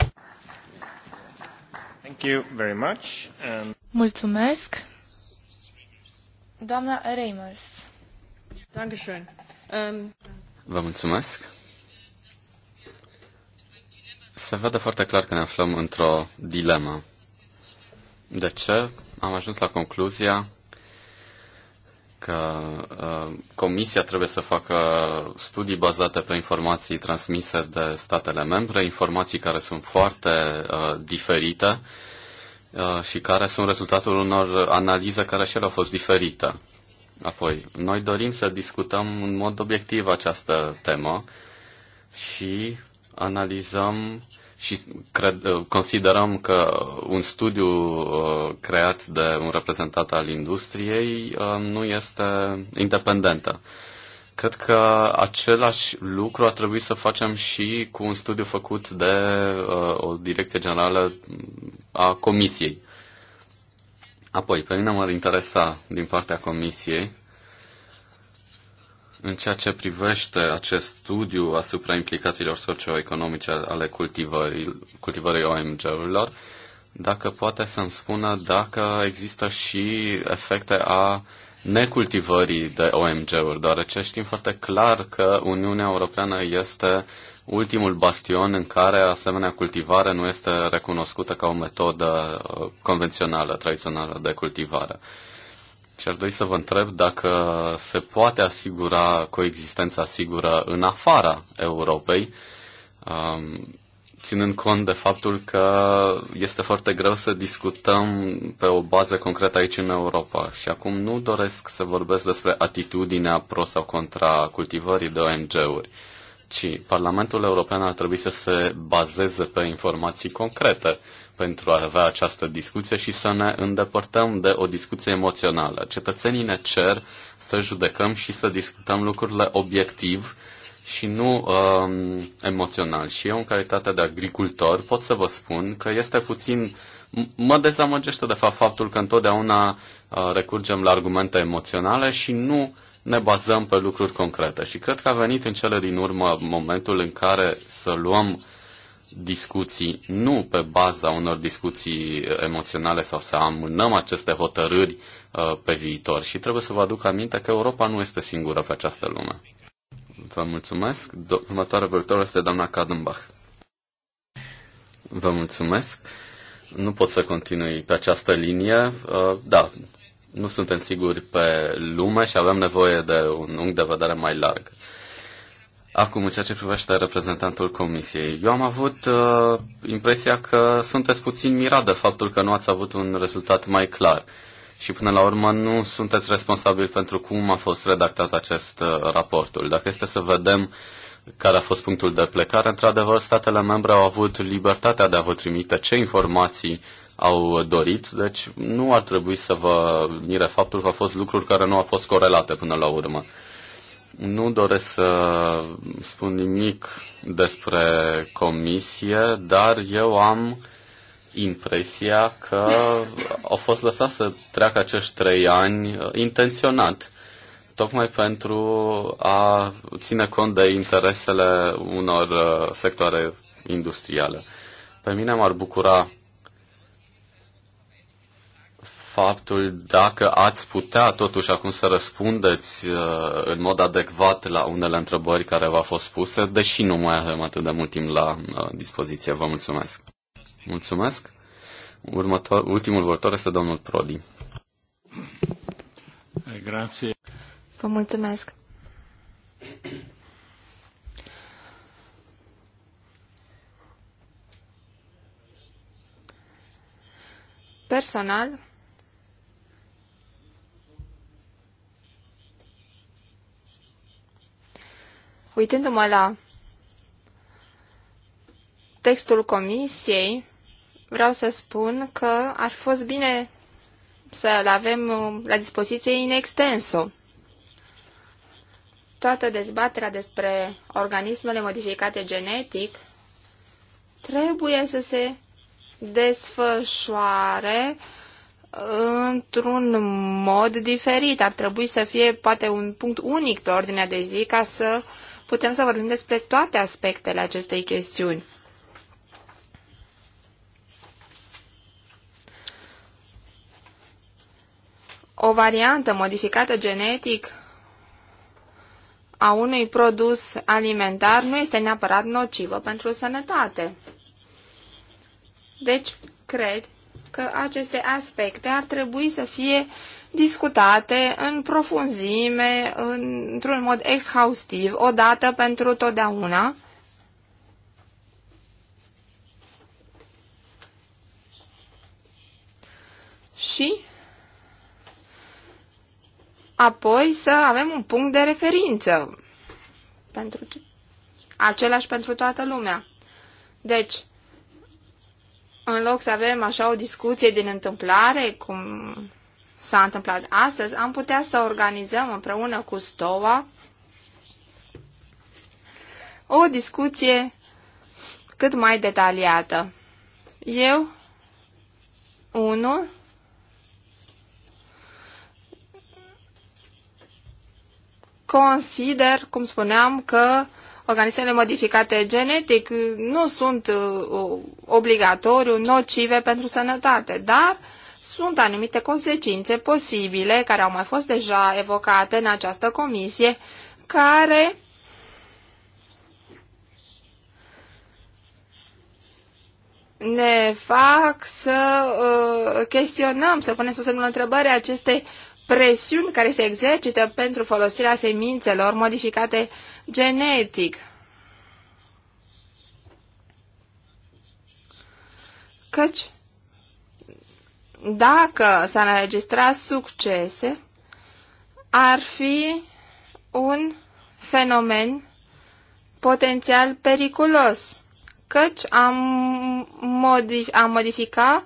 Thank you very much. Um... Mulțumesc. Doamna Reimers. Dankeschön. Um... Vă mulțumesc. Se vede foarte clar că ne aflăm într-o dilemă. De ce am ajuns la concluzia că uh, Comisia trebuie să facă studii bazate pe informații transmise de statele membre, informații care sunt foarte uh, diferite uh, și care sunt rezultatul unor analize care și ele au fost diferite. Apoi, noi dorim să discutăm în mod obiectiv această temă și analizăm și cred, uh, considerăm că un studiu uh, creat de un reprezentant al industriei uh, nu este independentă. Cred că același lucru ar trebui să facem și cu un studiu făcut de o direcție generală a comisiei. Apoi, pe mine m-ar interesa din partea comisiei în ceea ce privește acest studiu asupra implicațiilor socioeconomice ale cultivării, cultivării OMG-urilor, dacă poate să-mi spună dacă există și efecte a necultivării de OMG-uri, deoarece știm foarte clar că Uniunea Europeană este ultimul bastion în care asemenea cultivare nu este recunoscută ca o metodă uh, convențională, tradițională de cultivare. Și aș dori să vă întreb dacă se poate asigura coexistența sigură în afara Europei, um, ținând cont de faptul că este foarte greu să discutăm pe o bază concretă aici în Europa. Și acum nu doresc să vorbesc despre atitudinea pro sau contra cultivării de ong uri ci Parlamentul European ar trebui să se bazeze pe informații concrete pentru a avea această discuție și să ne îndepărtăm de o discuție emoțională. Cetățenii ne cer să judecăm și să discutăm lucrurile obiectiv și nu um, emoțional. Și eu, în calitate de agricultor, pot să vă spun că este puțin. Mă dezamăgește, de fapt, faptul că întotdeauna uh, recurgem la argumente emoționale și nu ne bazăm pe lucruri concrete. Și cred că a venit în cele din urmă momentul în care să luăm uh, discuții, nu pe baza unor discuții uh, emoționale sau să amânăm aceste hotărâri uh, pe viitor. Și trebuie să vă aduc aminte că Europa nu este singură pe această lume. Vă mulțumesc. Următoarea vorbitoare este doamna Kadenbach. Vă mulțumesc. Nu pot să continui pe această linie. Uh, da, nu suntem siguri pe lume și avem nevoie de un unghi de vedere mai larg. Acum, în ceea ce privește reprezentantul Comisiei, eu am avut uh, impresia că sunteți puțin mirat de faptul că nu ați avut un rezultat mai clar. Și până la urmă nu sunteți responsabil pentru cum a fost redactat acest uh, raportul. Dacă este să vedem care a fost punctul de plecare, într-adevăr, statele membre au avut libertatea de a vă trimite ce informații au dorit, deci nu ar trebui să vă mire faptul că au fost lucruri care nu au fost corelate până la urmă. Nu doresc să spun nimic despre comisie, dar eu am impresia că au fost lăsat să treacă acești trei ani uh, intenționat, tocmai pentru a ține cont de interesele unor uh, sectoare industriale. Pe mine m-ar bucura faptul dacă ați putea totuși acum să răspundeți uh, în mod adecvat la unele întrebări care v-au fost puse, deși nu mai avem atât de mult timp la uh, dispoziție. Vă mulțumesc. Mulțumesc. Următor, ultimul vorbitor este domnul Prodi. Eh, grazie. Vă mulțumesc. Personal, Uitându-mă la textul comisiei, vreau să spun că ar fi fost bine să-l avem uh, la dispoziție in extenso. Toată dezbaterea despre organismele modificate genetic trebuie să se desfășoare uh, într-un mod diferit. Ar trebui să fie poate un punct unic pe ordinea de zi ca să uh, putem să vorbim despre toate aspectele acestei chestiuni. O variantă modificată genetic a unui produs alimentar nu este neapărat nocivă pentru sănătate. Deci, cred că aceste aspecte ar trebui să fie discutate în profunzime, în, într-un mod exhaustiv, odată pentru totdeauna. Și apoi să avem un punct de referință pentru același pentru toată lumea. Deci, în loc să avem așa o discuție din întâmplare, cum s-a întâmplat astăzi, am putea să organizăm împreună cu STOA o discuție cât mai detaliată. Eu, unul, consider, cum spuneam, că organismele modificate genetic nu sunt uh, obligatoriu nocive pentru sănătate, dar sunt anumite consecințe posibile care au mai fost deja evocate în această comisie, care ne fac să uh, chestionăm, să punem sub semnul întrebării aceste presiuni care se exercită pentru folosirea semințelor modificate genetic. Căci dacă s-ar înregistra succese, ar fi un fenomen potențial periculos, căci am, modif- am modifica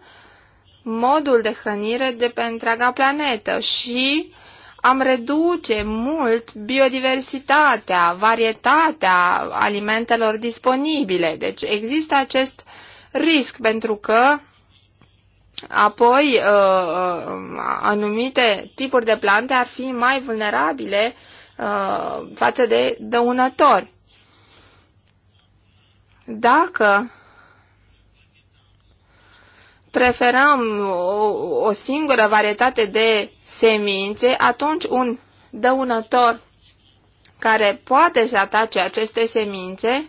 modul de hrănire de pe întreaga planetă și am reduce mult biodiversitatea, varietatea alimentelor disponibile. Deci există acest risc pentru că Apoi, uh, uh, anumite tipuri de plante ar fi mai vulnerabile uh, față de dăunători. Dacă preferăm o, o singură varietate de semințe, atunci un dăunător care poate să atace aceste semințe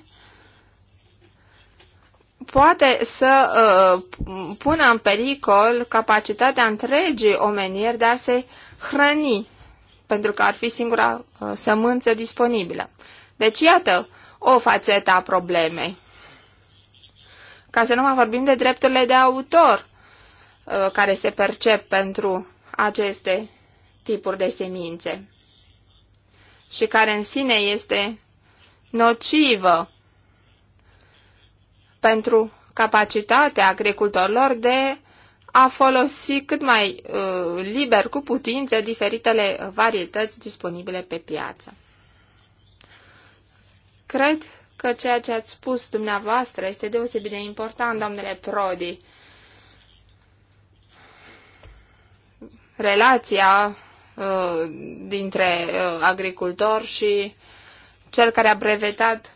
poate să uh, pună în pericol capacitatea întregii omenieri de a se hrăni, pentru că ar fi singura uh, sămânță disponibilă. Deci, iată o fațetă a problemei. Ca să nu mai vorbim de drepturile de autor uh, care se percep pentru aceste tipuri de semințe și care în sine este nocivă pentru capacitatea agricultorilor de a folosi cât mai uh, liber cu putință diferitele varietăți disponibile pe piață. Cred că ceea ce ați spus dumneavoastră este deosebit de important, domnule Prodi. Relația uh, dintre uh, agricultor și cel care a brevetat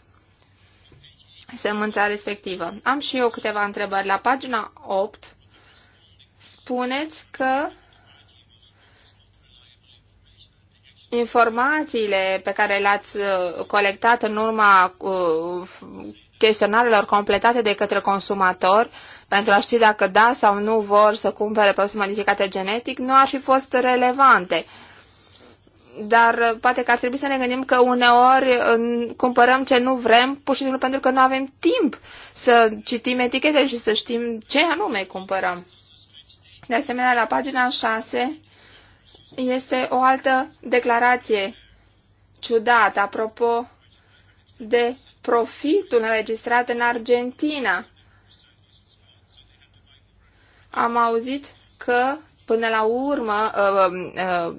sămânța respectivă. Am și eu câteva întrebări. La pagina 8 spuneți că informațiile pe care le-ați uh, colectat în urma uh, chestionarelor completate de către consumatori pentru a ști dacă da sau nu vor să cumpere produse modificate genetic nu ar fi fost relevante dar uh, poate că ar trebui să ne gândim că uneori uh, cumpărăm ce nu vrem, pur și simplu pentru că nu avem timp să citim etichete și să știm ce anume cumpărăm. De asemenea, la pagina 6 este o altă declarație ciudată, apropo de profitul înregistrat în Argentina. Am auzit că până la urmă uh,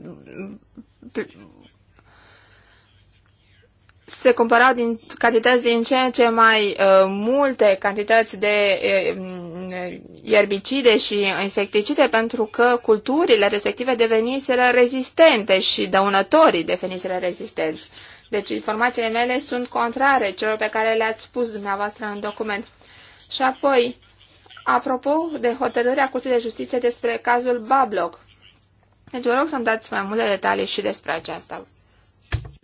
se cumpărau din cantități din ce în ce mai uh, multe cantități de uh, ierbicide și insecticide pentru că culturile respective deveniseră rezistente și dăunătorii deveniseră rezistenți. Deci informațiile mele sunt contrare celor pe care le-ați spus dumneavoastră în document. Și apoi, apropo de hotărârea Curții de Justiție despre cazul Bablock, deci vă rog să-mi dați mai multe detalii și despre aceasta.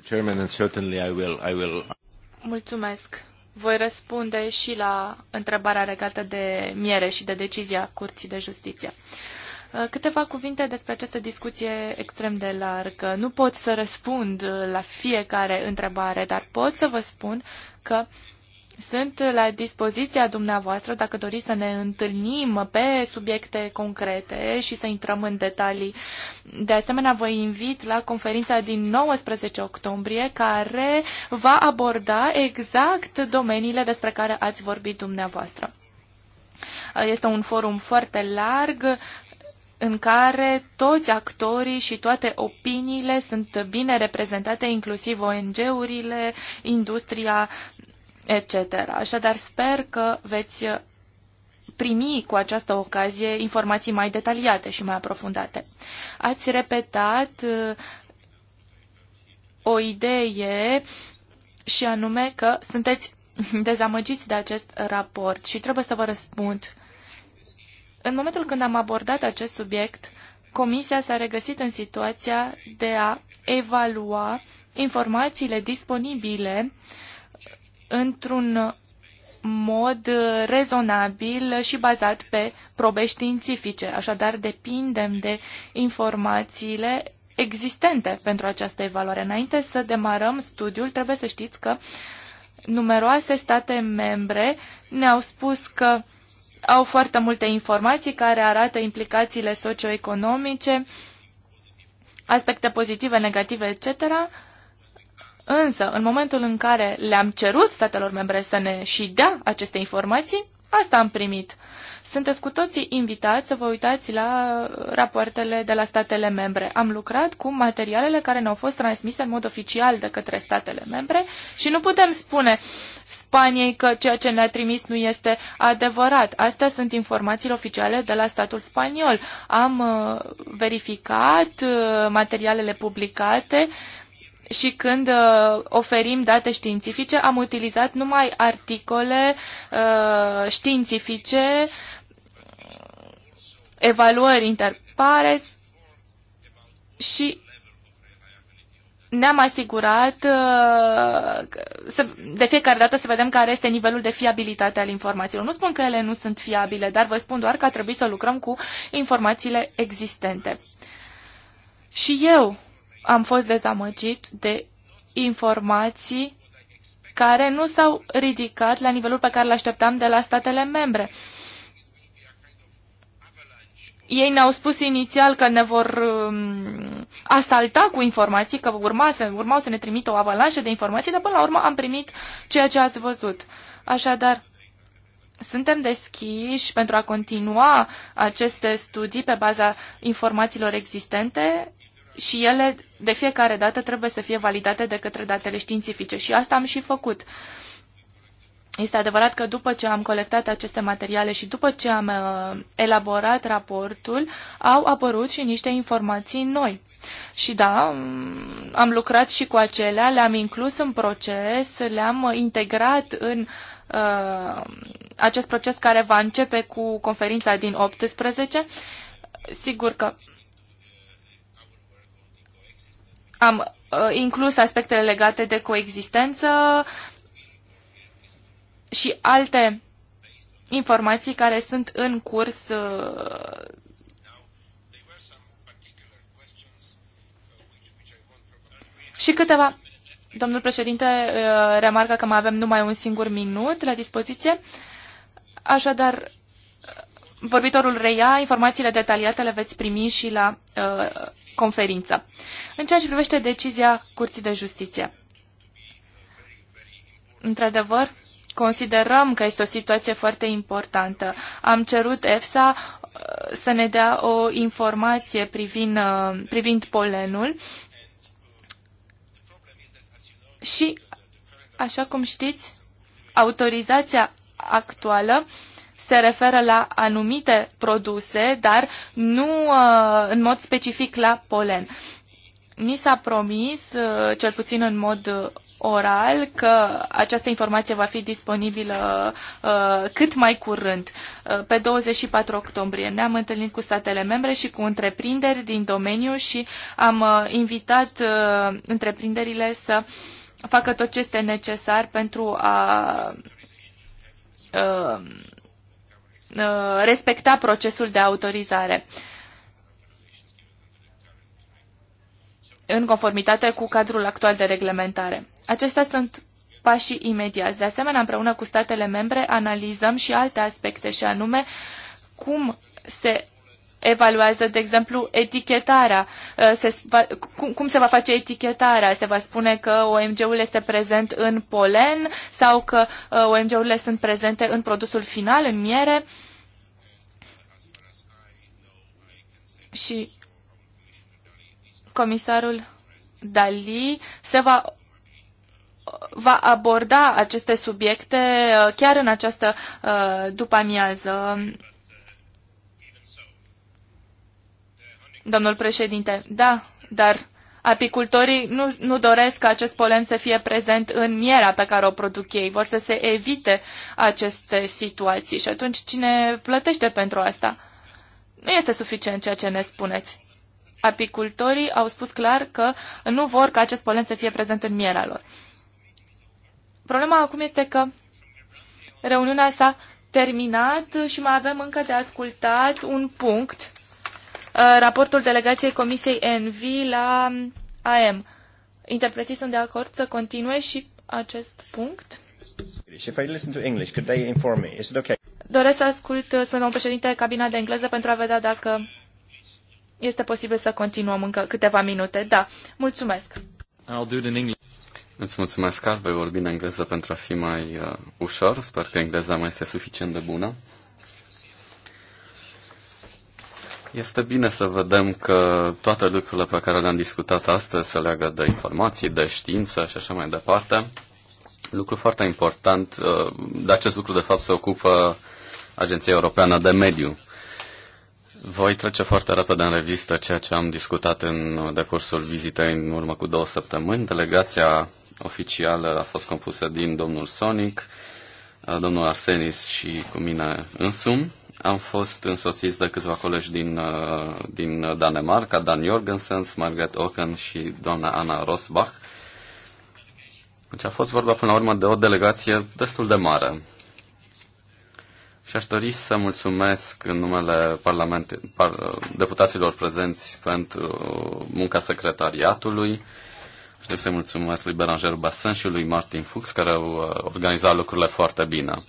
Chairman, and certainly I will, I will... Mulțumesc. Voi răspunde și la întrebarea legată de miere și de decizia Curții de Justiție. Uh, câteva cuvinte despre această discuție extrem de largă. Nu pot să răspund la fiecare întrebare, dar pot să vă spun că sunt la dispoziția dumneavoastră dacă doriți să ne întâlnim pe subiecte concrete și să intrăm în detalii. De asemenea, vă invit la conferința din 19 octombrie care va aborda exact domeniile despre care ați vorbit dumneavoastră. Este un forum foarte larg în care toți actorii și toate opiniile sunt bine reprezentate, inclusiv ONG-urile, industria etc. Așadar, sper că veți primi cu această ocazie informații mai detaliate și mai aprofundate. Ați repetat uh, o idee și anume că sunteți dezamăgiți de acest raport și trebuie să vă răspund. În momentul când am abordat acest subiect, Comisia s-a regăsit în situația de a evalua informațiile disponibile uh, într-un mod rezonabil și bazat pe probe științifice. Așadar, depindem de informațiile existente pentru această evaluare. Înainte să demarăm studiul, trebuie să știți că numeroase state membre ne-au spus că au foarte multe informații care arată implicațiile socioeconomice, aspecte pozitive, negative, etc. Însă, în momentul în care le-am cerut statelor membre să ne și dea aceste informații, asta am primit. Sunteți cu toții invitați să vă uitați la rapoartele de la statele membre. Am lucrat cu materialele care ne-au fost transmise în mod oficial de către statele membre și nu putem spune Spaniei că ceea ce ne-a trimis nu este adevărat. Astea sunt informațiile oficiale de la statul spaniol. Am uh, verificat uh, materialele publicate și când uh, oferim date științifice, am utilizat numai articole uh, științifice, evaluări interpare și ne-am asigurat uh, să, de fiecare dată să vedem care este nivelul de fiabilitate al informațiilor. Nu spun că ele nu sunt fiabile, dar vă spun doar că a trebuit să lucrăm cu informațiile existente. Și eu am fost dezamăgit de informații care nu s-au ridicat la nivelul pe care l-așteptam de la statele membre. Ei ne-au spus inițial că ne vor um, asalta cu informații, că urma să, urmau să ne trimită o avalanșă de informații, dar până la urmă am primit ceea ce ați văzut. Așadar, suntem deschiși pentru a continua aceste studii pe baza informațiilor existente și ele de fiecare dată trebuie să fie validate de către datele științifice și asta am și făcut. Este adevărat că după ce am colectat aceste materiale și după ce am uh, elaborat raportul, au apărut și niște informații noi. Și da, mm, am lucrat și cu acelea, le-am inclus în proces, le-am integrat în uh, acest proces care va începe cu conferința din 18. Sigur că am uh, inclus aspectele legate de coexistență și alte informații care sunt în curs uh, și câteva. Domnul președinte uh, remarcă că mai avem numai un singur minut la dispoziție. Așadar, vorbitorul reia, informațiile detaliate le veți primi și la uh, conferință. În ceea ce privește decizia Curții de Justiție. Într-adevăr, considerăm că este o situație foarte importantă. Am cerut EFSA uh, să ne dea o informație privind, uh, privind polenul și, așa cum știți, autorizația actuală uh, se referă la anumite produse, dar nu uh, în mod specific la polen. Mi s-a promis, uh, cel puțin în mod uh, oral, că această informație va fi disponibilă cât mai curând, pe 24 octombrie. Ne-am întâlnit cu statele membre și cu întreprinderi din domeniu și am invitat întreprinderile să facă tot ce este necesar pentru a Uh, respecta procesul de autorizare. în conformitate cu cadrul actual de reglementare. Acestea sunt pașii imediați. De asemenea, împreună cu statele membre, analizăm și alte aspecte, și anume cum se evaluează, de exemplu, etichetarea. Uh, se va, cum, cum se va face etichetarea? Se va spune că OMG-ul este prezent în polen sau că uh, OMG-urile sunt prezente în produsul final, în miere? Și comisarul Dali se va va aborda aceste subiecte uh, chiar în această după amiază Domnul președinte, da, dar apicultorii nu, nu doresc ca acest polen să fie prezent în mierea pe care o produc ei. Vor să se evite aceste situații și atunci cine plătește pentru asta? Nu este suficient ceea ce ne spuneți. Apicultorii au spus clar că nu vor ca acest polen să fie prezent în mierea lor. Problema acum este că reuniunea s-a terminat și mai avem încă de ascultat un punct Uh, raportul delegației Comisiei ENVI la AM. Um, Interpreții sunt de acord să continue și acest punct? If I listen to English, could they inform me? Is it okay? Doresc să ascult, uh, spune domnul președinte, cabina de engleză pentru a vedea dacă este posibil să continuăm încă câteva minute. Da, mulțumesc. I'll do it in English. Îți mulțumesc, Carl. Voi vorbi în engleză pentru a fi mai uh, ușor. Sper că engleza mai este suficient de bună. Este bine să vedem că toate lucrurile pe care le-am discutat astăzi se leagă de informații, de știință și așa mai departe. Lucru foarte important, uh, de acest lucru de fapt se ocupă Agenția Europeană de Mediu. Voi trece foarte repede în revistă ceea ce am discutat în decursul vizitei în urmă cu două săptămâni. Delegația oficială a fost compusă din domnul Sonic, uh, domnul Arsenis și cu mine însumi. Am fost însoțiți de câțiva colegi din, uh, din Danemarca, Dan Jorgensen, Margaret Oken și doamna Ana Rosbach. Deci a fost vorba până la urmă de o delegație destul de mare. Și aș dori să mulțumesc în numele parlament, par, deputaților prezenți pentru munca secretariatului. Aș dori să mulțumesc lui Beranger Bassin și lui Martin Fuchs, care au uh, organizat lucrurile foarte bine.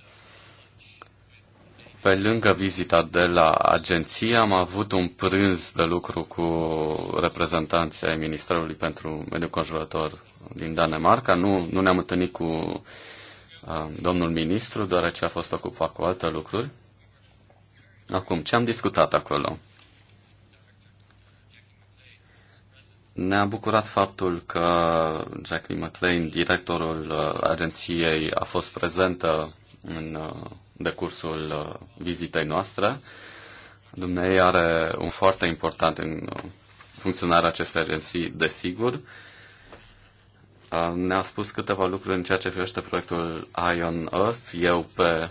Pe lângă vizita de la agenție, am avut un prânz de lucru cu reprezentanții ai Ministerului pentru Mediul Conjurător din Danemarca. Nu, nu ne-am întâlnit cu uh, domnul ministru, deoarece a fost ocupat cu alte lucruri. Acum, ce am discutat acolo? Ne-a bucurat faptul că Jacqueline McLean, directorul uh, agenției, a fost prezentă în uh, de cursul uh, vizitei noastre. Dumnezeu are un foarte important în uh, funcționarea acestei agenții, desigur. Uh, ne-a spus câteva lucruri în ceea ce privește proiectul Ion Earth, eu pe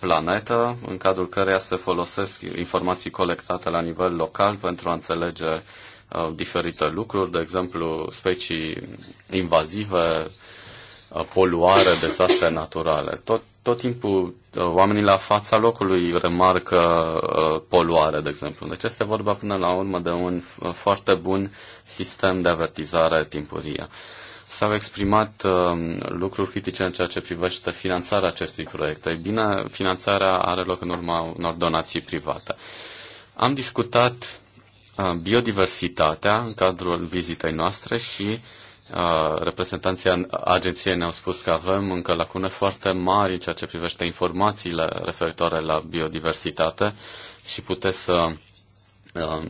planetă, în cadrul căreia se folosesc informații colectate la nivel local pentru a înțelege uh, diferite lucruri, de exemplu specii invazive, uh, poluare, dezastre naturale. Tot tot timpul uh, oamenii la fața locului remarcă uh, poluare, de exemplu. Deci este vorba până la urmă de un uh, foarte bun sistem de avertizare timpurie. S-au exprimat um, lucruri critice în ceea ce privește finanțarea acestui proiect. Ei bine, finanțarea are loc în urma unor donații private. Am discutat biodiversitatea în cadrul vizitei noastre și uh, reprezentanții agenției ne-au spus că avem încă lacune foarte mari în ceea ce privește informațiile referitoare la biodiversitate și puteți să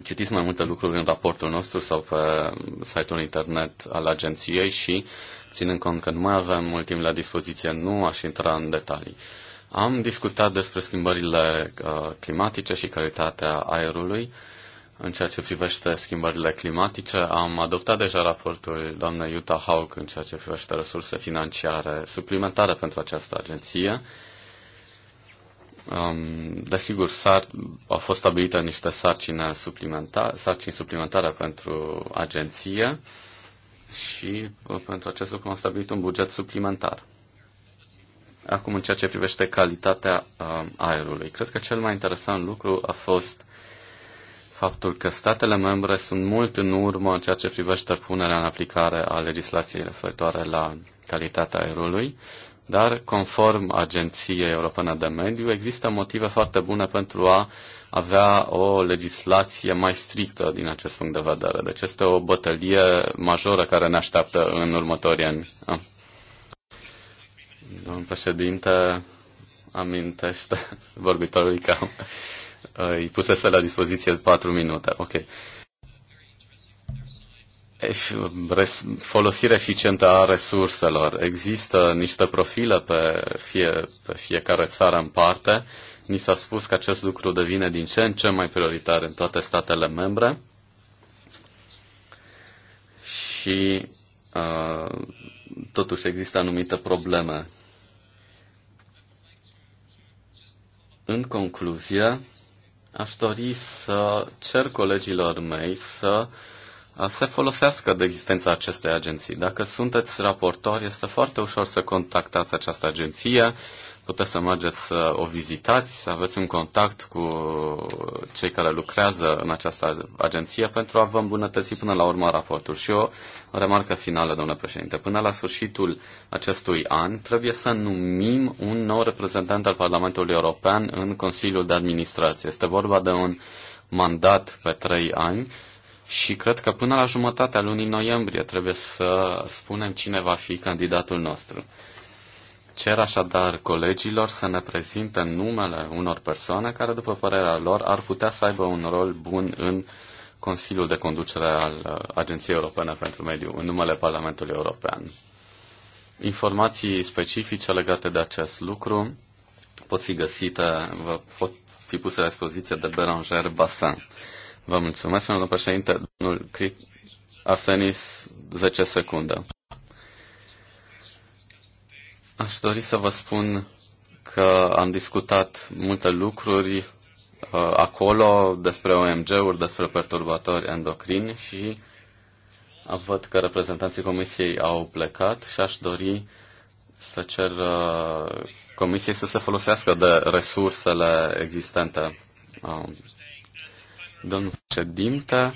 citiți mai multe lucruri în raportul nostru sau pe site-ul internet al agenției și, ținând cont că nu mai avem mult timp la dispoziție, nu aș intra în detalii. Am discutat despre schimbările climatice și calitatea aerului. În ceea ce privește schimbările climatice, am adoptat deja raportul doamnei Utah Hawk în ceea ce privește resurse financiare suplimentare pentru această agenție. Um, desigur, au fost stabilite niște sarcini suplimentare, sarcini suplimentare pentru agenție și uh, pentru acest lucru am stabilit un buget suplimentar. Acum, în ceea ce privește calitatea uh, aerului, cred că cel mai interesant lucru a fost faptul că statele membre sunt mult în urmă în ceea ce privește punerea în aplicare a legislației referitoare la calitatea aerului, dar conform Agenției Europene de Mediu există motive foarte bune pentru a avea o legislație mai strictă din acest punct de vedere. Deci este o bătălie majoră care ne așteaptă în următorii ani. Ah. Domnul președinte, amintește vorbitorului că Uh, îi pusese la dispoziție 4 minute. Ok. Folosire eficientă a resurselor. Există niște profile pe, fie, pe fiecare țară în parte. Ni s-a spus că acest lucru devine din ce în ce mai prioritar în toate statele membre și uh, totuși există anumite probleme. În concluzie, aș dori să cer colegilor mei să se folosească de existența acestei agenții. Dacă sunteți raportori, este foarte ușor să contactați această agenție, puteți să mergeți să o vizitați, să aveți un contact cu cei care lucrează în această agenție pentru a vă îmbunătăți până la urmă raportul. Și o remarcă finală, domnule președinte. Până la sfârșitul acestui an trebuie să numim un nou reprezentant al Parlamentului European în Consiliul de Administrație. Este vorba de un mandat pe trei ani și cred că până la jumătatea lunii noiembrie trebuie să spunem cine va fi candidatul nostru. Cer așadar colegilor să ne prezinte numele unor persoane care, după părerea lor, ar putea să aibă un rol bun în Consiliul de Conducere al uh, Agenției Europene pentru Mediu, în numele Parlamentului European. Informații specifice legate de acest lucru pot fi găsite, vă pot fi puse la expoziție de Beranger Bassin. Vă mulțumesc, domnul președinte, domnul Arsenis, 10 secunde. Aș dori să vă spun că am discutat multe lucruri uh, acolo despre OMG-uri, despre perturbatori endocrini și uh, văd că reprezentanții comisiei au plecat și aș dori să cer uh, comisiei să se folosească de resursele existente. Uh, domnul președinte,